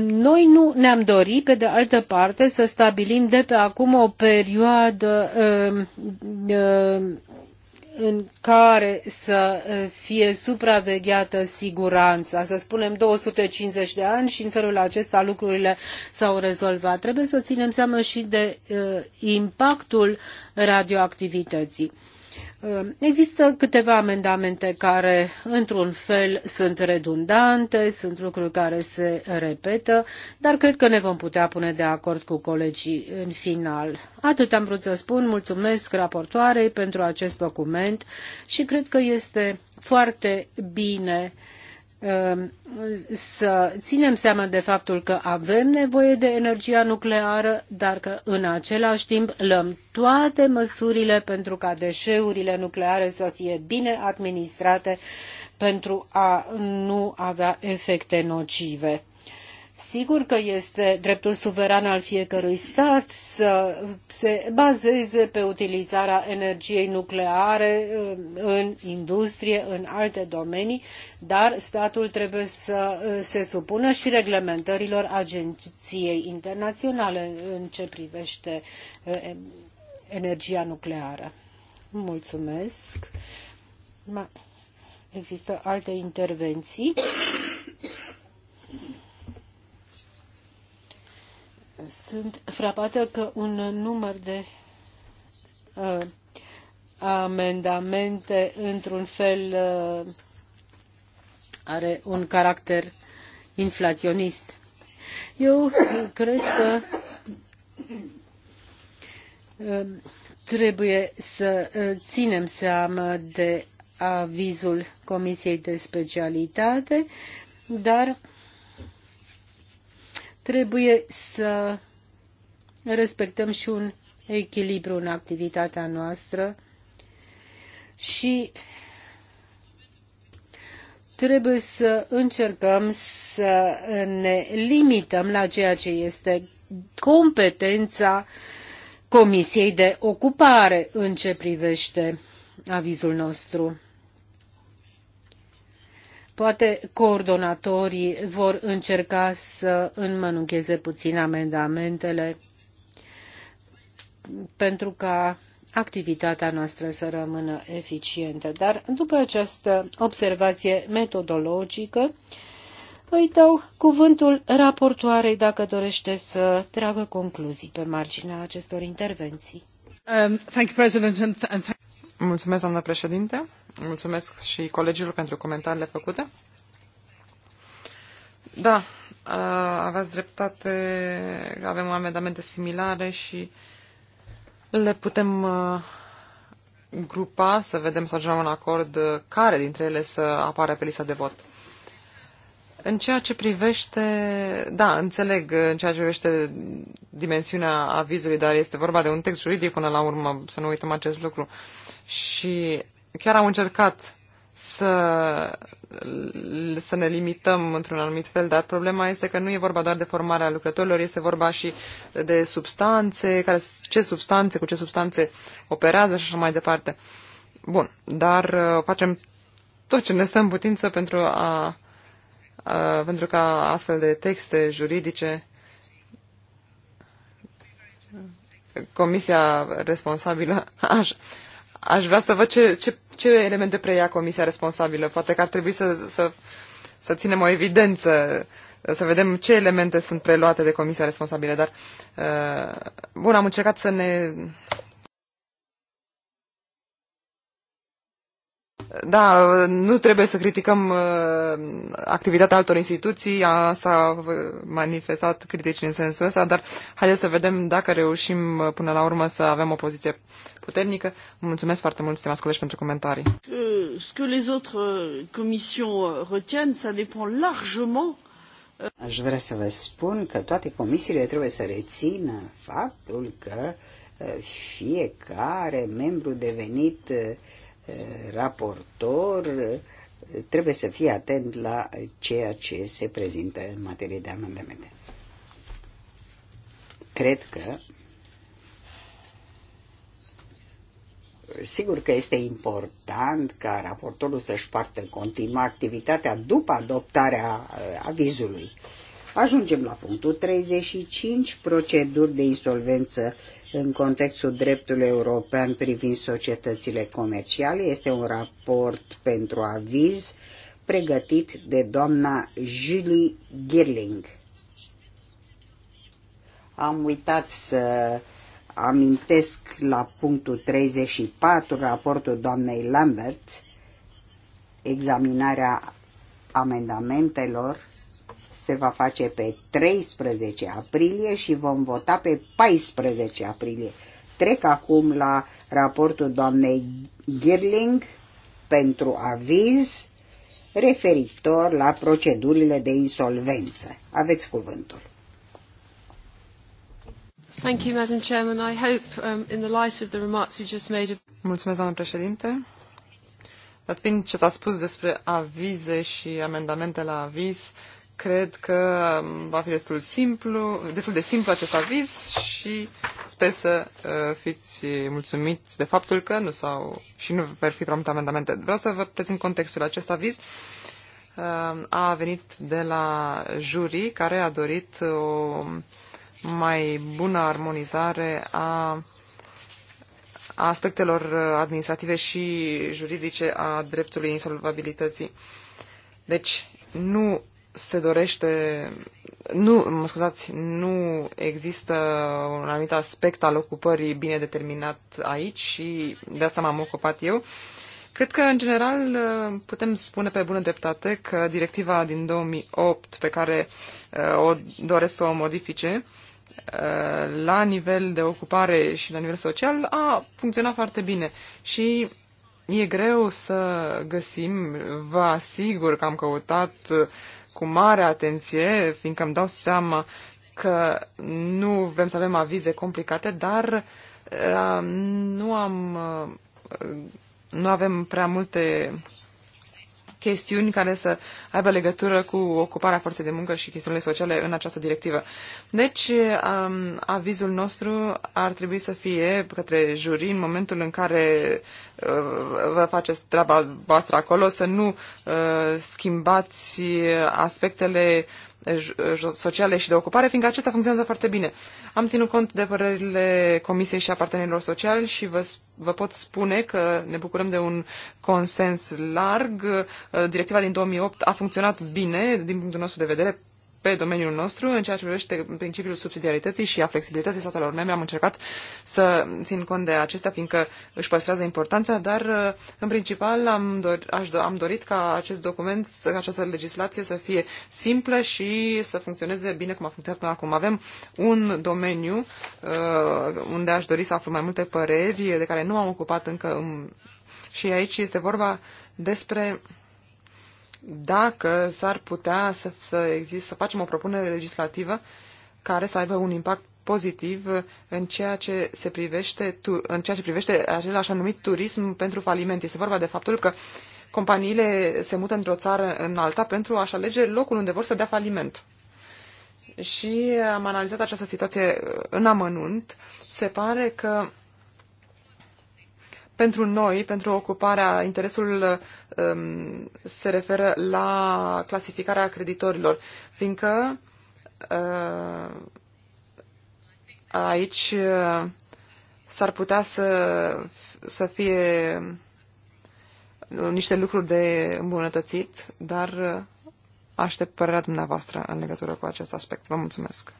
Noi nu ne-am dorit, pe de altă parte, să stabilim de pe acum o perioadă um, um, în care să uh, fie supravegheată siguranța, să spunem 250 de ani și în felul acesta lucrurile s-au rezolvat. Trebuie să ținem seama și de uh, impactul radioactivității. Ehm, există câteva amendamente care, într-un fel, sunt redundante, sunt lucruri care se repetă, dar cred că ne vom putea pune de acord cu colegii în final. Atât am vrut să spun, mulțumesc raportoarei pentru acest document și cred că este foarte bine uh, Ehm, să ținem seama de faptul că avem nevoie de energia nucleară, dar că în același timp lăm toate măsurile pentru ca deșeurile nucleare să fie bine administrate pentru a nu avea efecte nocive. Sigur că este dreptul suveran al fiecărui stat să se bazeze pe utilizarea energiei nucleare uh, în industrie, în alte domenii, dar statul trebuie să uh, se supună și reglementărilor Agenției Internaționale în ce privește uh, energia nucleară. Mulțumesc. Există alte intervenții? Sunt frapată că un număr de uh, amendamente, într-un fel, uh, are un caracter inflaționist. Eu cred că uh, trebuie să uh, ținem seama de avizul Comisiei de Specialitate, dar trebuie să respectăm și un echilibru în activitatea noastră și trebuie să încercăm să ne limităm la ceea ce este competența Comisiei de Ocupare în ce privește avizul nostru. Poate coordonatorii vor încerca să înmănuncheze puțin amendamentele pentru ca activitatea noastră să rămână eficientă. Dar după această observație metodologică, îi dau cuvântul raportoarei dacă dorește să tragă concluzii pe marginea acestor intervenții. Um, thank you, President, and th- Mulțumesc, doamnă președinte. Mulțumesc și colegilor pentru comentariile făcute. Da, aveți dreptate, avem amendamente similare și le putem grupa să vedem să ajungem un acord care dintre ele să apare pe lista de vot. În ceea ce privește, da, înțeleg, în ceea ce privește dimensiunea avizului, dar este vorba de un text juridic până la urmă, să nu uităm acest lucru. Și chiar au încercat să, să ne limităm într-un anumit fel, dar problema este că nu e vorba doar de formarea lucrătorilor, este vorba și de substanțe, care, ce substanțe, cu ce substanțe operează și așa mai departe. Bun, dar uh, facem tot ce ne stă în putință pentru, a, a, pentru ca astfel de texte juridice comisia responsabilă, așa, Aș vrea să văd ce, ce, ce elemente preia comisia responsabilă. Poate că ar trebui să, să, să ținem o evidență, să vedem ce elemente sunt preluate de comisia responsabilă. Dar, uh, bun, am încercat să ne Da, nu trebuie să criticăm uh, activitatea altor instituții, s-a manifestat critici în sensul ăsta, dar haideți să vedem dacă reușim uh, până la urmă să avem o poziție puternică. Mulțumesc foarte mult, stimați colegi, pentru comentarii. Ce que les autres uh, commissions retiennent, ça dépend largement Aș vrea să vă spun că toate comisiile trebuie să rețină faptul că fiecare membru devenit uh, raportor trebuie să fie atent la ceea ce se prezintă în materie de amendamente. Cred că sigur că este important ca raportorul să-și parte în continua activitatea după adoptarea uh, avizului. Ajungem la punctul 35, proceduri de insolvență în contextul dreptului european privind societățile comerciale. Este un raport pentru aviz pregătit de doamna Julie Girling. Am uitat să amintesc la punctul 34 raportul doamnei Lambert, examinarea amendamentelor se va face pe 13 aprilie și vom vota pe 14 aprilie. Trec acum la raportul doamnei Girling pentru aviz referitor la procedurile de insolvență. Aveți cuvântul. Thank you, Madam Chairman. I hope, um, in the light of the remarks you just made... Mulțumesc, doamnă președinte. Dat fiind ce s-a spus despre avize și amendamente la aviz, Cred că va fi destul, simplu, destul de simplu acest aviz și sper să uh, fiți mulțumiți de faptul că nu s-au și nu vor fi prea multe amendamente. Vreau să vă prezint contextul. Acest aviz uh, a venit de la jurii care a dorit o mai bună armonizare a a aspectelor administrative și juridice a dreptului insolvabilității. Deci, nu se dorește, nu, mă scuzați, nu există un anumit aspect al ocupării bine determinat aici și de asta m-am ocupat eu. Cred că, în general, putem spune pe bună dreptate că directiva din 2008, pe care uh, o doresc să o modifice, uh, la nivel de ocupare și la nivel social, a funcționat foarte bine. Și e greu să găsim, vă asigur că am căutat uh, cu mare atenție, fiindcă îmi dau seama că nu vrem să avem avize complicate, dar uh, nu am uh, nu avem prea multe chestiuni care să aibă legătură cu ocuparea forței de muncă și chestiunile sociale în această directivă. Deci, um, avizul nostru ar trebui să fie către jurii în momentul în care uh, vă faceți treaba voastră acolo, să nu uh, schimbați aspectele uh, sociale și de ocupare, fiindcă acesta funcționează foarte bine. Am ținut cont de părerile Comisiei și a partenerilor sociali și vă, vă pot spune că ne bucurăm de un consens larg. Directiva din 2008 a funcționat bine din punctul nostru de vedere pe domeniul nostru, în ceea ce privește principiul subsidiarității și a flexibilității statelor membre, am încercat să țin cont de acestea, fiindcă își păstrează importanța, dar uh, în principal am, dor- aș do- am dorit ca acest document, ca această legislație să fie simplă și să funcționeze bine cum a funcționat până acum. Avem un domeniu uh, unde aș dori să aflu mai multe păreri de care nu am ocupat încă în... și aici este vorba despre dacă s-ar putea să, să exist, să facem o propunere legislativă care să aibă un impact pozitiv în ceea ce se privește, tu, în ceea ce privește acel așa numit turism pentru faliment. Este vorba de faptul că companiile se mută într-o țară în alta pentru a-și alege locul unde vor să dea faliment. Și am analizat această situație în amănunt. Se pare că pentru noi, pentru ocuparea, interesul um, se referă la clasificarea creditorilor, fiindcă uh, aici uh, s-ar putea să, să fie uh, niște lucruri de îmbunătățit, dar uh, aștept părerea dumneavoastră în legătură cu acest aspect. Vă mulțumesc.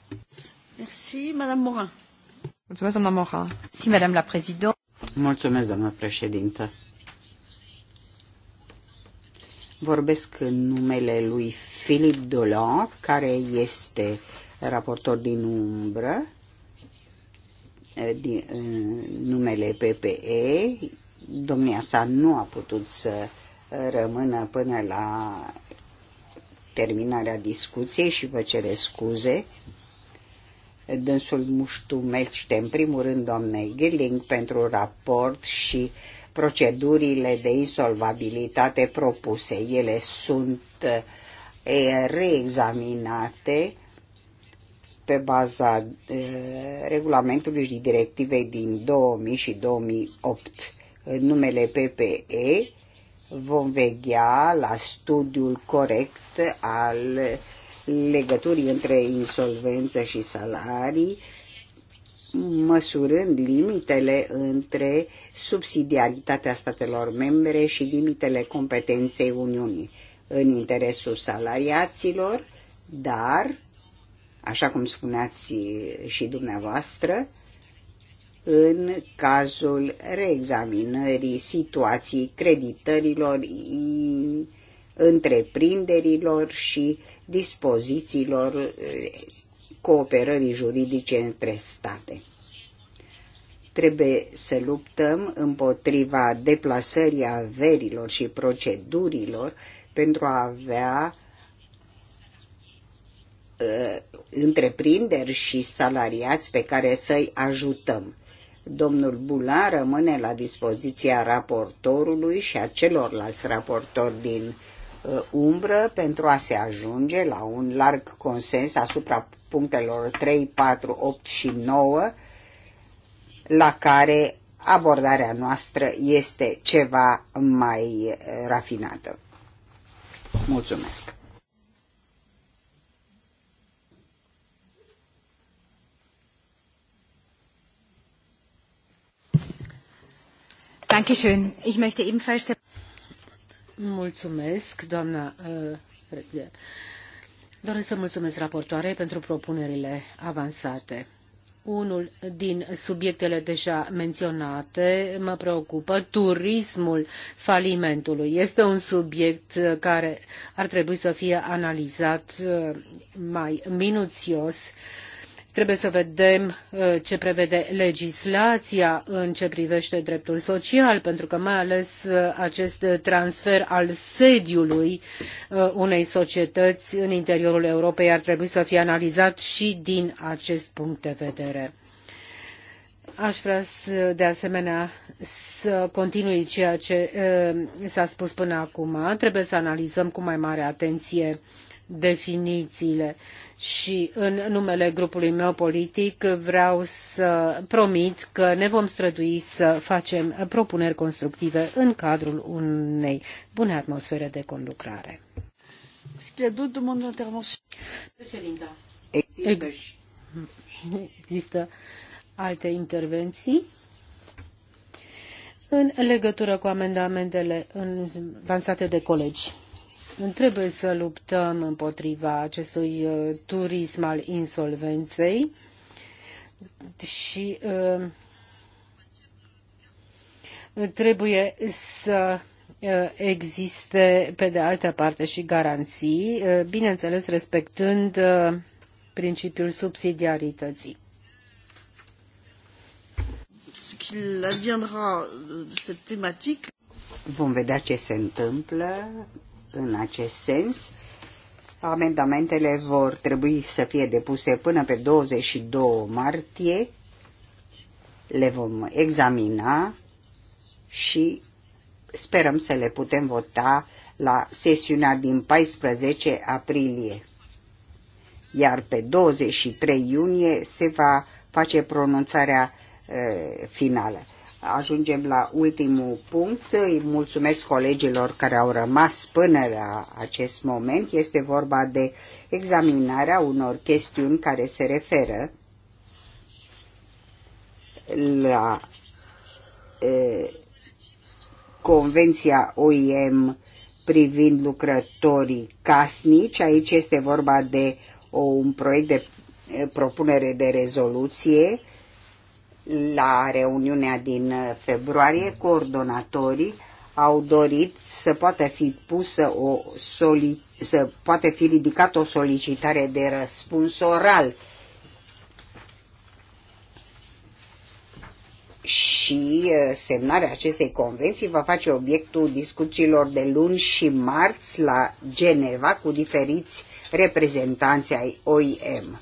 Merci, Madame Morin. Mulțumesc, doamna Morin. Si, Madame la Président. Mulțumesc, doamnă președintă. Vorbesc în numele lui Philip Dolan, care este raportor din umbră, eh, din, eh, numele PPE. Domnia sa nu a putut să rămână până la terminarea discuției și vă cere scuze dânsul muștumește în primul rând doamnei Gilling pentru raport și procedurile de insolvabilitate propuse. Ele sunt reexaminate pe baza regulamentului și directivei din 2000 și 2008. În numele PPE vom veghea la studiul corect al legăturii între insolvență și salarii, măsurând limitele între subsidiaritatea statelor membre și limitele competenței Uniunii în interesul salariaților, dar, așa cum spuneați și dumneavoastră, în cazul reexaminării situației creditărilor, întreprinderilor și dispozițiilor eh, cooperării juridice între state. Trebuie să luptăm împotriva deplasării averilor și procedurilor pentru a avea eh, întreprinderi și salariați pe care să-i ajutăm. Domnul Bula rămâne la dispoziția raportorului și a celorlalți raportori din Uh, umbră pentru a se ajunge la un larg consens asupra punctelor 3, 4, 8 și 9, la care abordarea noastră este ceva mai uh, rafinată. Mulțumesc! Danke schön. Ich möchte ebenfalls der Mulțumesc, doamna Fredler. Uh, Doresc să mulțumesc raportoarei pentru propunerile avansate. Unul din subiectele deja menționate mă preocupă, turismul falimentului. Este un subiect care ar trebui să fie analizat uh, mai minuțios uh, Trebuie să vedem uh, ce prevede legislația în ce privește dreptul social, pentru că mai ales uh, acest transfer al sediului uh, unei societăți în interiorul Europei ar trebui să fie analizat și din acest punct de vedere aș vrea de asemenea să continui ceea ce s-a spus până acum. Trebuie să analizăm cu mai mare atenție definițiile și în numele grupului meu politic vreau să promit că ne vom strădui să facem propuneri constructive în cadrul unei bune atmosfere de conlucrare. Există, există alte intervenții? În legătură cu amendamentele avansate de colegi. Trebuie să luptăm împotriva acestui uh, turism al insolvenței și uh, trebuie să uh, existe, pe de altă parte, și garanții, bineînțeles respectând principiul subsidiarității. Vom vedea ce se întâmplă în acest sens. Amendamentele vor trebui să fie depuse până pe 22 martie. Le vom examina și sperăm să le putem vota la sesiunea din 14 aprilie. Iar pe 23 iunie se va face pronunțarea e, eh, finală ajungem la ultimul punct. Îi mulțumesc colegilor care au rămas până la acest moment. Este vorba de examinarea unor chestiuni care se referă la e, Convenția OIM privind lucrătorii casnici. Aici este vorba de o, un proiect de propunere de rezoluție la reuniunea din uh, februarie, coordonatorii au dorit să poată fi pusă o soli- să poate fi ridicată o solicitare de răspuns oral și uh, semnarea acestei convenții va face obiectul discuțiilor de luni și marți la Geneva cu diferiți reprezentanți ai OIM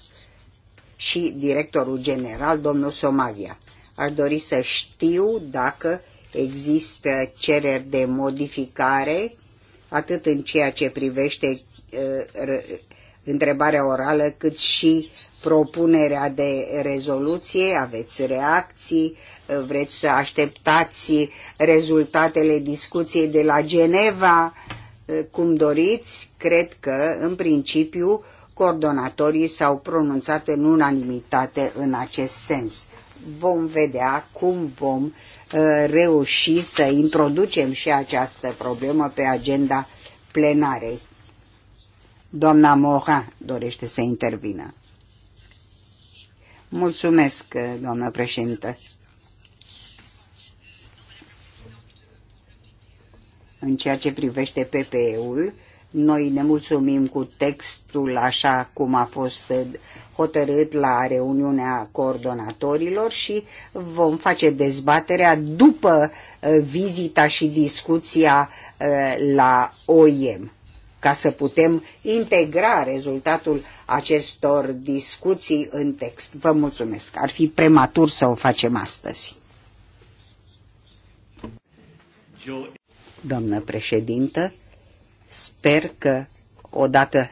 și directorul general, domnul Somavia. Aș dori să știu dacă există cereri de modificare, atât în ceea ce privește uh, întrebarea orală, cât și propunerea de rezoluție, aveți reacții, uh, vreți să așteptați rezultatele discuției de la Geneva, uh, cum doriți, cred că, în principiu, Coordonatorii s-au pronunțat în unanimitate în acest sens. Vom vedea cum vom uh, reuși să introducem și această problemă pe agenda plenarei. Doamna Moha dorește să intervină. Mulțumesc, doamnă președintă. În ceea ce privește PPE-ul, noi ne mulțumim cu textul așa cum a fost hotărât la reuniunea coordonatorilor și vom face dezbaterea după uh, vizita și discuția uh, la OIM ca să putem integra rezultatul acestor discuții în text. Vă mulțumesc. Ar fi prematur să o facem astăzi. Doamnă președintă, Sper că odată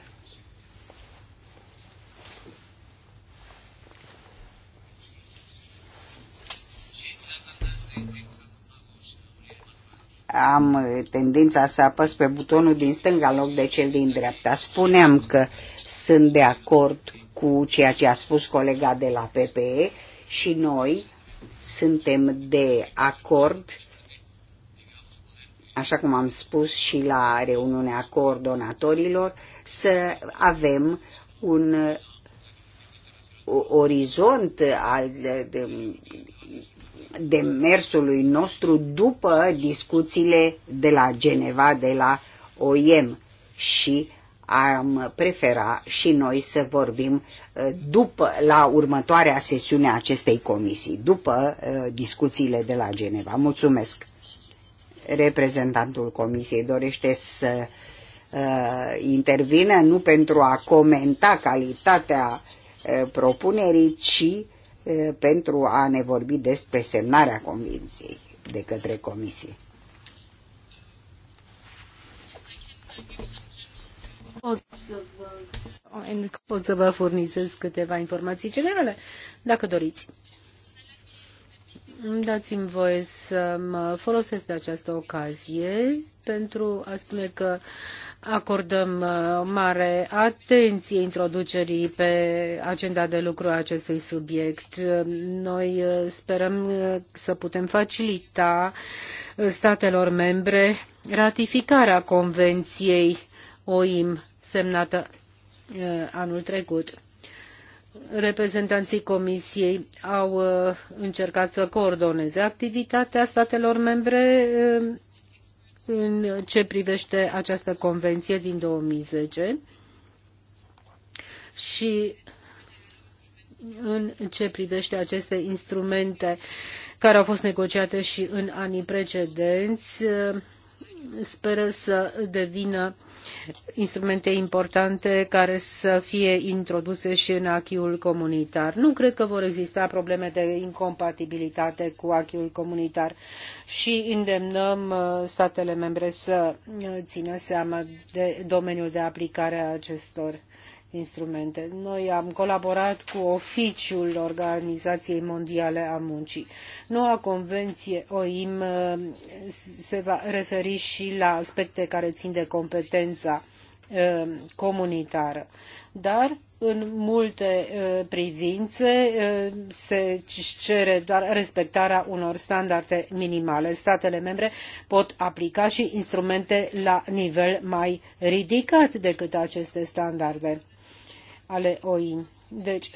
am tendința să apăs pe butonul din stânga în loc de cel din dreapta. Spuneam că sunt de acord cu ceea ce a spus colega de la PPE și noi suntem de acord uh, așa cum am spus și la reuniunea coordonatorilor, să avem un orizont al demersului de nostru după discuțiile de la Geneva, de la OIM și am prefera și noi să vorbim uh, după, la următoarea sesiune a acestei comisii, după uh, discuțiile de la Geneva. Mulțumesc! reprezentantul Comisiei dorește să uh, intervină nu pentru a comenta calitatea uh, propunerii, ci uh, pentru a ne vorbi despre semnarea convinției de către Comisie. Pot să, vă, pot să vă furnizez câteva informații generale, dacă doriți. Dați-mi voie să mă folosesc de această ocazie pentru a spune că acordăm uh, mare atenție introducerii pe agenda de lucru a acestui subiect. Noi uh, sperăm uh, să putem facilita statelor membre ratificarea Convenției OIM semnată anul trecut reprezentanții Comisiei au uh, încercat să coordoneze activitatea statelor membre uh, în ce privește această convenție din 2010 și în ce privește aceste instrumente care au fost negociate și în anii precedenți, uh, speră să devină instrumente importante care să fie introduse și în achiul comunitar. Nu cred că vor exista probleme de incompatibilitate cu achiul comunitar și îndemnăm uh, statele membre să uh, țină seama de domeniul de aplicare a acestor instrumente. Noi am colaborat cu oficiul Organizației Mondiale a Muncii. Noua convenție OIM uh, se va referi și la aspecte care țin de competența uh, comunitară. Dar în multe uh, privințe se cere doar respectarea unor standarde minimale. Statele membre pot aplica și instrumente la nivel mai ridicat decât aceste standarde ale OIM. Deci,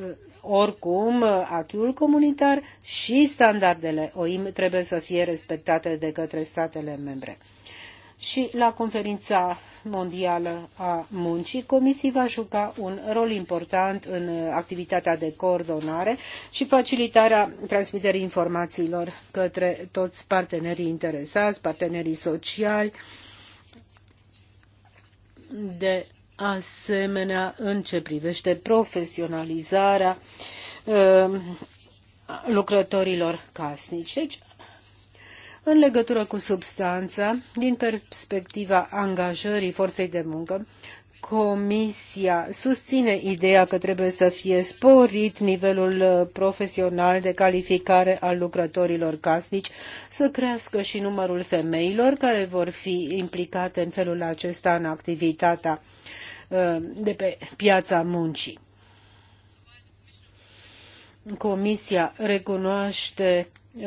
uh, oricum, uh, acquis comunitar și standardele OIM trebuie să fie respectate de către statele membre. Și la conferința mondială a muncii, Comisia va juca un rol important în uh, activitatea de coordonare și facilitarea transmiterii informațiilor către toți partenerii interesați, partenerii sociali de asemenea în ce privește profesionalizarea um, lucrătorilor casnici. Deci, în legătură cu substanța, din perspectiva angajării forței de muncă, Comisia susține ideea că trebuie să fie sporit nivelul uh, profesional de calificare al lucrătorilor casnici, să crească și numărul femeilor care vor fi implicate în felul acesta în activitatea Uh, de pe piața muncii. Comisia recunoaște uh,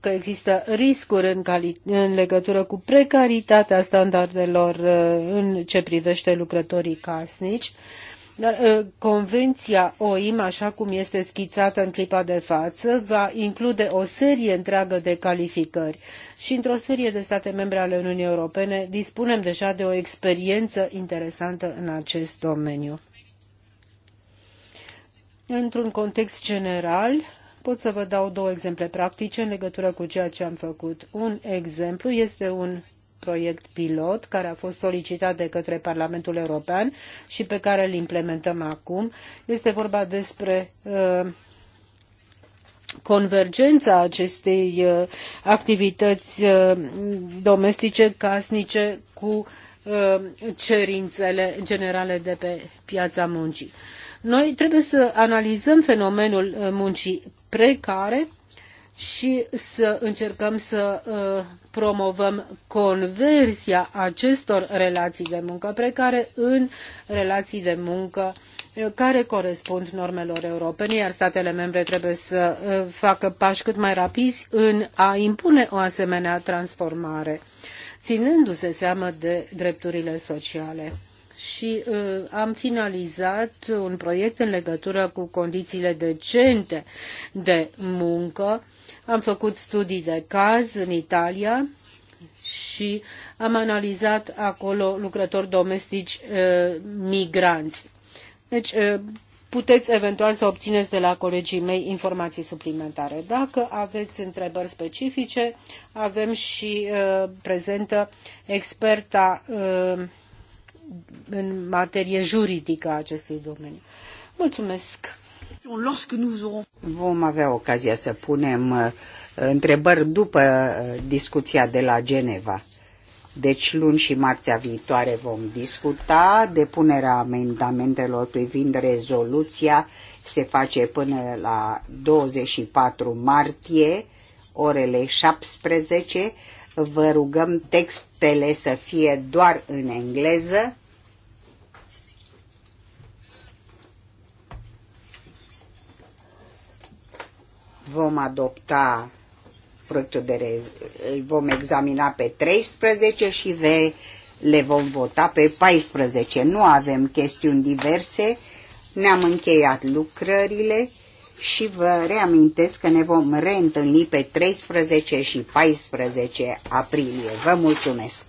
că există riscuri în, în legătură cu precaritatea standardelor uh, în ce privește lucrătorii casnici, dar ă, convenția OIM, așa cum este schițată în clipa de față, va include o serie întreagă de calificări și într-o serie de state membre ale Uniunii Europene dispunem deja de o experiență interesantă în acest domeniu. Într-un context general, pot să vă dau două exemple practice în legătură cu ceea ce am făcut. Un exemplu este un proiect pilot care a fost solicitat de către Parlamentul European și pe care îl implementăm acum. Este vorba despre uh, convergența acestei uh, activități uh, domestice casnice cu cerințele generale de pe piața muncii. Noi trebuie să analizăm fenomenul muncii precare și să încercăm să uh, promovăm conversia acestor relații de muncă precare în relații de muncă uh, care corespund normelor europene, iar statele membre trebuie să uh, facă pași cât mai rapizi în a impune o asemenea transformare, ținându-se seama de drepturile sociale. Și uh, am finalizat un proiect în legătură cu condițiile decente de muncă am făcut studii de caz în Italia și am analizat acolo lucrători domestici uh, migranți. Deci, uh, puteți eventual să obțineți de la colegii mei informații suplimentare. Dacă aveți întrebări specifice, avem și uh, prezentă experta în materie juridică a acestui domeniu. Mulțumesc! Vom avea ocazia să punem uh, întrebări după uh, discuția de la Geneva. Deci luni și marțea viitoare vom discuta. Depunerea amendamentelor privind rezoluția se face până la 24 martie, orele 17. Vă rugăm textele să fie doar în engleză Vom adopta proiectul de rez- îl vom examina pe 13 și ve- le vom vota pe 14. Nu avem chestiuni diverse, ne-am încheiat lucrările și vă reamintesc că ne vom reîntâlni pe 13 și 14 aprilie. Vă mulțumesc!